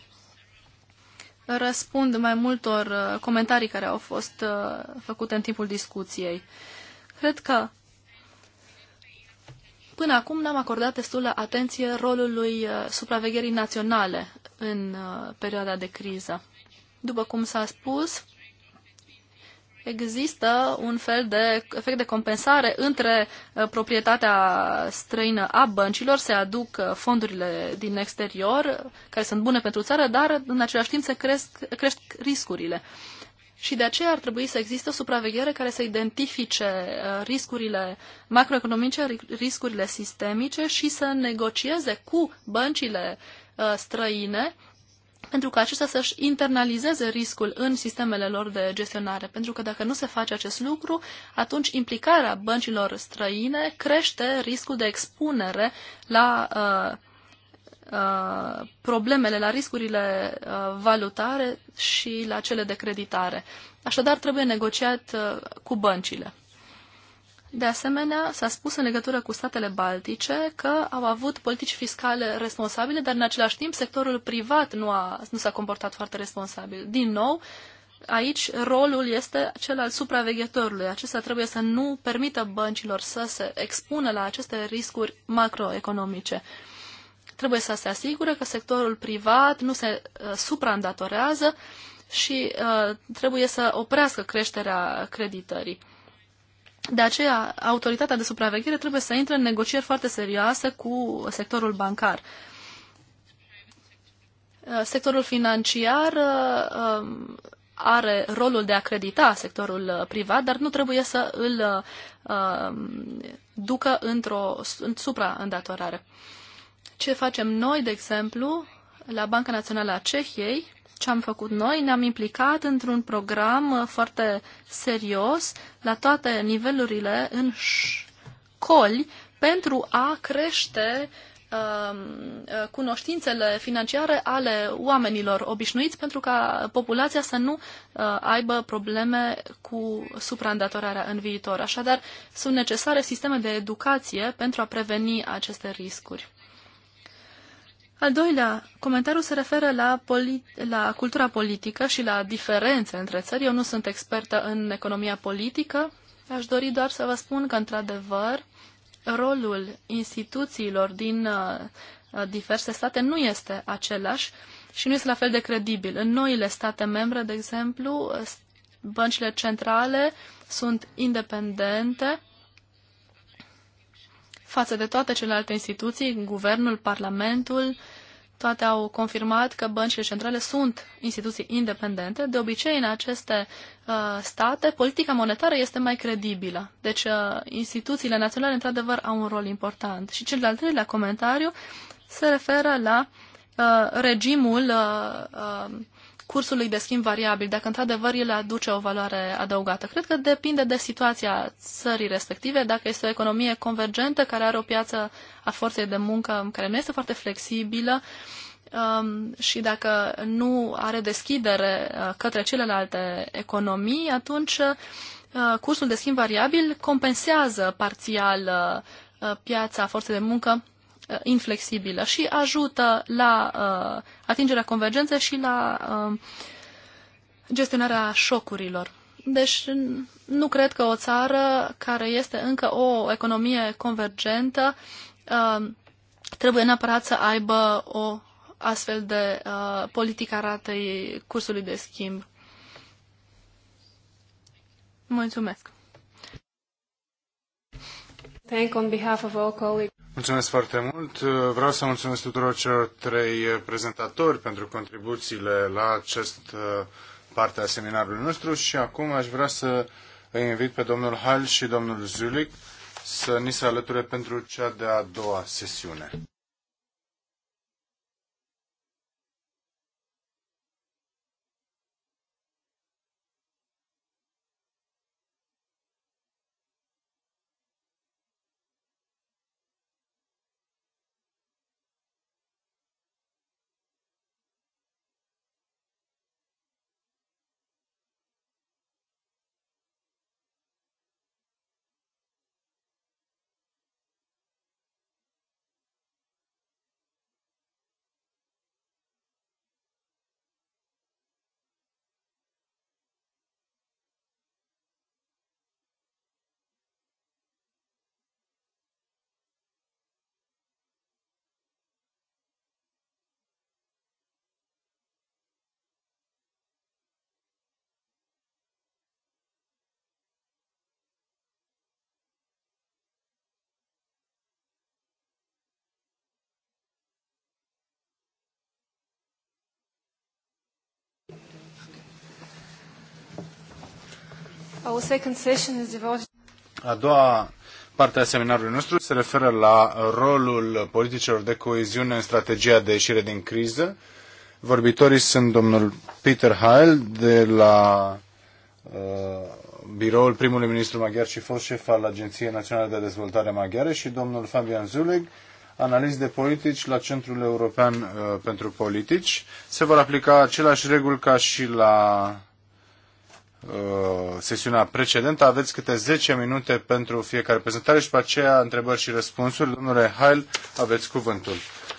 Răspund mai multor uh, comentarii care au fost uh, făcute în timpul discuției. Cred că până acum n-am acordat destulă atenție rolului uh, supravegherii naționale în perioada de criză. După cum s-a spus, există un fel de efect de compensare între uh, proprietatea străină a băncilor, se aduc uh, fondurile din exterior, uh, care sunt bune pentru țară, dar în același timp se cresc, cresc riscurile. Și de aceea ar trebui să existe o supraveghere care să identifice riscurile macroeconomice, riscurile sistemice și să negocieze cu băncile străine uh, pentru că acestea să-și internalizeze riscul în sistemele lor de gestionare. Pentru că dacă nu se face acest lucru, atunci implicarea băncilor străine crește riscul de expunere la uh, uh, problemele, la riscurile uh, valutare și la cele de creditare. Așadar, trebuie negociat uh, cu băncile. De asemenea, s-a spus în legătură cu statele baltice că au avut politici fiscale responsabile, dar în același timp sectorul privat nu, a, nu s-a comportat foarte responsabil. Din nou, aici rolul este cel al supraveghetorului. Acesta trebuie să nu permită băncilor să se expună la aceste riscuri macroeconomice. Trebuie să se asigure că sectorul privat nu se uh, supraîndatorează și uh, trebuie să oprească creșterea creditării. De aceea, autoritatea de supraveghere trebuie să intre în negocieri foarte serioase cu sectorul bancar. Uh, sectorul financiar uh, um, are rolul de a credita sectorul uh, privat, dar nu trebuie să îl um, ducă într-o în supraîndatorare. Ce facem noi, de exemplu, la Banca Națională a Cehiei, ce am făcut noi, ne-am implicat într-un program uh, foarte serios la toate nivelurile în școli pentru a crește um, uh, cunoștințele financiare ale oamenilor obișnuiți pentru ca populația să nu uh, aibă probleme cu supraîndatorarea în viitor. Așadar, sunt necesare sisteme de educație pentru a preveni aceste riscuri. Al doilea comentariu se referă la, polit- la cultura politică și la diferențe între țări. Eu nu sunt expertă în economia politică. Aș dori doar să vă spun că, într-adevăr, rolul instituțiilor din uh, uh, diverse state nu este același și nu este la fel de credibil. În noile state membre, de exemplu, băncile centrale sunt independente față de toate celelalte instituții, guvernul, parlamentul, toate au confirmat că băncile centrale sunt instituții independente. De obicei, în aceste uh, state, politica monetară este mai credibilă. Deci, uh, instituțiile naționale, într-adevăr, au un rol important. Și cel de-al treilea comentariu se referă la uh, regimul uh, uh, cursului de schimb variabil, dacă într-adevăr el aduce o valoare adăugată. Cred că depinde de situația țării respective, dacă este o economie convergentă care are o piață a forței de muncă care nu este foarte flexibilă um, și dacă nu are deschidere uh, către celelalte economii, atunci uh, cursul de schimb variabil compensează parțial uh, piața forței de muncă Uh, inflexibilă și ajută la uh, atingerea convergenței și la uh, gestionarea șocurilor. Deci nu cred că o țară care este încă o economie convergentă uh, trebuie neapărat să aibă o astfel de uh, politică a ratei cursului de schimb. Mulțumesc! Thank on behalf of all colleagues. Mulțumesc foarte mult. Vreau să mulțumesc tuturor celor trei prezentatori pentru contribuțiile la acest uh, parte a seminarului nostru și acum aș vrea să îi invit pe domnul Hal și domnul Zulic să ni se alăture pentru cea de-a doua sesiune. A doua parte a seminarului nostru se referă la rolul politicilor de coeziune în strategia de ieșire din criză. Vorbitorii sunt domnul Peter Heil de la uh, biroul primului ministru maghiar și fost șef al Agenției Naționale de Dezvoltare Maghiară și domnul Fabian Zuleg, analist de politici la Centrul European uh, pentru Politici. Se vor aplica aceleași reguli ca și la Uh, sesiunea precedentă. Aveți câte 10 minute pentru fiecare prezentare și după aceea întrebări și răspunsuri. Domnule Hail, aveți cuvântul.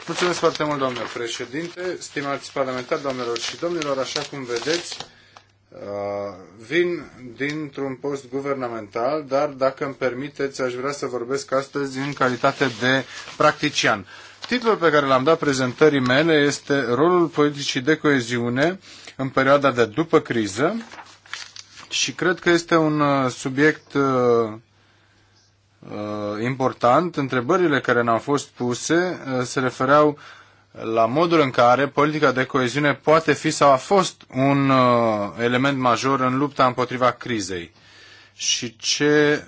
Mulțumesc foarte mult, domnule președinte, stimați parlamentari, domnilor și domnilor, așa cum vedeți, uh, vin dintr-un post guvernamental, dar dacă îmi permiteți, aș vrea să vorbesc astăzi în calitate de practician. Titlul pe care l-am dat prezentării mele este Rolul politicii de coeziune în perioada de după criză, și cred că este un uh, subiect uh, uh, important. Întrebările care ne-au fost puse se refereau la modul în care politica de coeziune poate fi sau a fost un element major în lupta împotriva crizei și ce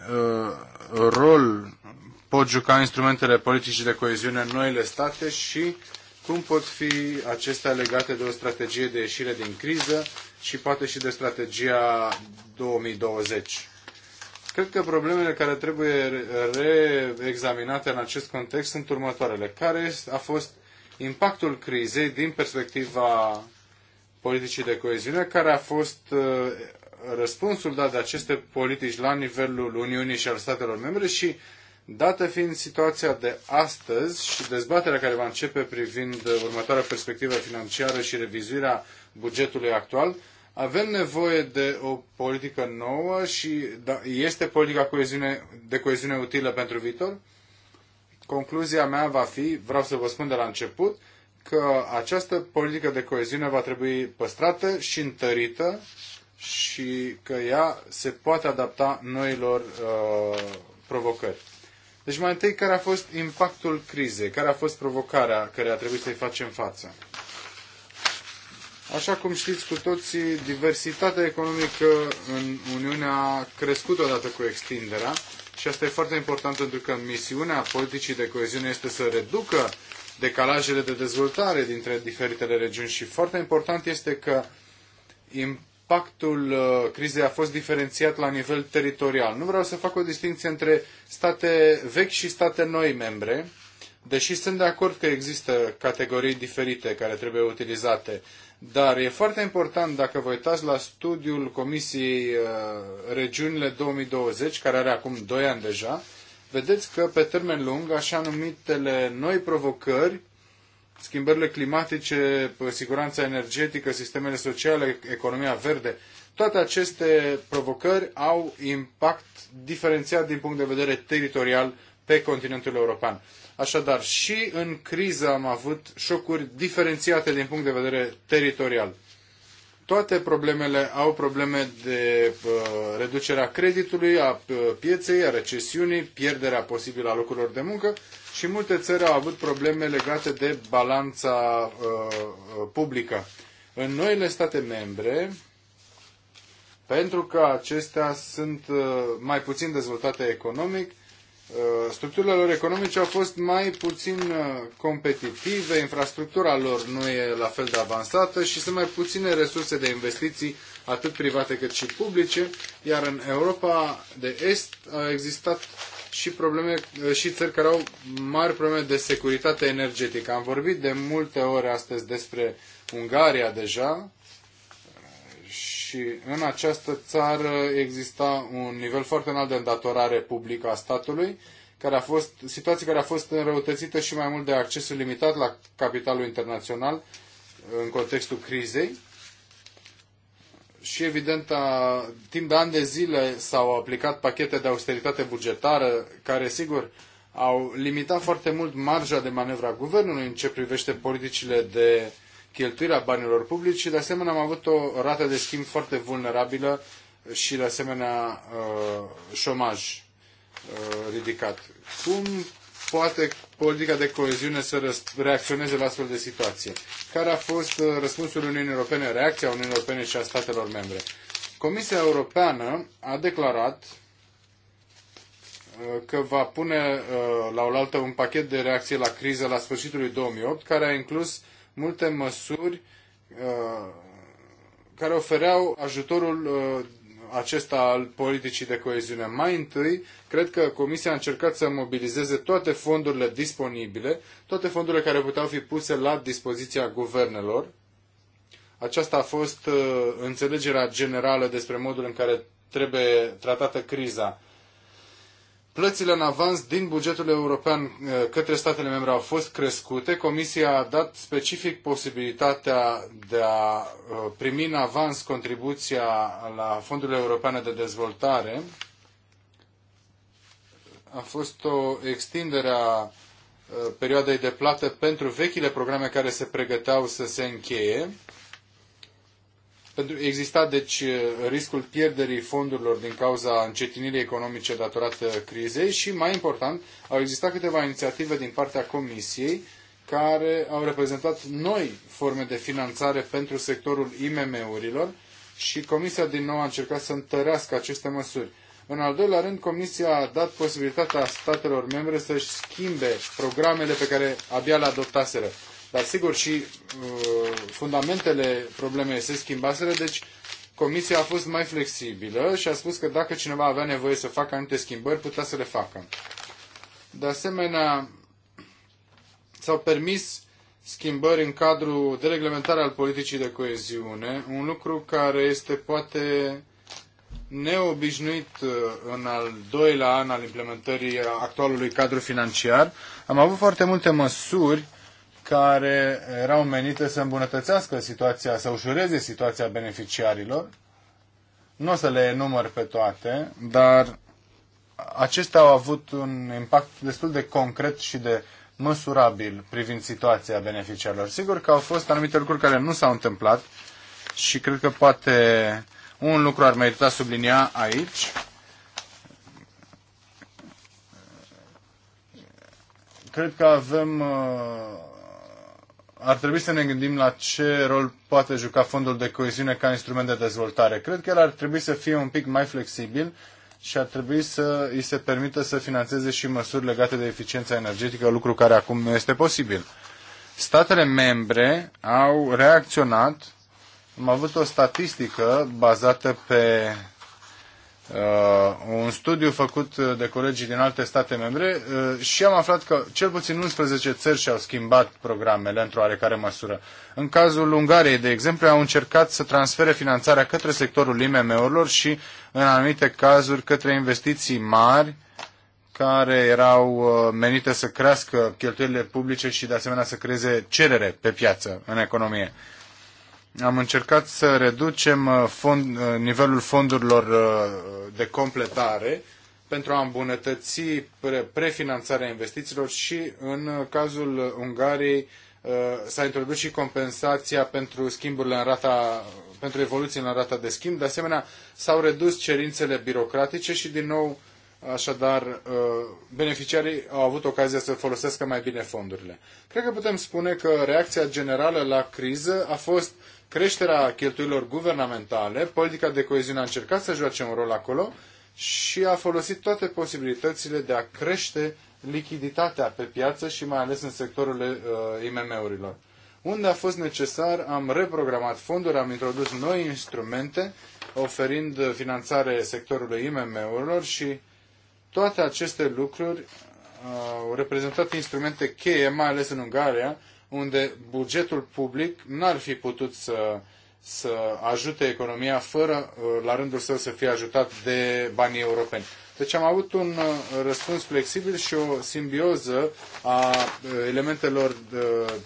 rol pot juca instrumentele politice de coeziune în noile state și cum pot fi acestea legate de o strategie de ieșire din criză și poate și de strategia 2020. Cred că problemele care trebuie reexaminate în acest context sunt următoarele. Care a fost impactul crizei din perspectiva politicii de coeziune, care a fost uh, răspunsul dat de aceste politici la nivelul Uniunii și al statelor membre și dată fiind situația de astăzi și dezbaterea care va începe privind următoarea perspectivă financiară și revizuirea bugetului actual, avem nevoie de o politică nouă și da, este politica coeziune, de coeziune utilă pentru viitor? Concluzia mea va fi, vreau să vă spun de la început, că această politică de coeziune va trebui păstrată și întărită și că ea se poate adapta noilor uh, provocări. Deci mai întâi, care a fost impactul crizei? Care a fost provocarea care a trebuit să-i facem față? Așa cum știți cu toții, diversitatea economică în Uniune a crescut odată cu extinderea și asta e foarte important pentru că misiunea politicii de coeziune este să reducă decalajele de dezvoltare dintre diferitele regiuni și foarte important este că impactul uh, crizei a fost diferențiat la nivel teritorial. Nu vreau să fac o distinție între state vechi și state noi membre, deși sunt de acord că există categorii diferite care trebuie utilizate dar e foarte important, dacă vă uitați la studiul Comisiei uh, Regiunile 2020, care are acum 2 ani deja, vedeți că pe termen lung, așa numitele noi provocări, schimbările climatice, siguranța energetică, sistemele sociale, economia verde, toate aceste provocări au impact diferențiat din punct de vedere teritorial pe continentul european. Așadar, și în criză am avut șocuri diferențiate din punct de vedere teritorial. Toate problemele au probleme de uh, reducerea creditului, a uh, pieței, a recesiunii, pierderea posibilă a locurilor de muncă și multe țări au avut probleme legate de balanța uh, uh publică. În noile state membre, pentru că acestea sunt uh, mai puțin dezvoltate economic, Uh, structurile lor economice au fost mai puțin uh, competitive, infrastructura lor nu e la fel de avansată și sunt mai puține resurse de investiții, atât private cât și publice, iar în Europa de Est a existat și, probleme, uh, și țări care au mari probleme de securitate energetică. Am vorbit de multe ori astăzi despre Ungaria deja, și în această țară exista un nivel foarte înalt de îndatorare publică a statului, care a fost, situație care a fost înrăutățită și mai mult de accesul limitat la capitalul internațional în contextul crizei. Și evident, a, timp de ani de zile s-au aplicat pachete de austeritate bugetară, care sigur au limitat foarte mult marja de manevră a guvernului în ce privește politicile de uh, cheltuirea banilor publici și de asemenea am avut o rată de schimb foarte vulnerabilă și de asemenea uh, șomaj uh, ridicat. Cum poate politica de coeziune să reacționeze la astfel de situație? Care a fost uh, răspunsul Uniunii Europene, reacția Uniunii Europene și a statelor membre? Comisia Europeană a declarat că va pune la oaltă un pachet de reacție la criză la sfârșitul lui 2008, care a inclus multe măsuri uh, care ofereau ajutorul uh, acesta al politicii de coeziune. Mai întâi, cred că Comisia a încercat să mobilizeze toate fondurile disponibile, toate fondurile care puteau fi puse la dispoziția guvernelor. Aceasta a fost uh, înțelegerea generală despre modul în care trebuie tratată criza. Plățile în avans din bugetul european eh, către statele membre au fost crescute. Comisia a dat specific posibilitatea de a eh, primi în avans contribuția la Fondul European de Dezvoltare. A fost o extindere a eh, perioadei de plată pentru vechile programe care se pregăteau să se încheie Exista deci uh, riscul pierderii fondurilor din cauza încetinirii economice datorată crizei și, mai important, au existat câteva inițiative din partea Comisiei care au reprezentat noi forme de finanțare pentru sectorul IMM-urilor și Comisia din nou a încercat să întărească aceste măsuri. În al doilea rând, Comisia a dat posibilitatea statelor membre să-și schimbe programele pe care abia le adoptaseră. Dar sigur și uh, fundamentele problemei se schimbaseră, deci comisia a fost mai flexibilă și a spus că dacă cineva avea nevoie să facă anumite schimbări, putea să le facă. De asemenea, s-au permis schimbări în cadrul de reglementare al politicii de coeziune, un lucru care este poate neobișnuit uh, în al doilea an al implementării actualului cadru financiar. Am avut foarte multe măsuri care erau menite să îmbunătățească situația, să ușureze situația beneficiarilor. Nu o să le enumăr pe toate, dar acestea au avut un impact destul de concret și de măsurabil privind situația beneficiarilor. Sigur că au fost anumite lucruri care nu s-au întâmplat și cred că poate un lucru ar merita sublinia aici. Cred că avem uh, ar trebui să ne gândim la ce rol poate juca fondul de coeziune ca instrument de dezvoltare. Cred că el ar trebui să fie un pic mai flexibil și ar trebui să îi se permită să financeze și măsuri legate de eficiența energetică, lucru care acum nu este posibil. Statele membre au reacționat. Am avut o statistică bazată pe Uh, un studiu făcut uh, de colegii din alte state membre uh, și am aflat că cel puțin 11 țări și-au schimbat programele într-o oarecare măsură. În cazul Ungariei, de exemplu, au încercat să transfere finanțarea către sectorul IMM-urilor și, în anumite cazuri, către investiții mari care erau uh, menite să crească cheltuielile publice și, de asemenea, să creeze cerere pe piață, în economie. Uh, am încercat să reducem uh, fond, uh, nivelul fondurilor uh, de completare pentru a îmbunătăți prefinanțarea investițiilor și în cazul Ungariei s-a introdus și compensația pentru schimburile în rata pentru evoluțiile în rata de schimb. De asemenea, s-au redus cerințele birocratice și din nou Așadar, beneficiarii au avut ocazia să folosească mai bine fondurile. Cred că putem spune că reacția generală la criză a fost creșterea cheltuielor guvernamentale, politica de coeziune a încercat să joace un rol acolo și a folosit toate posibilitățile de a crește lichiditatea pe piață și mai ales în sectorul uh, IMM-urilor. Unde a fost necesar, am reprogramat fonduri, am introdus noi instrumente, oferind finanțare sectorului IMM-urilor și toate aceste lucruri uh, au reprezentat instrumente cheie, mai ales în Ungaria, unde bugetul public n-ar fi putut să, să ajute economia fără, uh, la rândul său, să fie ajutat de banii europeni. Deci am avut un uh, răspuns flexibil și o simbioză a uh, elementelor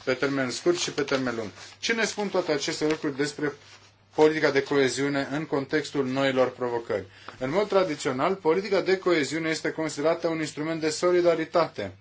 pe termen scurt și pe termen lung. Ce ne spun toate aceste lucruri despre politica de coeziune în contextul noilor provocări? În mod tradițional, politica de coeziune este considerată un instrument de solidaritate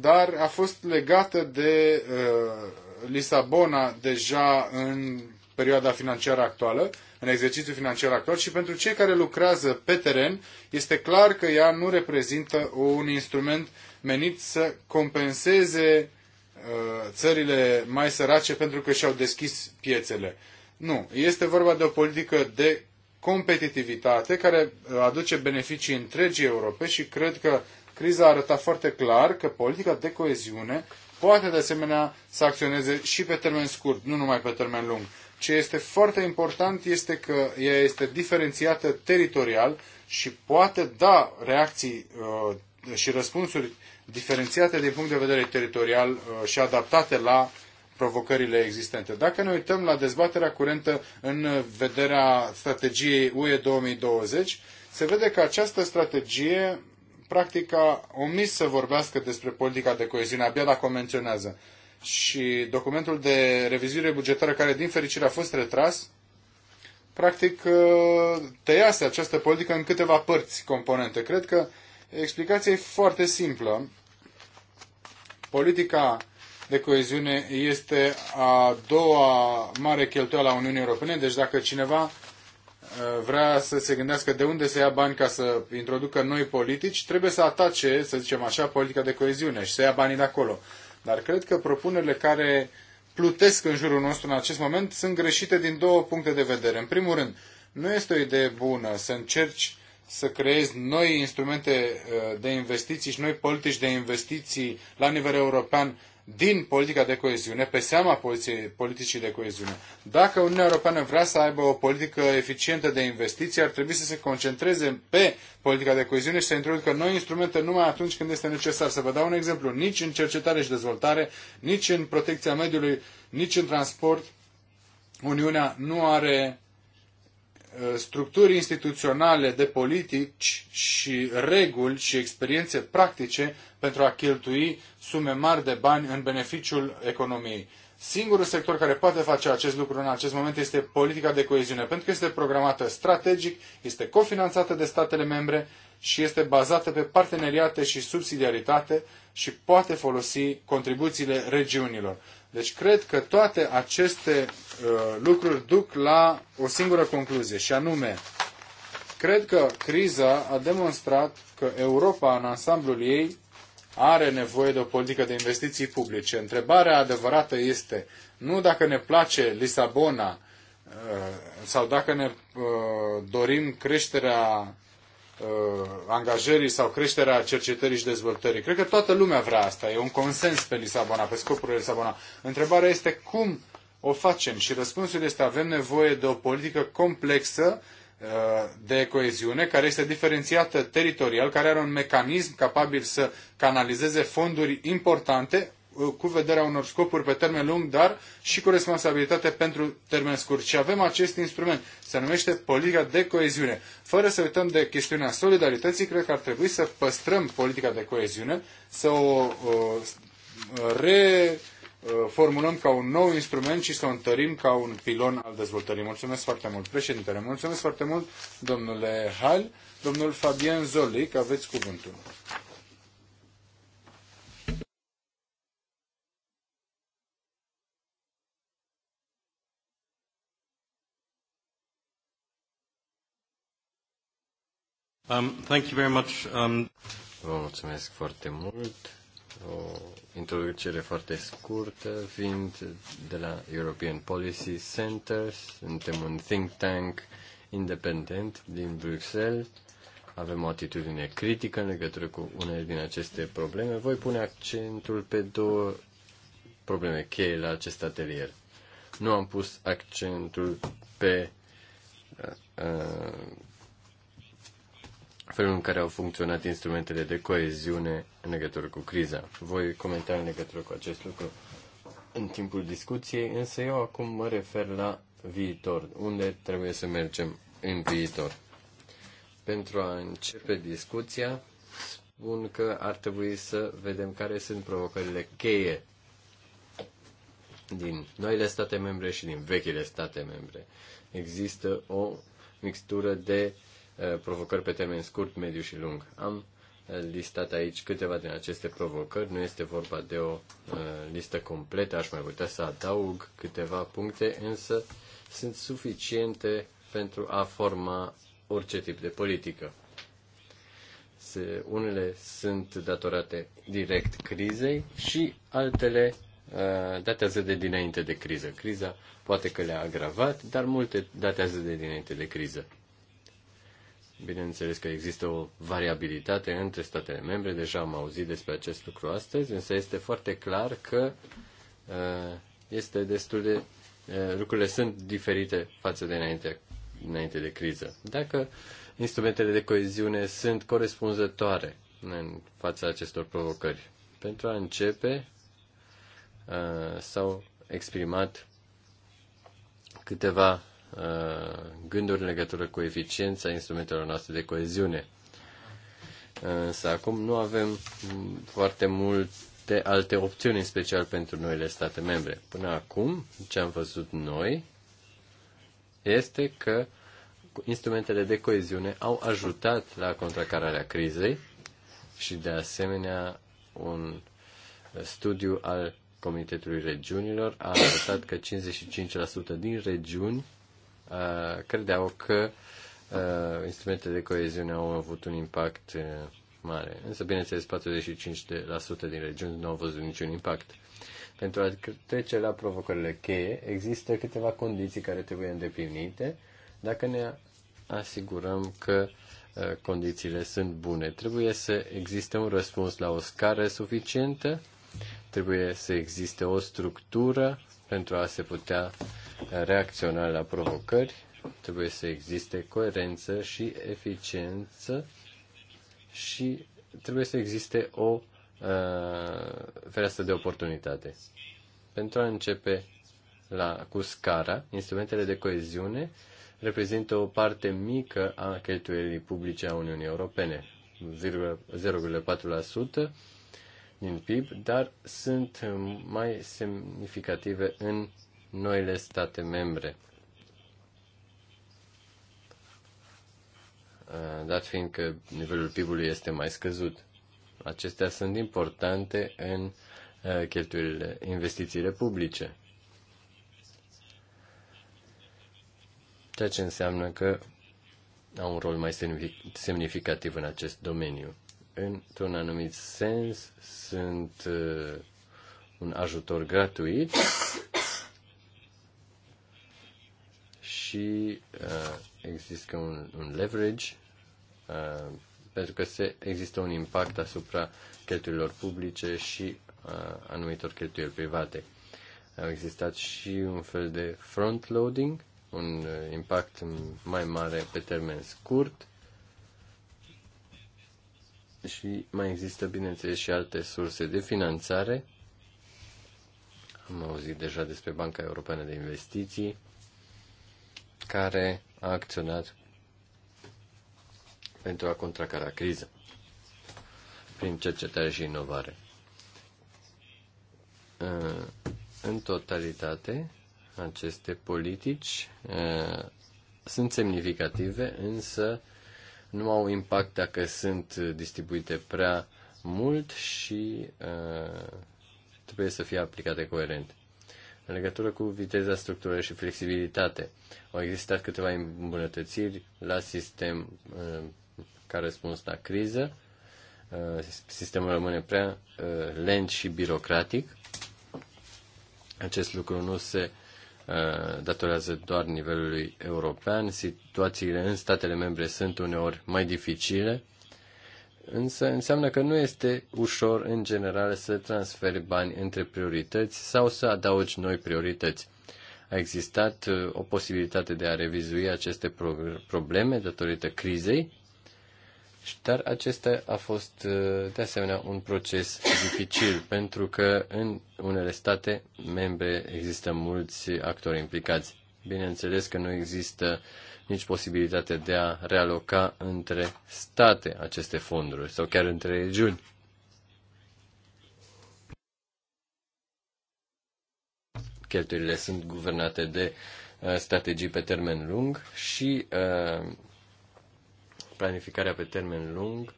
dar a fost legată de uh, Lisabona deja în perioada financiară actuală, în exercițiul financiar actual și pentru cei care lucrează pe teren, este clar că ea nu reprezintă un instrument menit să compenseze uh, țările mai sărace pentru că și-au deschis piețele. Nu, este vorba de o politică de competitivitate care uh, aduce beneficii întregii Europe și cred că Criza a arătat foarte clar că politica de coeziune poate de asemenea să acționeze și pe termen scurt, nu numai pe termen lung. Ce este foarte important este că ea este diferențiată teritorial și poate da reacții uh, și răspunsuri diferențiate din punct de vedere teritorial uh, și adaptate la provocările existente. Dacă ne uităm la dezbaterea curentă în vederea strategiei UE 2020, se vede că această strategie practic a omis să vorbească despre politica de coeziune, abia dacă o menționează. Și documentul de revizuire bugetară, care din fericire a fost retras, practic ă, tăiase această politică în câteva părți, componente. Cred că explicația e foarte simplă. Politica de coeziune este a doua mare cheltuială a Uniunii Europene, deci dacă cineva vrea să se gândească de unde să ia bani ca să introducă noi politici, trebuie să atace, să zicem așa, politica de coeziune și să ia banii de acolo. Dar cred că propunerile care plutesc în jurul nostru în acest moment sunt greșite din două puncte de vedere. În primul rând, nu este o idee bună să încerci să creezi noi instrumente uh, de investiții și noi politici de investiții la nivel european din politica de coeziune, pe seama politicii de coeziune. Dacă Uniunea Europeană vrea să aibă o politică eficientă de investiții, ar trebui să se concentreze pe politica de coeziune și să introducă noi instrumente numai atunci când este necesar. Să vă dau un exemplu. Nici în cercetare și dezvoltare, nici în protecția mediului, nici în transport, Uniunea nu are Uh, structuri instituționale de politici și reguli și experiențe practice pentru a cheltui sume mari de bani în beneficiul economiei. Singurul sector care poate face acest lucru în acest moment este politica de coeziune, pentru că este programată strategic, este cofinanțată de statele membre și este bazată pe parteneriate și subsidiaritate și poate folosi contribuțiile regiunilor. Deci cred că toate aceste uh, lucruri duc la o singură concluzie și anume, cred că criza a demonstrat că Europa în ansamblul ei are nevoie de o politică de investiții publice. Întrebarea adevărată este nu dacă ne place Lisabona uh, sau dacă ne uh, dorim creșterea Uh, angajării sau creșterea cercetării și dezvoltării. Cred că toată lumea vrea asta. E un consens pe Lisabona, pe scopurile Lisabona. Întrebarea este cum o facem și răspunsul este avem nevoie de o politică complexă uh, de coeziune care este diferențiată teritorial, care are un mecanism capabil să canalizeze fonduri importante Uh, cu vederea unor scopuri pe termen lung, dar și cu responsabilitate pentru termen scurt. Și avem acest instrument, se numește politica de coeziune. Fără să uităm de chestiunea solidarității, cred că ar trebui să păstrăm politica de coeziune, să o uh, reformulăm uh, ca un nou instrument și să o întărim ca un pilon al dezvoltării. Mulțumesc foarte mult, președintele. Mulțumesc foarte mult, domnule Hal. Domnul Fabien Zolic, aveți cuvântul. Um, thank you very much. Um... Vă mulțumesc foarte mult. O introducere foarte scurtă, fiind de la European Policy Center. Suntem un think tank independent din Bruxelles. Avem o atitudine critică în legătură cu unele din aceste probleme. Voi pune accentul pe două probleme cheie la acest atelier. Nu am pus accentul pe uh, uh felul în care au funcționat instrumentele de coeziune în legătură cu criza. Voi comenta în legătură cu acest lucru în timpul discuției, însă eu acum mă refer la viitor, unde trebuie să mergem în viitor. Pentru a începe discuția, spun că ar trebui să vedem care sunt provocările cheie din noile state membre și din vechile state membre. Există o mixtură de uh, Uh, provocări pe termen scurt, mediu și lung. Am uh, listat aici câteva din aceste provocări. Nu este vorba de o uh, listă completă, aș mai putea să adaug câteva puncte, însă sunt suficiente pentru a forma orice tip de politică. Unele sunt datorate direct crizei și altele datează de dinainte de criză. Criza poate că le-a agravat, dar multe datează de dinainte de criză. Bineînțeles că există o variabilitate între statele membre, deja am auzit despre acest lucru astăzi, însă este foarte clar că uh, este destul de. Uh, lucrurile sunt diferite față de înainte, înainte de criză. Dacă instrumentele de coeziune sunt corespunzătoare în fața acestor provocări, pentru a începe, uh, s-au exprimat câteva Uh, gânduri în legătură cu eficiența instrumentelor noastre de coeziune. Însă acum nu avem foarte multe alte opțiuni, în special pentru noile state membre. Până acum, ce am văzut noi este că instrumentele de coeziune au ajutat la contracararea crizei și, de asemenea, un studiu al Comitetului Regiunilor a arătat că 55% din regiuni credeau că instrumentele de coeziune au avut un impact mare. Însă, bineînțeles, 45% din regiuni nu au văzut niciun impact. Pentru a trece la provocările cheie, există câteva condiții care trebuie îndeplinite dacă ne asigurăm că condițiile sunt bune. Trebuie să existe un răspuns la o scară suficientă, trebuie să existe o structură pentru a se putea reacționa la provocări, trebuie să existe coerență și eficiență și trebuie să existe o uh, fereastră de oportunitate. Pentru a începe la, cu scara, instrumentele de coeziune reprezintă o parte mică a cheltuielii publice a Uniunii Europene, 0,4% din PIB, dar sunt mai semnificative în noile state membre. Eh, dat fiind că nivelul PIB-ului este mai scăzut. Acestea sunt importante în eh, cheltuielile, investițiile publice. Ceea ce înseamnă că au un rol mai semnificativ în acest domeniu. Într-un anumit sens, sunt eh, un ajutor gratuit și uh, există un, un leverage uh, pentru că se, există un impact asupra cheltuielor publice și uh, anumitor cheltuieli private. Au existat și un fel de front-loading, un uh, impact mai mare pe termen scurt și mai există, bineînțeles, și alte surse de finanțare. Am auzit deja despre Banca Europeană de Investiții, care a acționat pentru a contracara criza prin cercetare și inovare. Uh, în totalitate, aceste politici uh, sunt semnificative, însă nu au impact dacă sunt distribuite prea mult și uh, trebuie să fie aplicate coerent. În legătură cu viteza, structură și flexibilitate, au existat câteva îmbunătățiri la sistem uh, ca răspuns la criză. Uh, sistemul rămâne prea uh, lent și birocratic. Acest lucru nu se datorează doar nivelului european. Situațiile în statele membre sunt uneori mai dificile însă înseamnă că nu este ușor în general să transferi bani între priorități sau să adaugi noi priorități. A existat uh, o posibilitate de a revizui aceste probleme datorită crizei, dar acesta a fost uh, de asemenea un proces dificil pentru că în unele state membre există mulți actori implicați. Bineînțeles că nu există uh, nici posibilitatea de a realoca între state aceste fonduri sau chiar între regiuni. Cheltuielile sunt guvernate de uh, strategii pe termen lung și uh, planificarea pe termen lung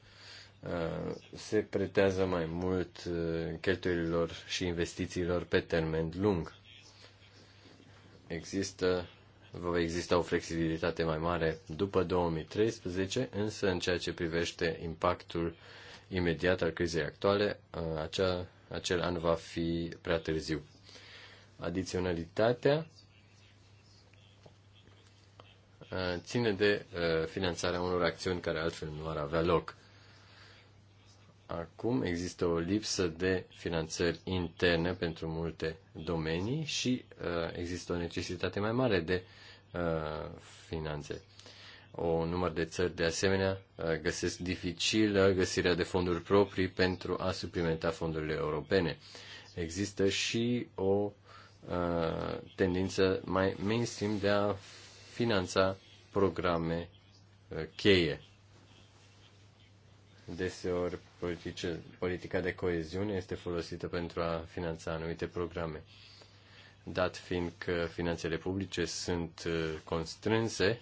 uh, se pretează mai mult cheltuielilor și investițiilor pe termen lung. Există va exista o flexibilitate mai mare după 2013, însă în ceea ce privește impactul imediat al crizei actuale, acea, acel an va fi prea târziu. Adiționalitatea ține de finanțarea unor acțiuni care altfel nu ar avea loc. Acum există o lipsă de finanțări interne pentru multe domenii și există o necesitate mai mare de uh, Uh, finanțe. O număr de țări, de asemenea, uh, găsesc dificilă uh, găsirea de fonduri proprii pentru a suplimenta fondurile europene. Există și o tendință mai mainstream de a finanța programe cheie. Deseori politica de coeziune este folosită pentru a finanța anumite programe dat fiind că finanțele publice sunt uh, constrânse,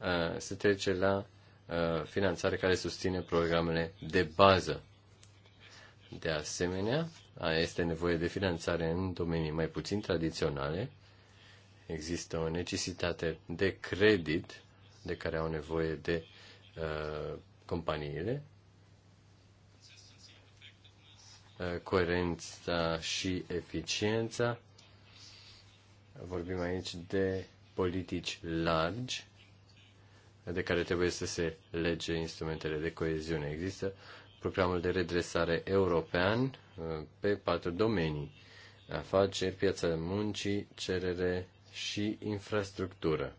uh, se trece la uh, finanțare care susține programele de bază. De asemenea, este nevoie de finanțare în domenii mai puțin tradiționale. Există o necesitate de credit de care au nevoie de uh, companiile Uh, coerența și eficiența. Vorbim aici de politici largi de care trebuie să se lege instrumentele de coeziune. Există programul de redresare european uh, pe patru domenii. Afaceri, piața muncii, cerere și infrastructură.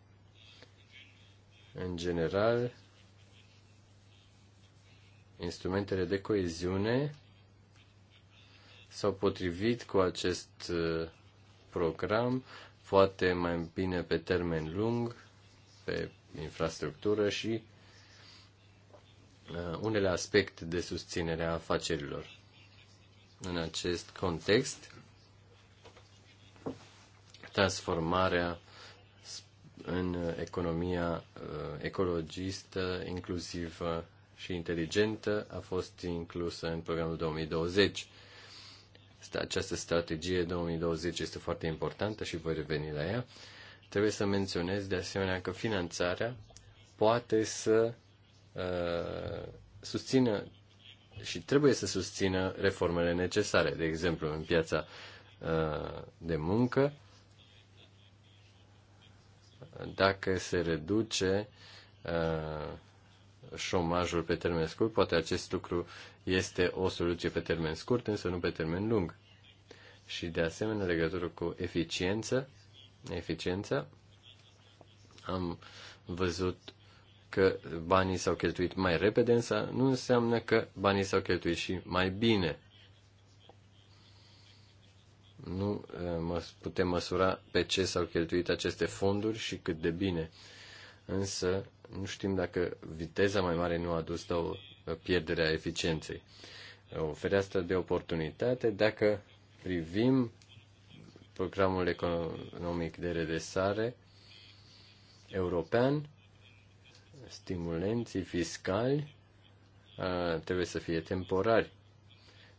În general, instrumentele de coeziune s-au potrivit cu acest uh, program, poate mai bine pe termen lung, pe infrastructură și uh, unele aspecte de susținere a afacerilor. În acest context, transformarea în economia uh, ecologistă, inclusivă și inteligentă a fost inclusă în programul 2020. Această strategie 2020 este foarte importantă și voi reveni la ea. Trebuie să menționez de asemenea că finanțarea poate să uh, susțină și trebuie să susțină reformele necesare. De exemplu, în piața uh, de muncă, dacă se reduce uh, șomajul pe termen scurt, poate acest lucru este o soluție pe termen scurt, însă nu pe termen lung. Și de asemenea, legătură cu eficiență, eficiența, am văzut că banii s-au cheltuit mai repede, însă nu înseamnă că banii s-au cheltuit și mai bine. Nu eh, putem măsura pe ce s-au cheltuit aceste fonduri și cât de bine. Însă nu știm dacă viteza mai mare nu a dus la o pierderea eficienței. O fereastră de oportunitate dacă privim programul economic de redresare european, stimulenții fiscali trebuie să fie temporari.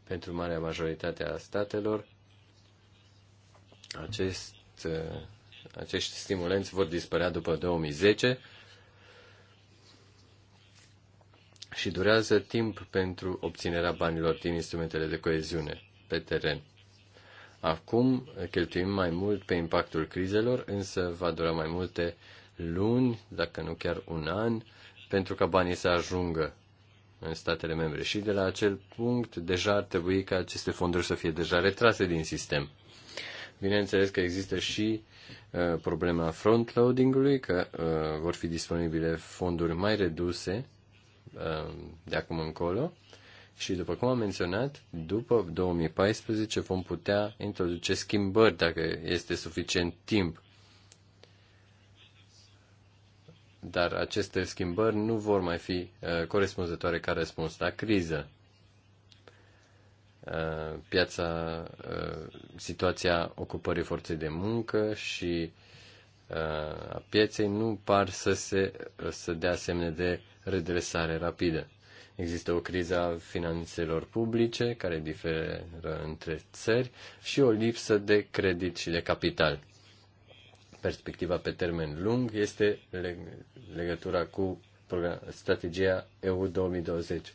Pentru marea majoritate a statelor, acest, acești stimulenți vor dispărea după 2010 și durează timp pentru obținerea banilor din instrumentele de coeziune pe teren. Acum cheltuim mai mult pe impactul crizelor, însă va dura mai multe luni, dacă nu chiar un an, pentru ca banii să ajungă în statele membre. Și de la acel punct deja ar trebui ca aceste fonduri să fie deja retrase din sistem. Bineînțeles că există și uh, problema frontloading-ului, că uh, vor fi disponibile fonduri mai reduse Um, de acum încolo și, după cum am menționat, după 2014 vom putea introduce schimbări dacă este suficient timp. Dar aceste schimbări nu vor mai fi uh, corespunzătoare ca răspuns la criză uh, piața, uh, situația ocupării forței de muncă și Uh, a pieței nu par să, se, să dea semne de redresare rapidă. Există o criză a finanțelor publice care diferă între țări și o lipsă de credit și de capital. Perspectiva pe termen lung este legătura cu strategia EU 2020.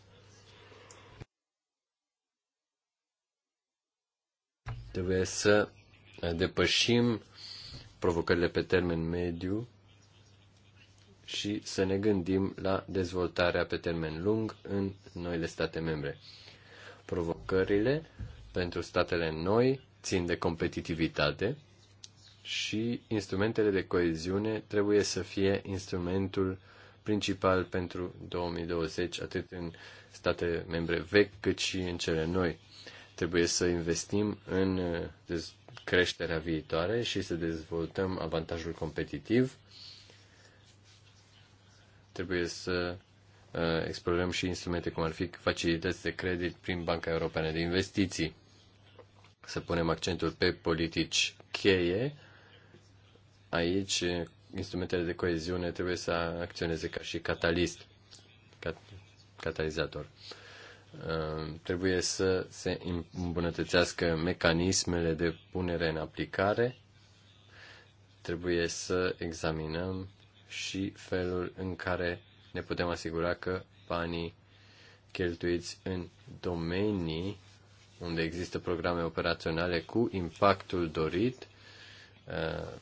Trebuie să depășim provocările pe termen mediu și să ne gândim la dezvoltarea pe termen lung în noile state membre. Provocările pentru statele noi țin de competitivitate și instrumentele de coeziune trebuie să fie instrumentul principal pentru 2020, atât în state membre vechi cât și în cele noi. Trebuie să investim în creșterea viitoare și să dezvoltăm avantajul competitiv, trebuie să uh, explorăm și instrumente cum ar fi facilități de credit prin Banca Europeană de Investiții. Să punem accentul pe politici cheie. Aici, uh, instrumentele de coeziune trebuie să acționeze ca și catalist, cat, catalizator. Uh, trebuie să se îmbunătățească mecanismele de punere în aplicare, trebuie să examinăm și felul în care ne putem asigura că banii cheltuiți în domenii unde există programe operaționale cu impactul dorit uh,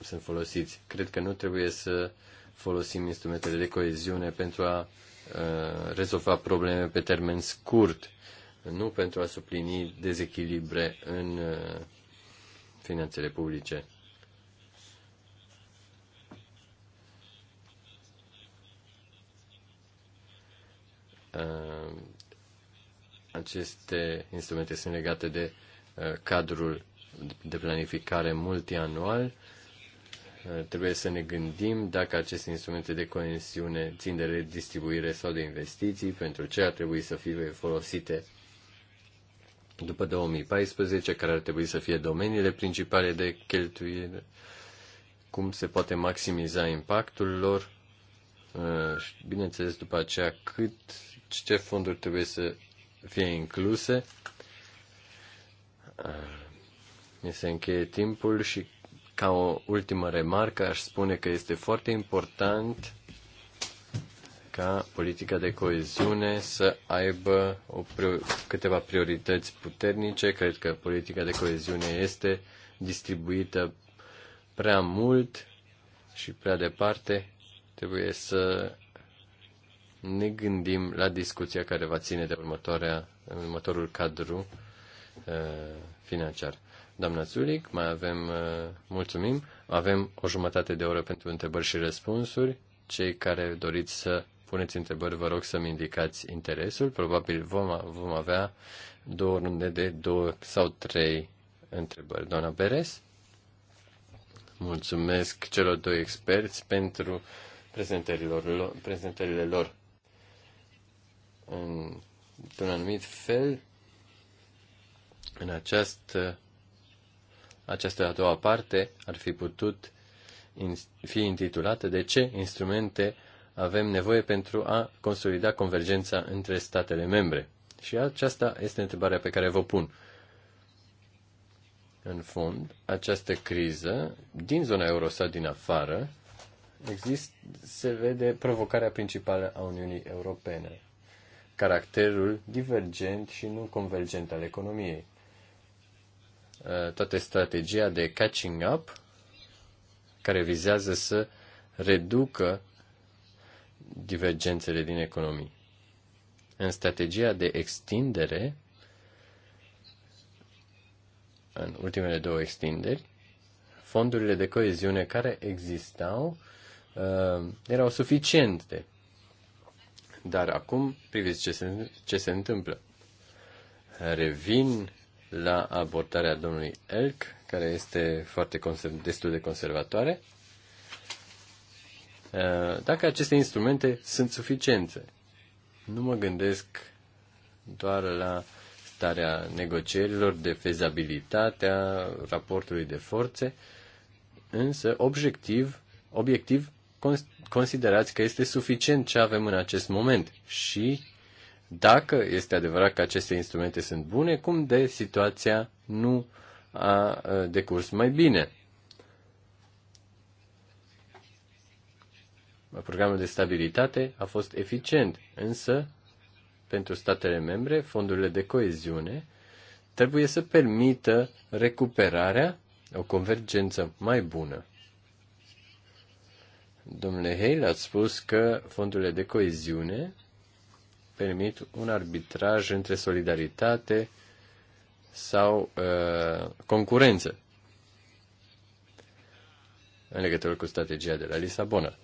sunt folosiți. Cred că nu trebuie să folosim instrumentele de coeziune pentru a Uh, rezolva probleme pe termen scurt, nu pentru a suplini dezechilibre în uh, finanțele publice. Uh, aceste instrumente sunt legate de cadrul de planificare multianual Trebuie să ne gândim dacă aceste instrumente de conexiune țin de redistribuire sau de investiții, pentru ce ar trebui să fie folosite după 2014, care ar trebui să fie domeniile principale de cheltuire, cum se poate maximiza impactul lor uh, și, bineînțeles, după aceea cât, ce fonduri trebuie să fie incluse. Uh, Mi se încheie timpul și ca o ultimă remarcă, aș spune că este foarte important ca politica de coeziune să aibă o, câteva priorități puternice. Cred că politica de coeziune este distribuită prea mult și prea departe. Trebuie să ne gândim la discuția care va ține de următoarea, următorul cadru uh, financiar. Doamna Zulic, mai avem, uh, mulțumim, avem o jumătate de oră pentru întrebări și răspunsuri. Cei care doriți să puneți întrebări, vă rog să-mi indicați interesul. Probabil vom, vom avea două runde de două sau trei întrebări. Doamna Beres? Mulțumesc celor doi experți pentru prezentărilor, prezentările lor. În, într-un anumit fel, în această această a doua parte ar fi putut fi intitulată De ce instrumente avem nevoie pentru a consolida convergența între statele membre? Și aceasta este întrebarea pe care vă pun. În fond, această criză din zona euro sau din afară exist, se vede provocarea principală a Uniunii Europene, caracterul divergent și nu convergent al economiei. Uh, toată strategia de catching up, care vizează să reducă divergențele din economii. În strategia de extindere, în ultimele două extinderi, fondurile de coeziune care existau uh, erau suficiente. Dar acum priviți ce se, ce se întâmplă. Revin la abordarea domnului Elk, care este foarte destul de conservatoare, uh, dacă aceste instrumente sunt suficiente. Nu mă gândesc doar la starea negocierilor, de fezabilitatea raportului de forțe, însă obiectiv, obiectiv considerați că este suficient ce avem în acest moment și dacă este adevărat că aceste instrumente sunt bune, cum de situația nu a decurs mai bine. Programul de stabilitate a fost eficient, însă pentru statele membre, fondurile de coeziune trebuie să permită recuperarea, o convergență mai bună. Domnule Hale, a spus că fondurile de coeziune permit un arbitraj între solidaritate sau uh, concurență în legătură cu strategia de la Lisabona.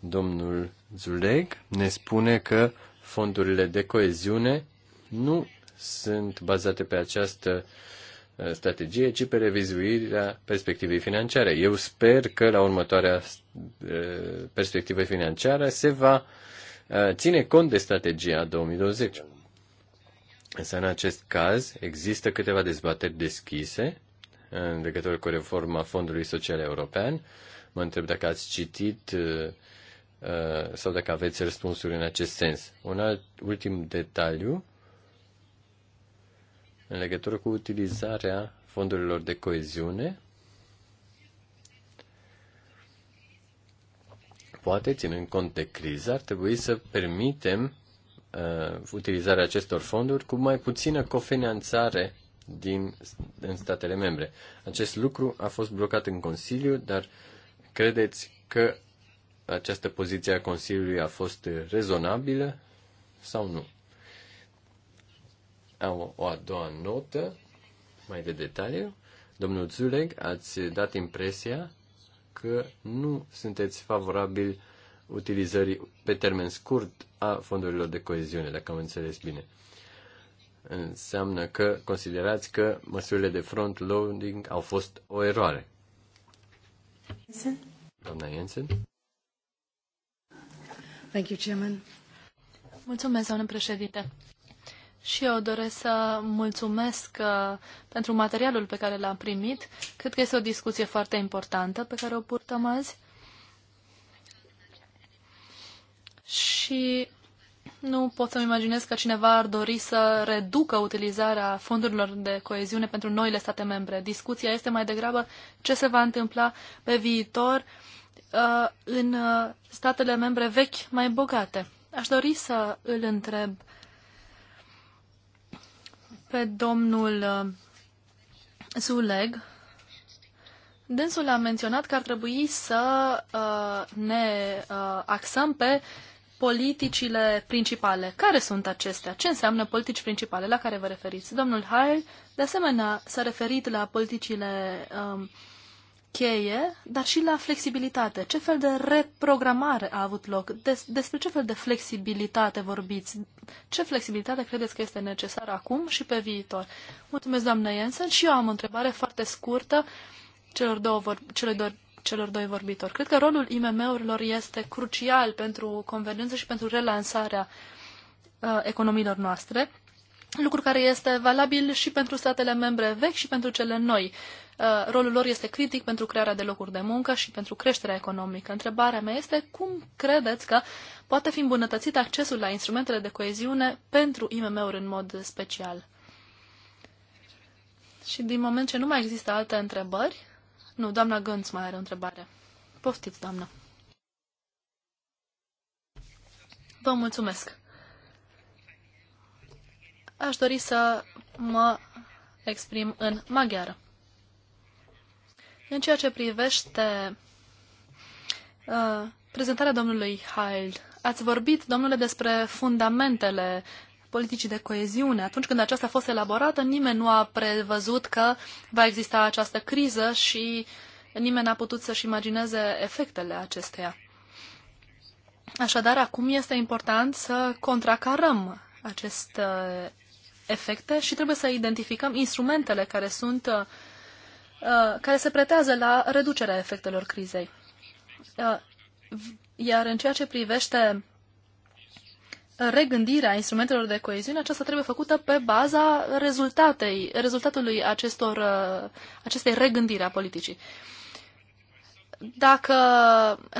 Domnul Zuleg ne spune că fondurile de coeziune nu sunt bazate pe această uh, strategie, ci pe revizuirea perspectivei financiare. Eu sper că la următoarea uh, perspectivă financiară se va Eh, ține cont de strategia 2020. Însă, în acest caz, există câteva dezbateri deschise eh, în legătură cu reforma Fondului Social European. Mă întreb dacă ați citit eh, sau dacă aveți răspunsuri în acest sens. Un alt ultim detaliu în legătură cu utilizarea fondurilor de coeziune Poate, ținând cont de criză, ar trebui să permitem uh, utilizarea acestor fonduri cu mai puțină cofinanțare din, din statele membre. Acest lucru a fost blocat în Consiliu, dar credeți că această poziție a Consiliului a fost rezonabilă sau nu? Am o a doua notă, mai de detaliu. Domnul Zuleg, ați dat impresia că nu sunteți favorabili utilizării pe termen scurt a fondurilor de coeziune, dacă am înțeles bine. Înseamnă că considerați că măsurile de front-loading au fost o eroare. Jensen? Doamna Jensen? Thank you, Chairman. Mulțumesc, doamnă președinte. Și eu doresc să mulțumesc uh, pentru materialul pe care l-am primit. Cred că este o discuție foarte importantă pe care o purtăm azi. Și nu pot să-mi imaginez că cineva ar dori să reducă utilizarea fondurilor de coeziune pentru noile state membre. Discuția este mai degrabă ce se va întâmpla pe viitor uh, în uh, statele membre vechi mai bogate. Aș dori să îl întreb pe domnul uh, Zuleg. Dânsul a menționat că ar trebui să uh, ne uh, axăm pe politicile principale. Care sunt acestea? Ce înseamnă politici principale? La care vă referiți? Domnul Heil, de asemenea, s-a referit la politicile uh, cheie, dar și la flexibilitate. Ce fel de reprogramare a avut loc? Des, despre ce fel de flexibilitate vorbiți? Ce flexibilitate credeți că este necesară acum și pe viitor? Mulțumesc, doamnă Jensen, și eu am o întrebare foarte scurtă celor, două vor, celor, doi, celor doi vorbitori. Cred că rolul IMM-urilor este crucial pentru convergență și pentru relansarea uh, economiilor noastre lucru care este valabil și pentru statele membre vechi și pentru cele noi. Uh, rolul lor este critic pentru crearea de locuri de muncă și pentru creșterea economică. Întrebarea mea este cum credeți că poate fi îmbunătățit accesul la instrumentele de coeziune pentru IMM-uri în mod special? Și din moment ce nu mai există alte întrebări, nu, doamna Gânț mai are o întrebare. Poftiți, doamnă. Vă mulțumesc. Aș dori să mă exprim în maghiară. În ceea ce privește uh, prezentarea domnului Heil, ați vorbit, domnule, despre fundamentele politicii de coeziune. Atunci când aceasta a fost elaborată, nimeni nu a prevăzut că va exista această criză și nimeni n-a putut să-și imagineze efectele acesteia. Așadar, acum este important să contracarăm aceste uh, efecte și trebuie să identificăm instrumentele care sunt uh, uh, care se pretează la reducerea efectelor crizei. Uh, iar în ceea ce privește regândirea instrumentelor de coeziune, aceasta trebuie făcută pe baza rezultatei, rezultatului acestor, acestei regândiri a politicii dacă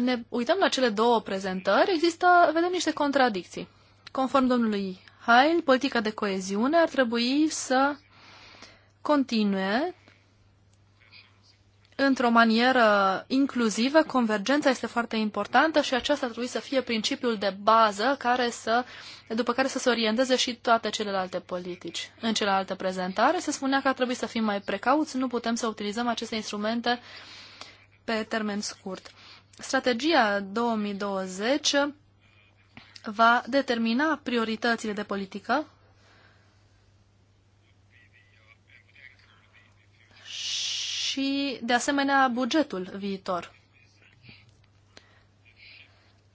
ne uităm la cele două prezentări, există, vedem niște contradicții. Conform domnului Hail, politica de coeziune ar trebui să continue într-o manieră inclusivă. Convergența este foarte importantă și aceasta ar trebui să fie principiul de bază care să, după care să se orienteze și toate celelalte politici. În celelalte prezentare se spunea că ar trebui să fim mai precauți, nu putem să utilizăm aceste instrumente pe termen scurt. Strategia 2020 va determina prioritățile de politică și, de asemenea, bugetul viitor.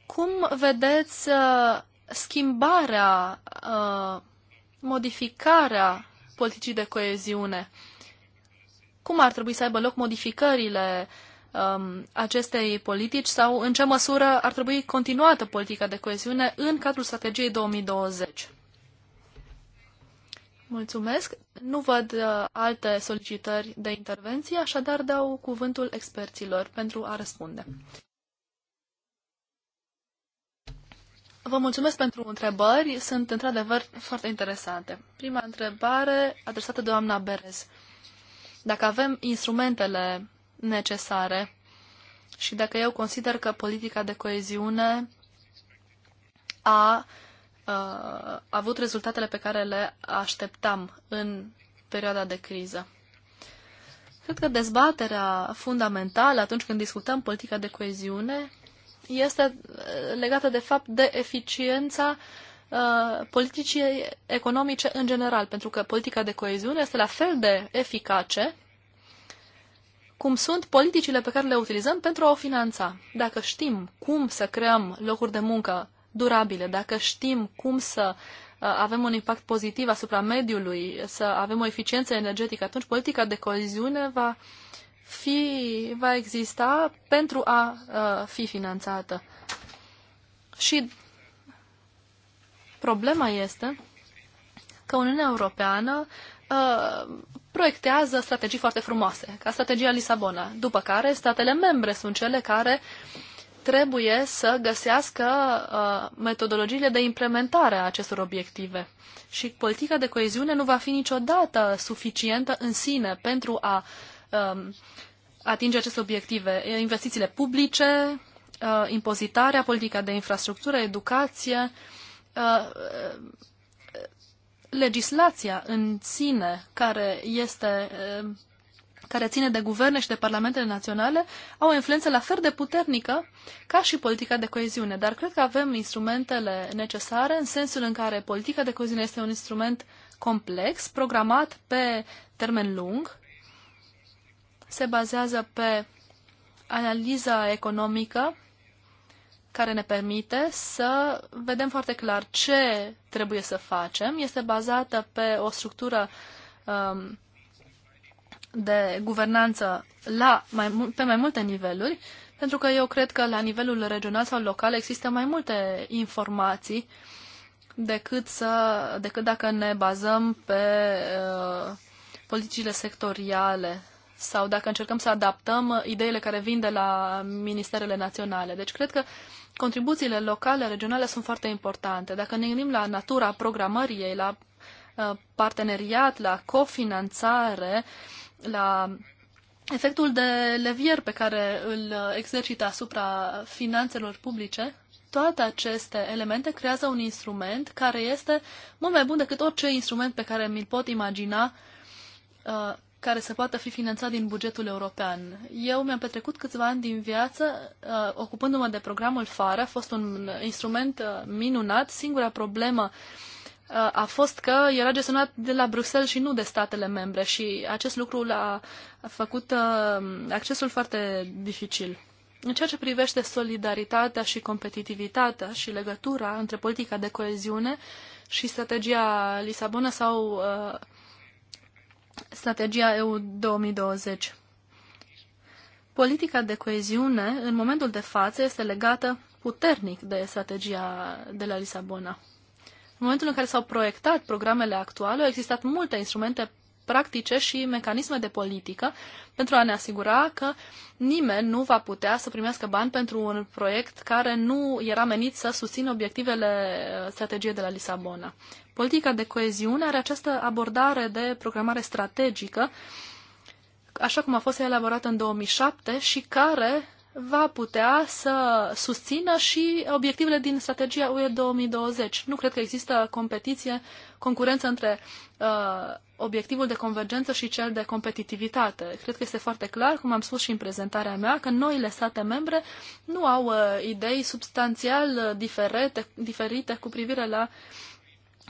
Cum vedeți uh, schimbarea, uh, modificarea politicii de coeziune? Cum ar trebui să aibă loc modificările uh, um, acestei politici sau în ce măsură ar trebui continuată politica de coeziune în cadrul strategiei 2020. Mulțumesc. Nu văd uh, alte solicitări de intervenție, așadar dau cuvântul experților pentru a răspunde. Vă mulțumesc pentru întrebări, sunt într-adevăr foarte interesante. Prima întrebare adresată doamna Berez. Dacă avem instrumentele necesare. Și dacă eu consider că politica de coeziune a, uh, a avut rezultatele pe care le așteptam în perioada de criză. Cred că dezbaterea fundamentală atunci când discutăm politica de coeziune este uh, legată de fapt de eficiența uh, politicii economice în general, pentru că politica de coeziune este la fel de eficace cum sunt politicile pe care le utilizăm pentru a o finanța. Dacă știm cum să creăm locuri de muncă durabile, dacă știm cum să uh, avem un impact pozitiv asupra mediului, să avem o eficiență energetică, atunci politica de coeziune va fi, va exista pentru a uh, fi finanțată. Și problema este că Uniunea Europeană uh, proiectează strategii foarte frumoase, ca strategia Lisabona, după care statele membre sunt cele care trebuie să găsească uh, metodologiile de implementare a acestor obiective. Și politica de coeziune nu va fi niciodată suficientă în sine pentru a um, uh, atinge aceste obiective. Investițiile publice, uh, impozitarea, politica de infrastructură, educație, uh, legislația în sine care este eh, care ține de guverne și de parlamentele naționale, au o influență la fel de puternică ca și politica de coeziune. Dar cred că avem instrumentele necesare în sensul în care politica de coeziune este un instrument complex, programat pe termen lung, se bazează pe analiza economică care ne permite să vedem foarte clar ce trebuie să facem. Este bazată pe o structură um, de guvernanță la mai, pe mai multe niveluri, pentru că eu cred că la nivelul regional sau local există mai multe informații decât, să, decât dacă ne bazăm pe uh, politicile sectoriale sau dacă încercăm să adaptăm ideile care vin de la ministerele naționale. Deci cred că contribuțiile locale, regionale sunt foarte importante. Dacă ne gândim la natura programării ei, la uh, parteneriat, la cofinanțare, la efectul de levier pe care îl exercită asupra finanțelor publice, toate aceste elemente creează un instrument care este mult mai bun decât orice instrument pe care mi-l pot imagina uh, care să poată fi finanțat din bugetul european. Eu mi-am petrecut câțiva ani din viață uh, ocupându-mă de programul FARA, a fost un instrument uh, minunat. Singura problemă uh, a fost că era gestionat de la Bruxelles și nu de statele membre și acest lucru l-a făcut uh, accesul foarte dificil. În ceea ce privește solidaritatea și competitivitatea și legătura între politica de coeziune și strategia Lisabona sau uh, strategia EU 2020. Politica de coeziune, în momentul de față, este legată puternic de strategia de la Lisabona. În momentul în care s-au proiectat programele actuale, au existat multe instrumente practice și mecanisme de politică pentru a ne asigura că nimeni nu va putea să primească bani pentru un proiect care nu era menit să susțină obiectivele uh, strategiei de la Lisabona. Politica de coeziune are această abordare de programare strategică, așa cum a fost elaborată în 2007 și care va putea să susțină și obiectivele din strategia UE 2020. Nu cred că există competiție, concurență între uh, obiectivul de convergență și cel de competitivitate. Cred că este foarte clar, cum am spus și în prezentarea mea, că noile state membre nu au uh, idei substanțial uh, diferite, diferite cu privire la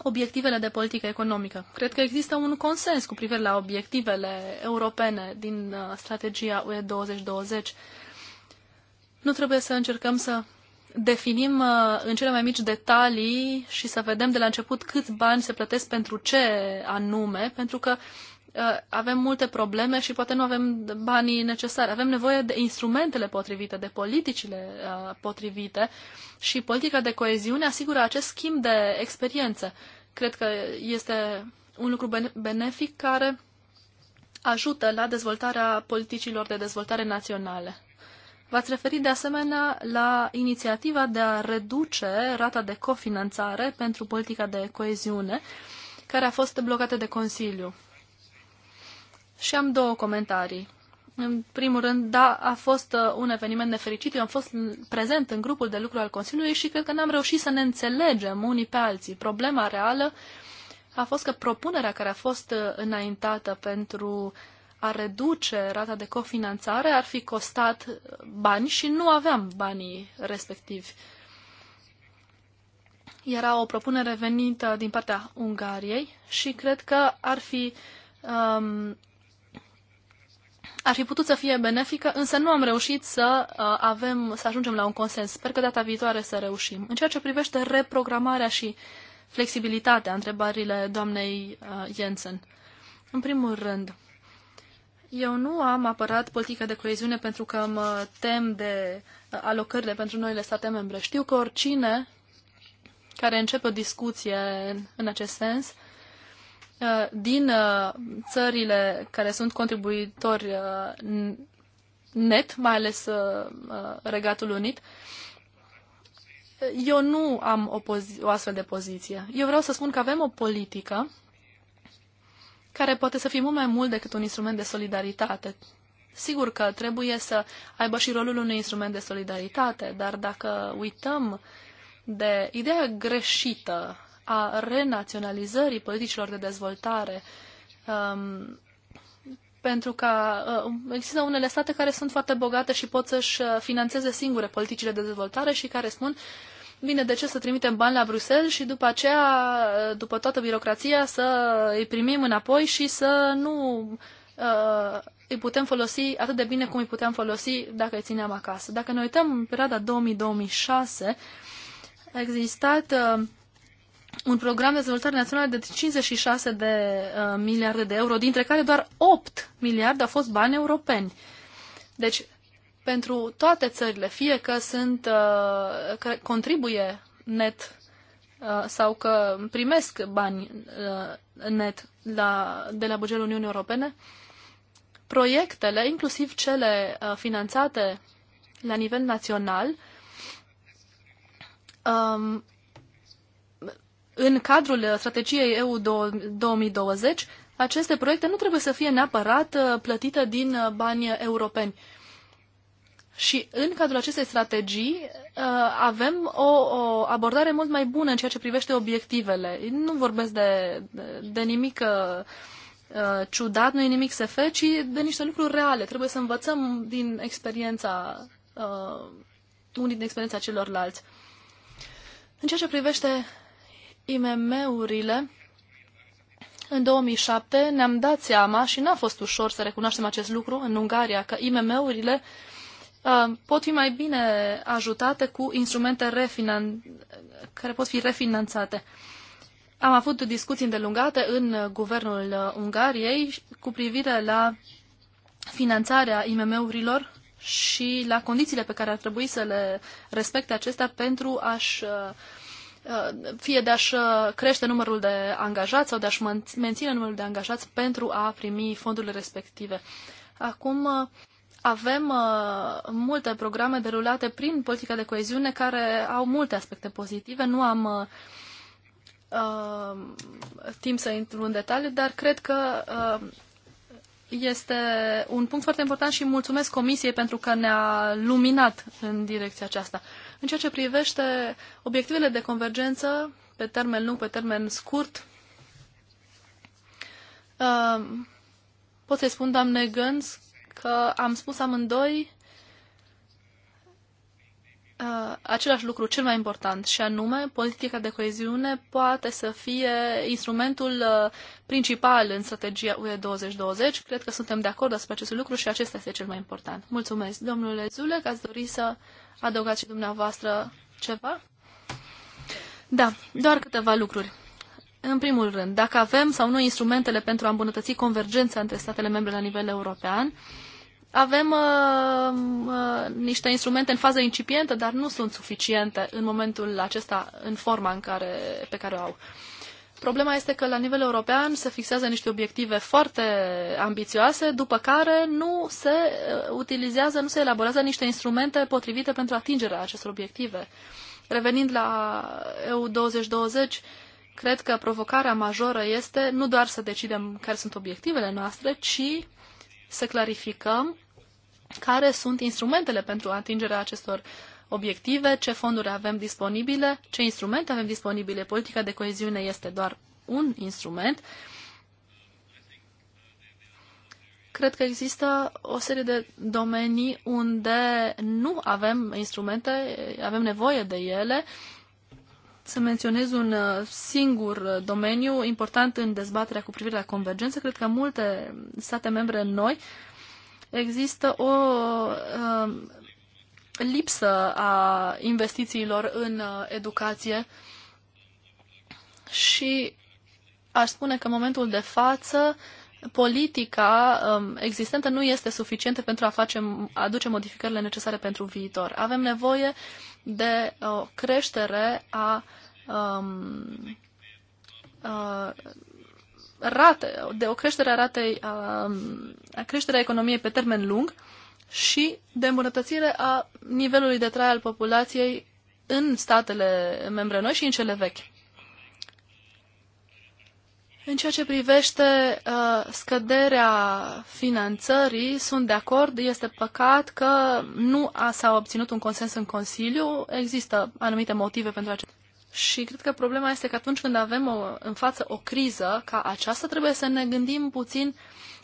obiectivele de politică economică. Cred că există un consens cu privire la obiectivele europene din uh, strategia UE 2020. Nu trebuie să încercăm să definim uh, în cele mai mici detalii și să vedem de la început câți bani se plătesc pentru ce anume, pentru că Uh, avem multe probleme și poate nu avem banii necesari. Avem nevoie de instrumentele potrivite, de politicile uh, potrivite și politica de coeziune asigură acest schimb de experiențe. Cred că este un lucru benefic care ajută la dezvoltarea politicilor de dezvoltare naționale. V-ați referit de asemenea la inițiativa de a reduce rata de cofinanțare pentru politica de coeziune, care a fost blocată de Consiliu. Și am două comentarii. În primul rând, da, a fost uh, un eveniment nefericit. Eu am fost prezent în grupul de lucru al Consiliului și cred că n-am reușit să ne înțelegem unii pe alții. Problema reală a fost că propunerea care a fost uh, înaintată pentru a reduce rata de cofinanțare ar fi costat uh, bani și nu aveam banii respectivi. Era o propunere venită din partea Ungariei și cred că ar fi um, ar fi putut să fie benefică, însă nu am reușit să uh, avem, să ajungem la un consens. Sper că data viitoare să reușim. În ceea ce privește reprogramarea și flexibilitatea, întrebările doamnei uh, Jensen. În primul rând, eu nu am apărat politica de coeziune pentru că mă tem de uh, alocările pentru noile state membre. Știu că oricine care începe o discuție în acest sens Uh, din uh, țările care sunt contribuitori uh, net, mai ales Regatul Unit, eu nu am o, o astfel de poziție. Eu vreau să spun că avem o politică care poate să fie mult mai mult decât un instrument de solidaritate. Sigur că trebuie să aibă și rolul unui instrument de solidaritate, dar dacă uităm de ideea greșită a renaționalizării politicilor de dezvoltare. Um, pentru că uh, există unele state care sunt foarte bogate și pot să-și uh, financeze singure politicile de dezvoltare și care spun bine, de ce să trimitem bani la Bruxelles și după aceea, uh, după toată birocrația, să îi primim înapoi și să nu uh, îi putem folosi atât de bine cum îi putem folosi dacă îi țineam acasă. Dacă ne uităm în perioada 2000-2006, a existat uh, un program de dezvoltare națională de 56 de uh, miliarde de euro, dintre care doar 8 miliarde au fost bani europeni. Deci, pentru toate țările, fie că sunt, uh, că contribuie net uh, sau că primesc bani uh, net la, de la bugetul Uniunii Europene, proiectele, inclusiv cele uh, finanțate la nivel național, um, în cadrul uh, strategiei EU 2020, aceste proiecte nu trebuie să fie neapărat uh, plătite din uh, bani europeni. Și în cadrul acestei strategii avem o, o abordare mult mai bună în ceea ce privește obiectivele. Nu vorbesc de, de, de nimic ciudat, nu e nimic SF, ci de niște lucruri reale. Trebuie să învățăm din experiența unii din experiența celorlalți. În ceea ce privește IMM-urile, în 2007 ne-am dat seama și n-a fost ușor să recunoaștem acest lucru în Ungaria, că IMM-urile uh, pot fi mai bine ajutate cu instrumente refinan- care pot fi refinanțate. Am avut discuții îndelungate în guvernul uh, Ungariei cu privire la finanțarea IMM-urilor și la condițiile pe care ar trebui să le respecte acestea pentru a-și uh, fie de a-și uh, crește numărul de angajați sau de a-și menține numărul de angajați pentru a primi fondurile respective. Acum uh, avem uh, multe programe derulate prin politica de coeziune care au multe aspecte pozitive. Nu am uh, timp să intru în detaliu, dar cred că uh, este un punct foarte important și mulțumesc Comisiei pentru că ne-a luminat în direcția aceasta. Uh, în ceea ce privește obiectivele de convergență, pe termen lung, pe termen scurt, uh, pot să-i spun doamne Gânz că am spus amândoi uh, același lucru cel mai important și anume politica de coeziune poate să fie instrumentul uh, principal în strategia UE 2020. Cred că suntem de acord asupra acestui lucru și acesta este cel mai important. Mulțumesc. Domnule Zule, că ați dori să adăugați și dumneavoastră ceva? Da, doar câteva lucruri. În primul rând, dacă avem sau nu instrumentele pentru a îmbunătăți convergența între statele membre la nivel european, avem uh, uh, niște instrumente în fază incipientă, dar nu sunt suficiente în momentul acesta, în forma în care, pe care o au. Uh, Problema este că la nivel european se fixează niște obiective foarte ambițioase, după care nu se uh, utilizează, nu se elaborează niște instrumente potrivite pentru atingerea acestor obiective. Revenind la EU 2020, cred că provocarea majoră este nu doar să decidem care sunt obiectivele noastre, ci să clarificăm care sunt instrumentele pentru atingerea acestor obiective, ce fonduri avem disponibile, ce instrumente avem disponibile. Politica de coeziune este doar un instrument. Cred că există o serie de domenii unde nu avem instrumente, avem nevoie de ele. Să menționez un uh, singur uh, domeniu important în dezbaterea cu privire la convergență. Cred că multe state membre noi există o uh, lipsă a investițiilor în uh, educație și aș spune că în momentul de față politica um, existentă nu este suficientă pentru a face, aduce modificările necesare pentru viitor. Avem nevoie de uh, o creștere a, um, a uh, rate, de o creștere a ratei, a, a creșterea economiei pe termen lung, uh, și de îmbunătățire a nivelului de trai al populației în statele membre noi și în cele vechi. În ceea ce privește uh, scăderea finanțării, sunt de acord. Este păcat că nu a, s-a obținut un consens în Consiliu. Există anumite motive pentru acest și cred că problema este că atunci când avem o, în față o criză ca aceasta, trebuie să ne gândim puțin uh,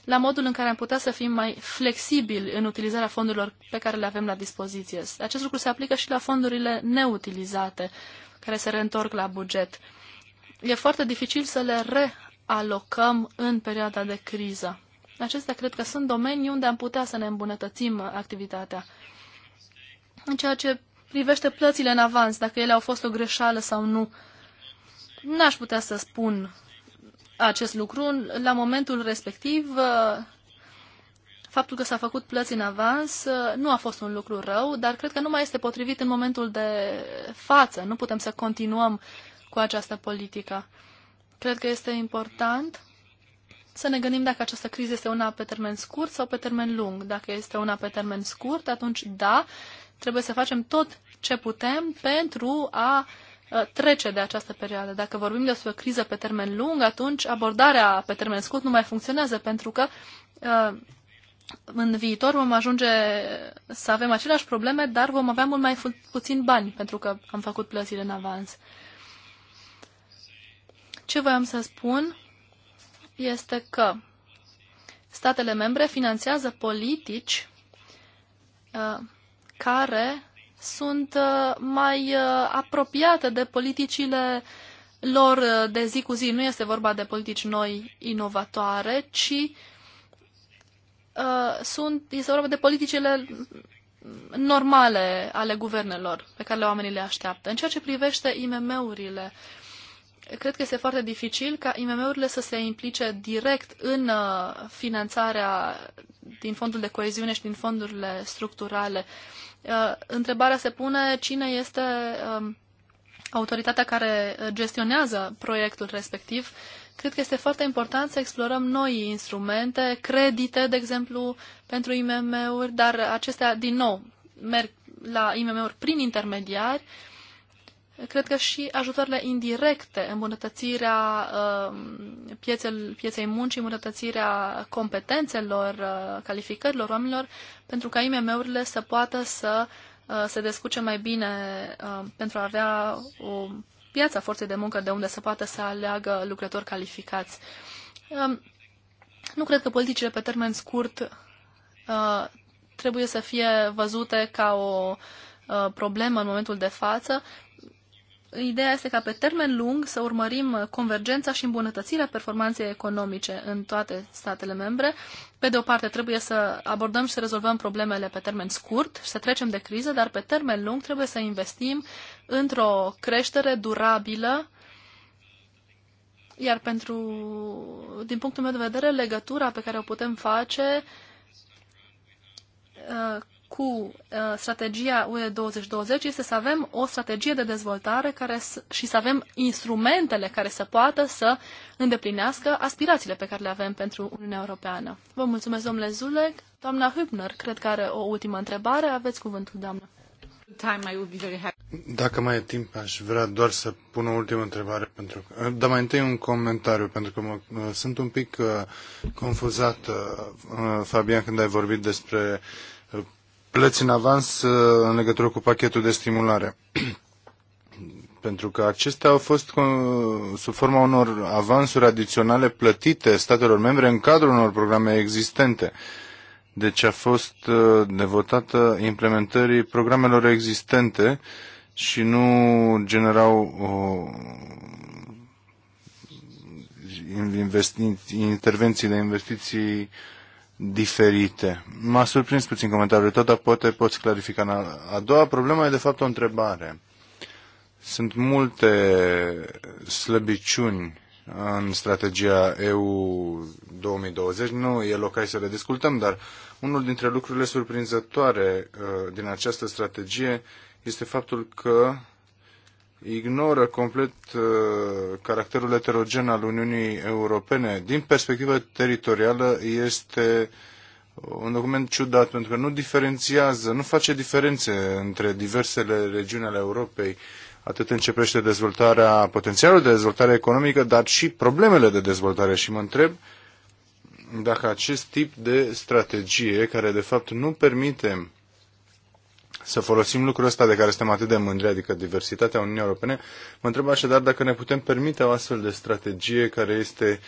la modul în care am putea să fim mai flexibili în utilizarea fondurilor pe care le avem la dispoziție. Acest lucru se aplică și la fondurile neutilizate care se reîntorc la buget. E foarte dificil să le realocăm în perioada de criză. Acestea cred că sunt domenii unde am putea să ne îmbunătățim activitatea. În ceea ce privește plățile în avans, dacă ele au fost o greșeală sau nu, n-aș putea să spun acest lucru. La momentul respectiv, uh, faptul că s-a făcut plăți în avans uh, nu a fost un lucru rău, dar cred că nu mai este potrivit în momentul de față. Nu putem să continuăm cu această politică. Cred că este important să ne gândim dacă această criză este una pe termen scurt sau pe termen lung. Dacă este una pe termen scurt, atunci da, trebuie să facem tot ce putem pentru a uh, Uh, trece de această perioadă. Dacă vorbim despre o criză pe termen lung, atunci abordarea pe termen scurt nu mai funcționează pentru că uh, în viitor vom ajunge să avem aceleași probleme, dar vom avea mult mai puțin bani pentru că am făcut plățile în avans. Ce voiam să spun este că statele membre finanțează politici uh, care sunt uh, mai uh, apropiate de politicile lor uh, de zi cu zi. Nu este vorba de politici noi inovatoare, ci sunt, este vorba de politicile normale ale guvernelor pe care oamenii le așteaptă. În ceea ce privește IMM-urile, cred că este foarte dificil ca IMM-urile să se implice direct în finanțarea din fondul de coeziune și din fondurile structurale. Uh, întrebarea se pune cine este um, autoritatea care gestionează proiectul respectiv. Cred că este foarte important să explorăm noi instrumente, credite, de exemplu, pentru IMM-uri, dar acestea, din nou, merg la IMM-uri prin intermediari cred că și ajutoarele indirecte, îmbunătățirea um, pieței muncii, îmbunătățirea competențelor, uh, calificărilor oamenilor, pentru ca IMM-urile să poată să uh, se descurce mai bine um, pentru a avea o piață a forței de muncă de unde să poată să aleagă lucrători calificați. Um, nu cred că politicile pe termen scurt uh, trebuie să fie văzute ca o problemă în momentul de față, Ideea este ca pe termen lung să urmărim convergența și îmbunătățirea performanței economice în toate statele membre. Pe de o parte, trebuie să abordăm și să rezolvăm problemele pe termen scurt și să trecem de criză, dar pe termen lung trebuie să investim într-o creștere durabilă iar pentru, din punctul meu de vedere, legătura pe care o putem face uh, cu uh, strategia UE 2020 este să avem o strategie de dezvoltare care și să avem instrumentele care să poată să îndeplinească aspirațiile pe care le avem pentru Uniunea Europeană. Vă mulțumesc, domnule Zuleg, Doamna Hübner, cred că are o ultimă întrebare. Aveți cuvântul, doamnă. Dacă mai e timp, aș vrea doar să pun o ultimă întrebare, pentru că, eh, dar mai întâi un comentariu, pentru că mă, sunt un pic uh, confuzat, uh, Fabian, când ai vorbit despre plăți în avans uh, în legătură cu pachetul de stimulare. Pentru că acestea au fost uh, sub forma unor avansuri adiționale plătite statelor membre în cadrul unor programe existente. Deci a fost uh, devotată implementării programelor existente și nu generau intervenții de investiții diferite. M-a surprins puțin comentariul tău, dar poate poți clarifica. A doua problemă e de fapt o întrebare. Sunt multe slăbiciuni în strategia EU 2020. Nu e locai să le discutăm, dar unul dintre lucrurile surprinzătoare uh, din această strategie este faptul că ignoră complet uh, caracterul heterogen al Uniunii Europene. Din perspectivă teritorială este un document ciudat pentru că nu diferențiază, nu face diferențe între diversele regiuni ale Europei. Atât începește dezvoltarea, potențialul de dezvoltare economică, dar și problemele de dezvoltare. Și mă întreb dacă acest tip de strategie, care de fapt nu permite să folosim lucrul ăsta de care suntem atât de mândri, adică diversitatea Uniunii Europene. Mă întreb așadar dacă ne putem permite o astfel de strategie care este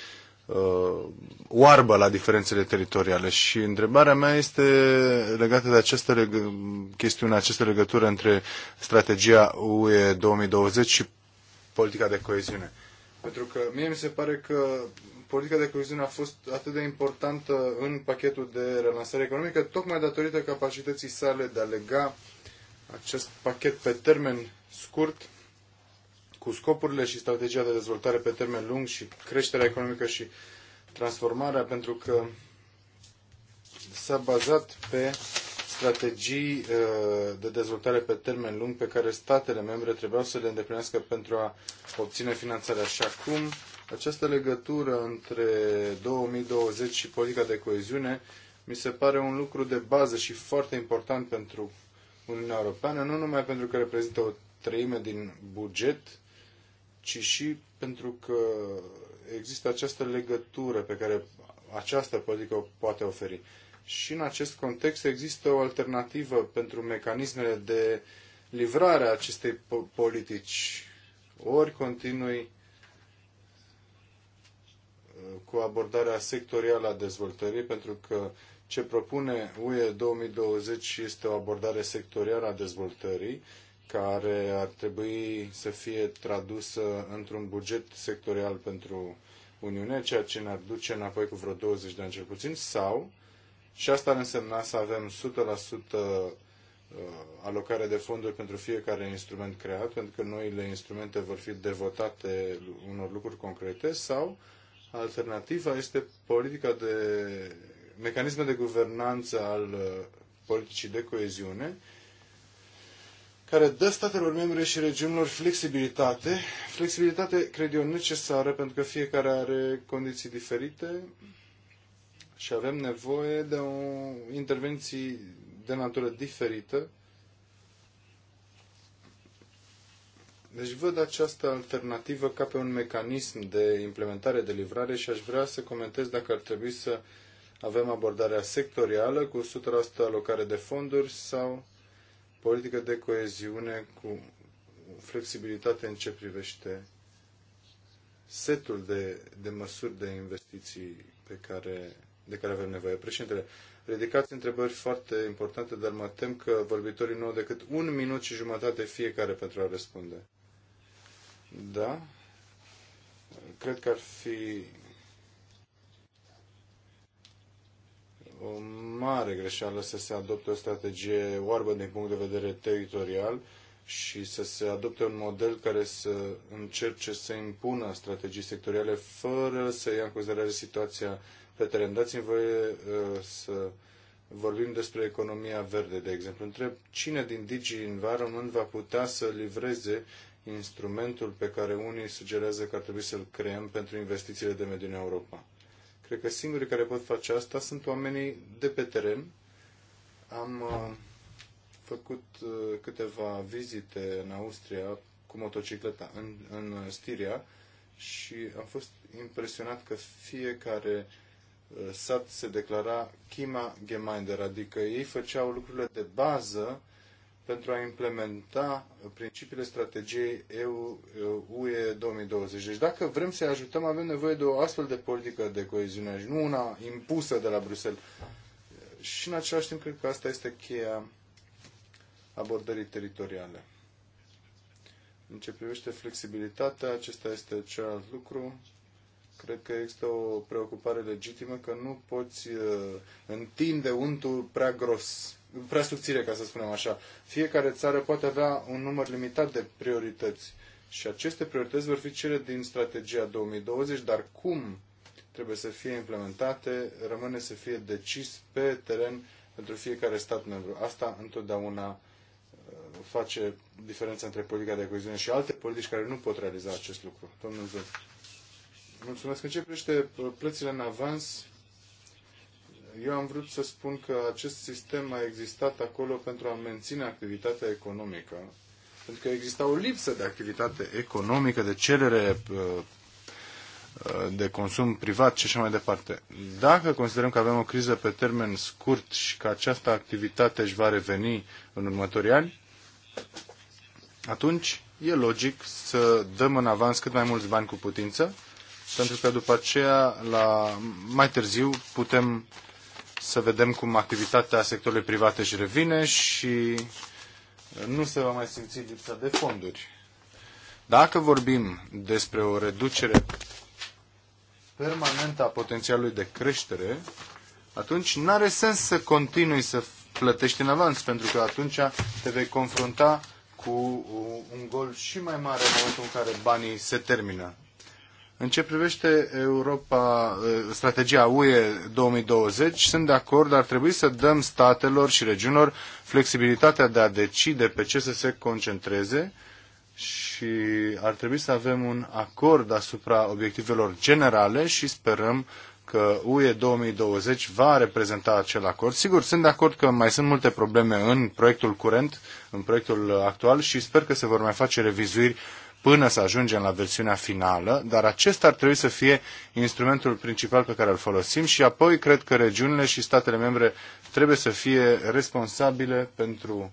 uh, oarbă la diferențele teritoriale. Și întrebarea mea este legată de această leg- chestiune, această legătură între strategia UE 2020 și politica de coeziune. Pentru că mie mi se pare că politica de coeziune a fost atât de importantă în pachetul de relansare economică, tocmai datorită capacității sale de a lega acest pachet pe termen scurt cu scopurile și strategia de dezvoltare pe termen lung și creșterea economică și transformarea, pentru că s-a bazat pe strategii uh, de dezvoltare pe termen lung pe care statele membre trebuiau să le îndeplinească pentru a obține finanțarea. Și acum această legătură între 2020 și politica de coeziune mi se pare un lucru de bază și foarte important pentru Uniunea Europeană, nu numai pentru că reprezintă o treime din buget, ci și pentru că există această legătură pe care această politică o poate oferi. Și în acest context există o alternativă pentru mecanismele de livrare a acestei politici. Ori continui cu abordarea sectorială a dezvoltării, pentru că ce propune UE 2020 este o abordare sectorială a dezvoltării, care ar trebui să fie tradusă într-un buget sectorial pentru Uniune, ceea ce ne-ar duce înapoi cu vreo 20 de ani cel puțin, sau, și asta ar însemna să avem 100% uh, alocare de fonduri pentru fiecare instrument creat, pentru că noile instrumente vor fi devotate unor lucruri concrete, sau Alternativa este politica de mecanisme de guvernanță al uh, politicii de coeziune, care dă statelor membre și regiunilor flexibilitate. Flexibilitate, cred eu, necesară, pentru că fiecare are condiții diferite și avem nevoie de o intervenții de natură diferită Deci văd această alternativă ca pe un mecanism de implementare, de livrare și aș vrea să comentez dacă ar trebui să avem abordarea sectorială cu 100% alocare de fonduri sau politică de coeziune cu flexibilitate în ce privește setul de, de măsuri de investiții pe care, de care avem nevoie. Președintele, ridicați întrebări foarte importante, dar mă tem că vorbitorii nu au decât un minut și jumătate fiecare pentru a răspunde. Da. Cred că ar fi o mare greșeală să se adopte o strategie oarbă din punct de vedere teritorial și să se adopte un model care să încerce să impună strategii sectoriale fără să ia în considerare situația pe teren. Dați-mi voie uh, să vorbim despre economia verde, de exemplu. Întreb cine din Digi Environment va putea să livreze instrumentul pe care unii sugerează că ar trebui să-l creăm pentru investițiile de mediu în Europa. Cred că singurii care pot face asta sunt oamenii de pe teren. Am uh, făcut uh, câteva vizite în Austria cu motocicleta în, în Stiria și am fost impresionat că fiecare uh, sat se declara Kima Gemeinder, adică ei făceau lucrurile de bază pentru a implementa principiile strategiei EU, UE 2020. Deci dacă vrem să-i ajutăm, avem nevoie de o astfel de politică de coeziune și nu una impusă de la Bruxelles. Și în același timp, cred că asta este cheia abordării teritoriale. În ce privește flexibilitatea, acesta este celălalt lucru. Cred că există o preocupare legitimă că nu poți uh, întinde untul prea gros prea subțire, ca să spunem așa. Fiecare țară poate avea un număr limitat de priorități și aceste priorități vor fi cele din strategia 2020, dar cum trebuie să fie implementate rămâne să fie decis pe teren pentru fiecare stat membru. Asta întotdeauna uh, face diferența între politica de coeziune și alte politici care nu pot realiza acest lucru. Domnul Zău. Mulțumesc. În ce privește uh, plățile în avans, eu am vrut să spun că acest sistem a existat acolo pentru a menține activitatea economică, pentru că exista o lipsă de activitate economică, de cerere uh, uh, de consum privat și așa mai departe. Dacă considerăm că avem o criză pe termen scurt și că această activitate își va reveni în următorii ani, atunci e logic să dăm în avans cât mai mulți bani cu putință, pentru că după aceea, la mai târziu, putem să vedem cum activitatea sectorului privat își revine și nu se va mai simți lipsa de fonduri. Dacă vorbim despre o reducere permanentă a potențialului de creștere, atunci nu are sens să continui să plătești în avans, pentru că atunci te vei confrunta cu un gol și mai mare în momentul în care banii se termină. În ce privește Europa, ă, strategia UE 2020, sunt de acord, ar trebui să dăm statelor și regiunilor flexibilitatea de a decide pe ce să se concentreze și ar trebui să avem un acord asupra obiectivelor generale și sperăm că UE 2020 va reprezenta acel acord. Sigur, sunt de acord că mai sunt multe probleme în proiectul curent, în proiectul actual și sper că se vor mai face revizuiri până să ajungem la versiunea finală, dar acesta ar trebui să fie instrumentul principal pe care îl folosim și apoi cred că regiunile și statele membre trebuie să fie responsabile pentru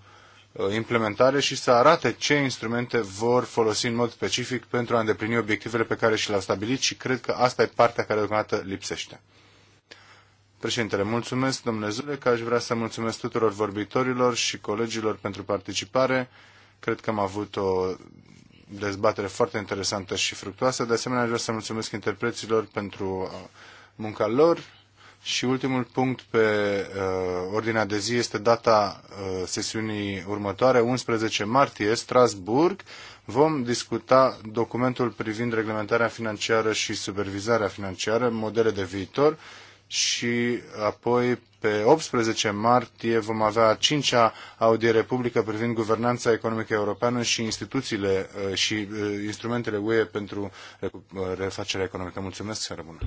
uh, implementare și să arate ce instrumente vor folosi în mod specific pentru a îndeplini obiectivele pe care și le-au stabilit și cred că asta e partea care deocamdată lipsește. Președintele, mulțumesc, domnule Zule, că aș vrea să mulțumesc tuturor vorbitorilor și colegilor pentru participare. Cred că am avut o dezbatere foarte interesantă și fructuoasă. De asemenea, aș vrea să mulțumesc interpreților pentru uh, munca lor. Și ultimul punct pe uh, ordinea de zi este data uh, sesiunii următoare, 11 martie, Strasburg. Vom discuta documentul privind reglementarea financiară și supervizarea financiară, modele de viitor. Uh, și apoi pe 18 martie vom avea a cincea audiere publică privind guvernanța economică europeană și instituțiile eh, și eh, instrumentele UE pentru eh, refacerea economică. Mulțumesc și rămână!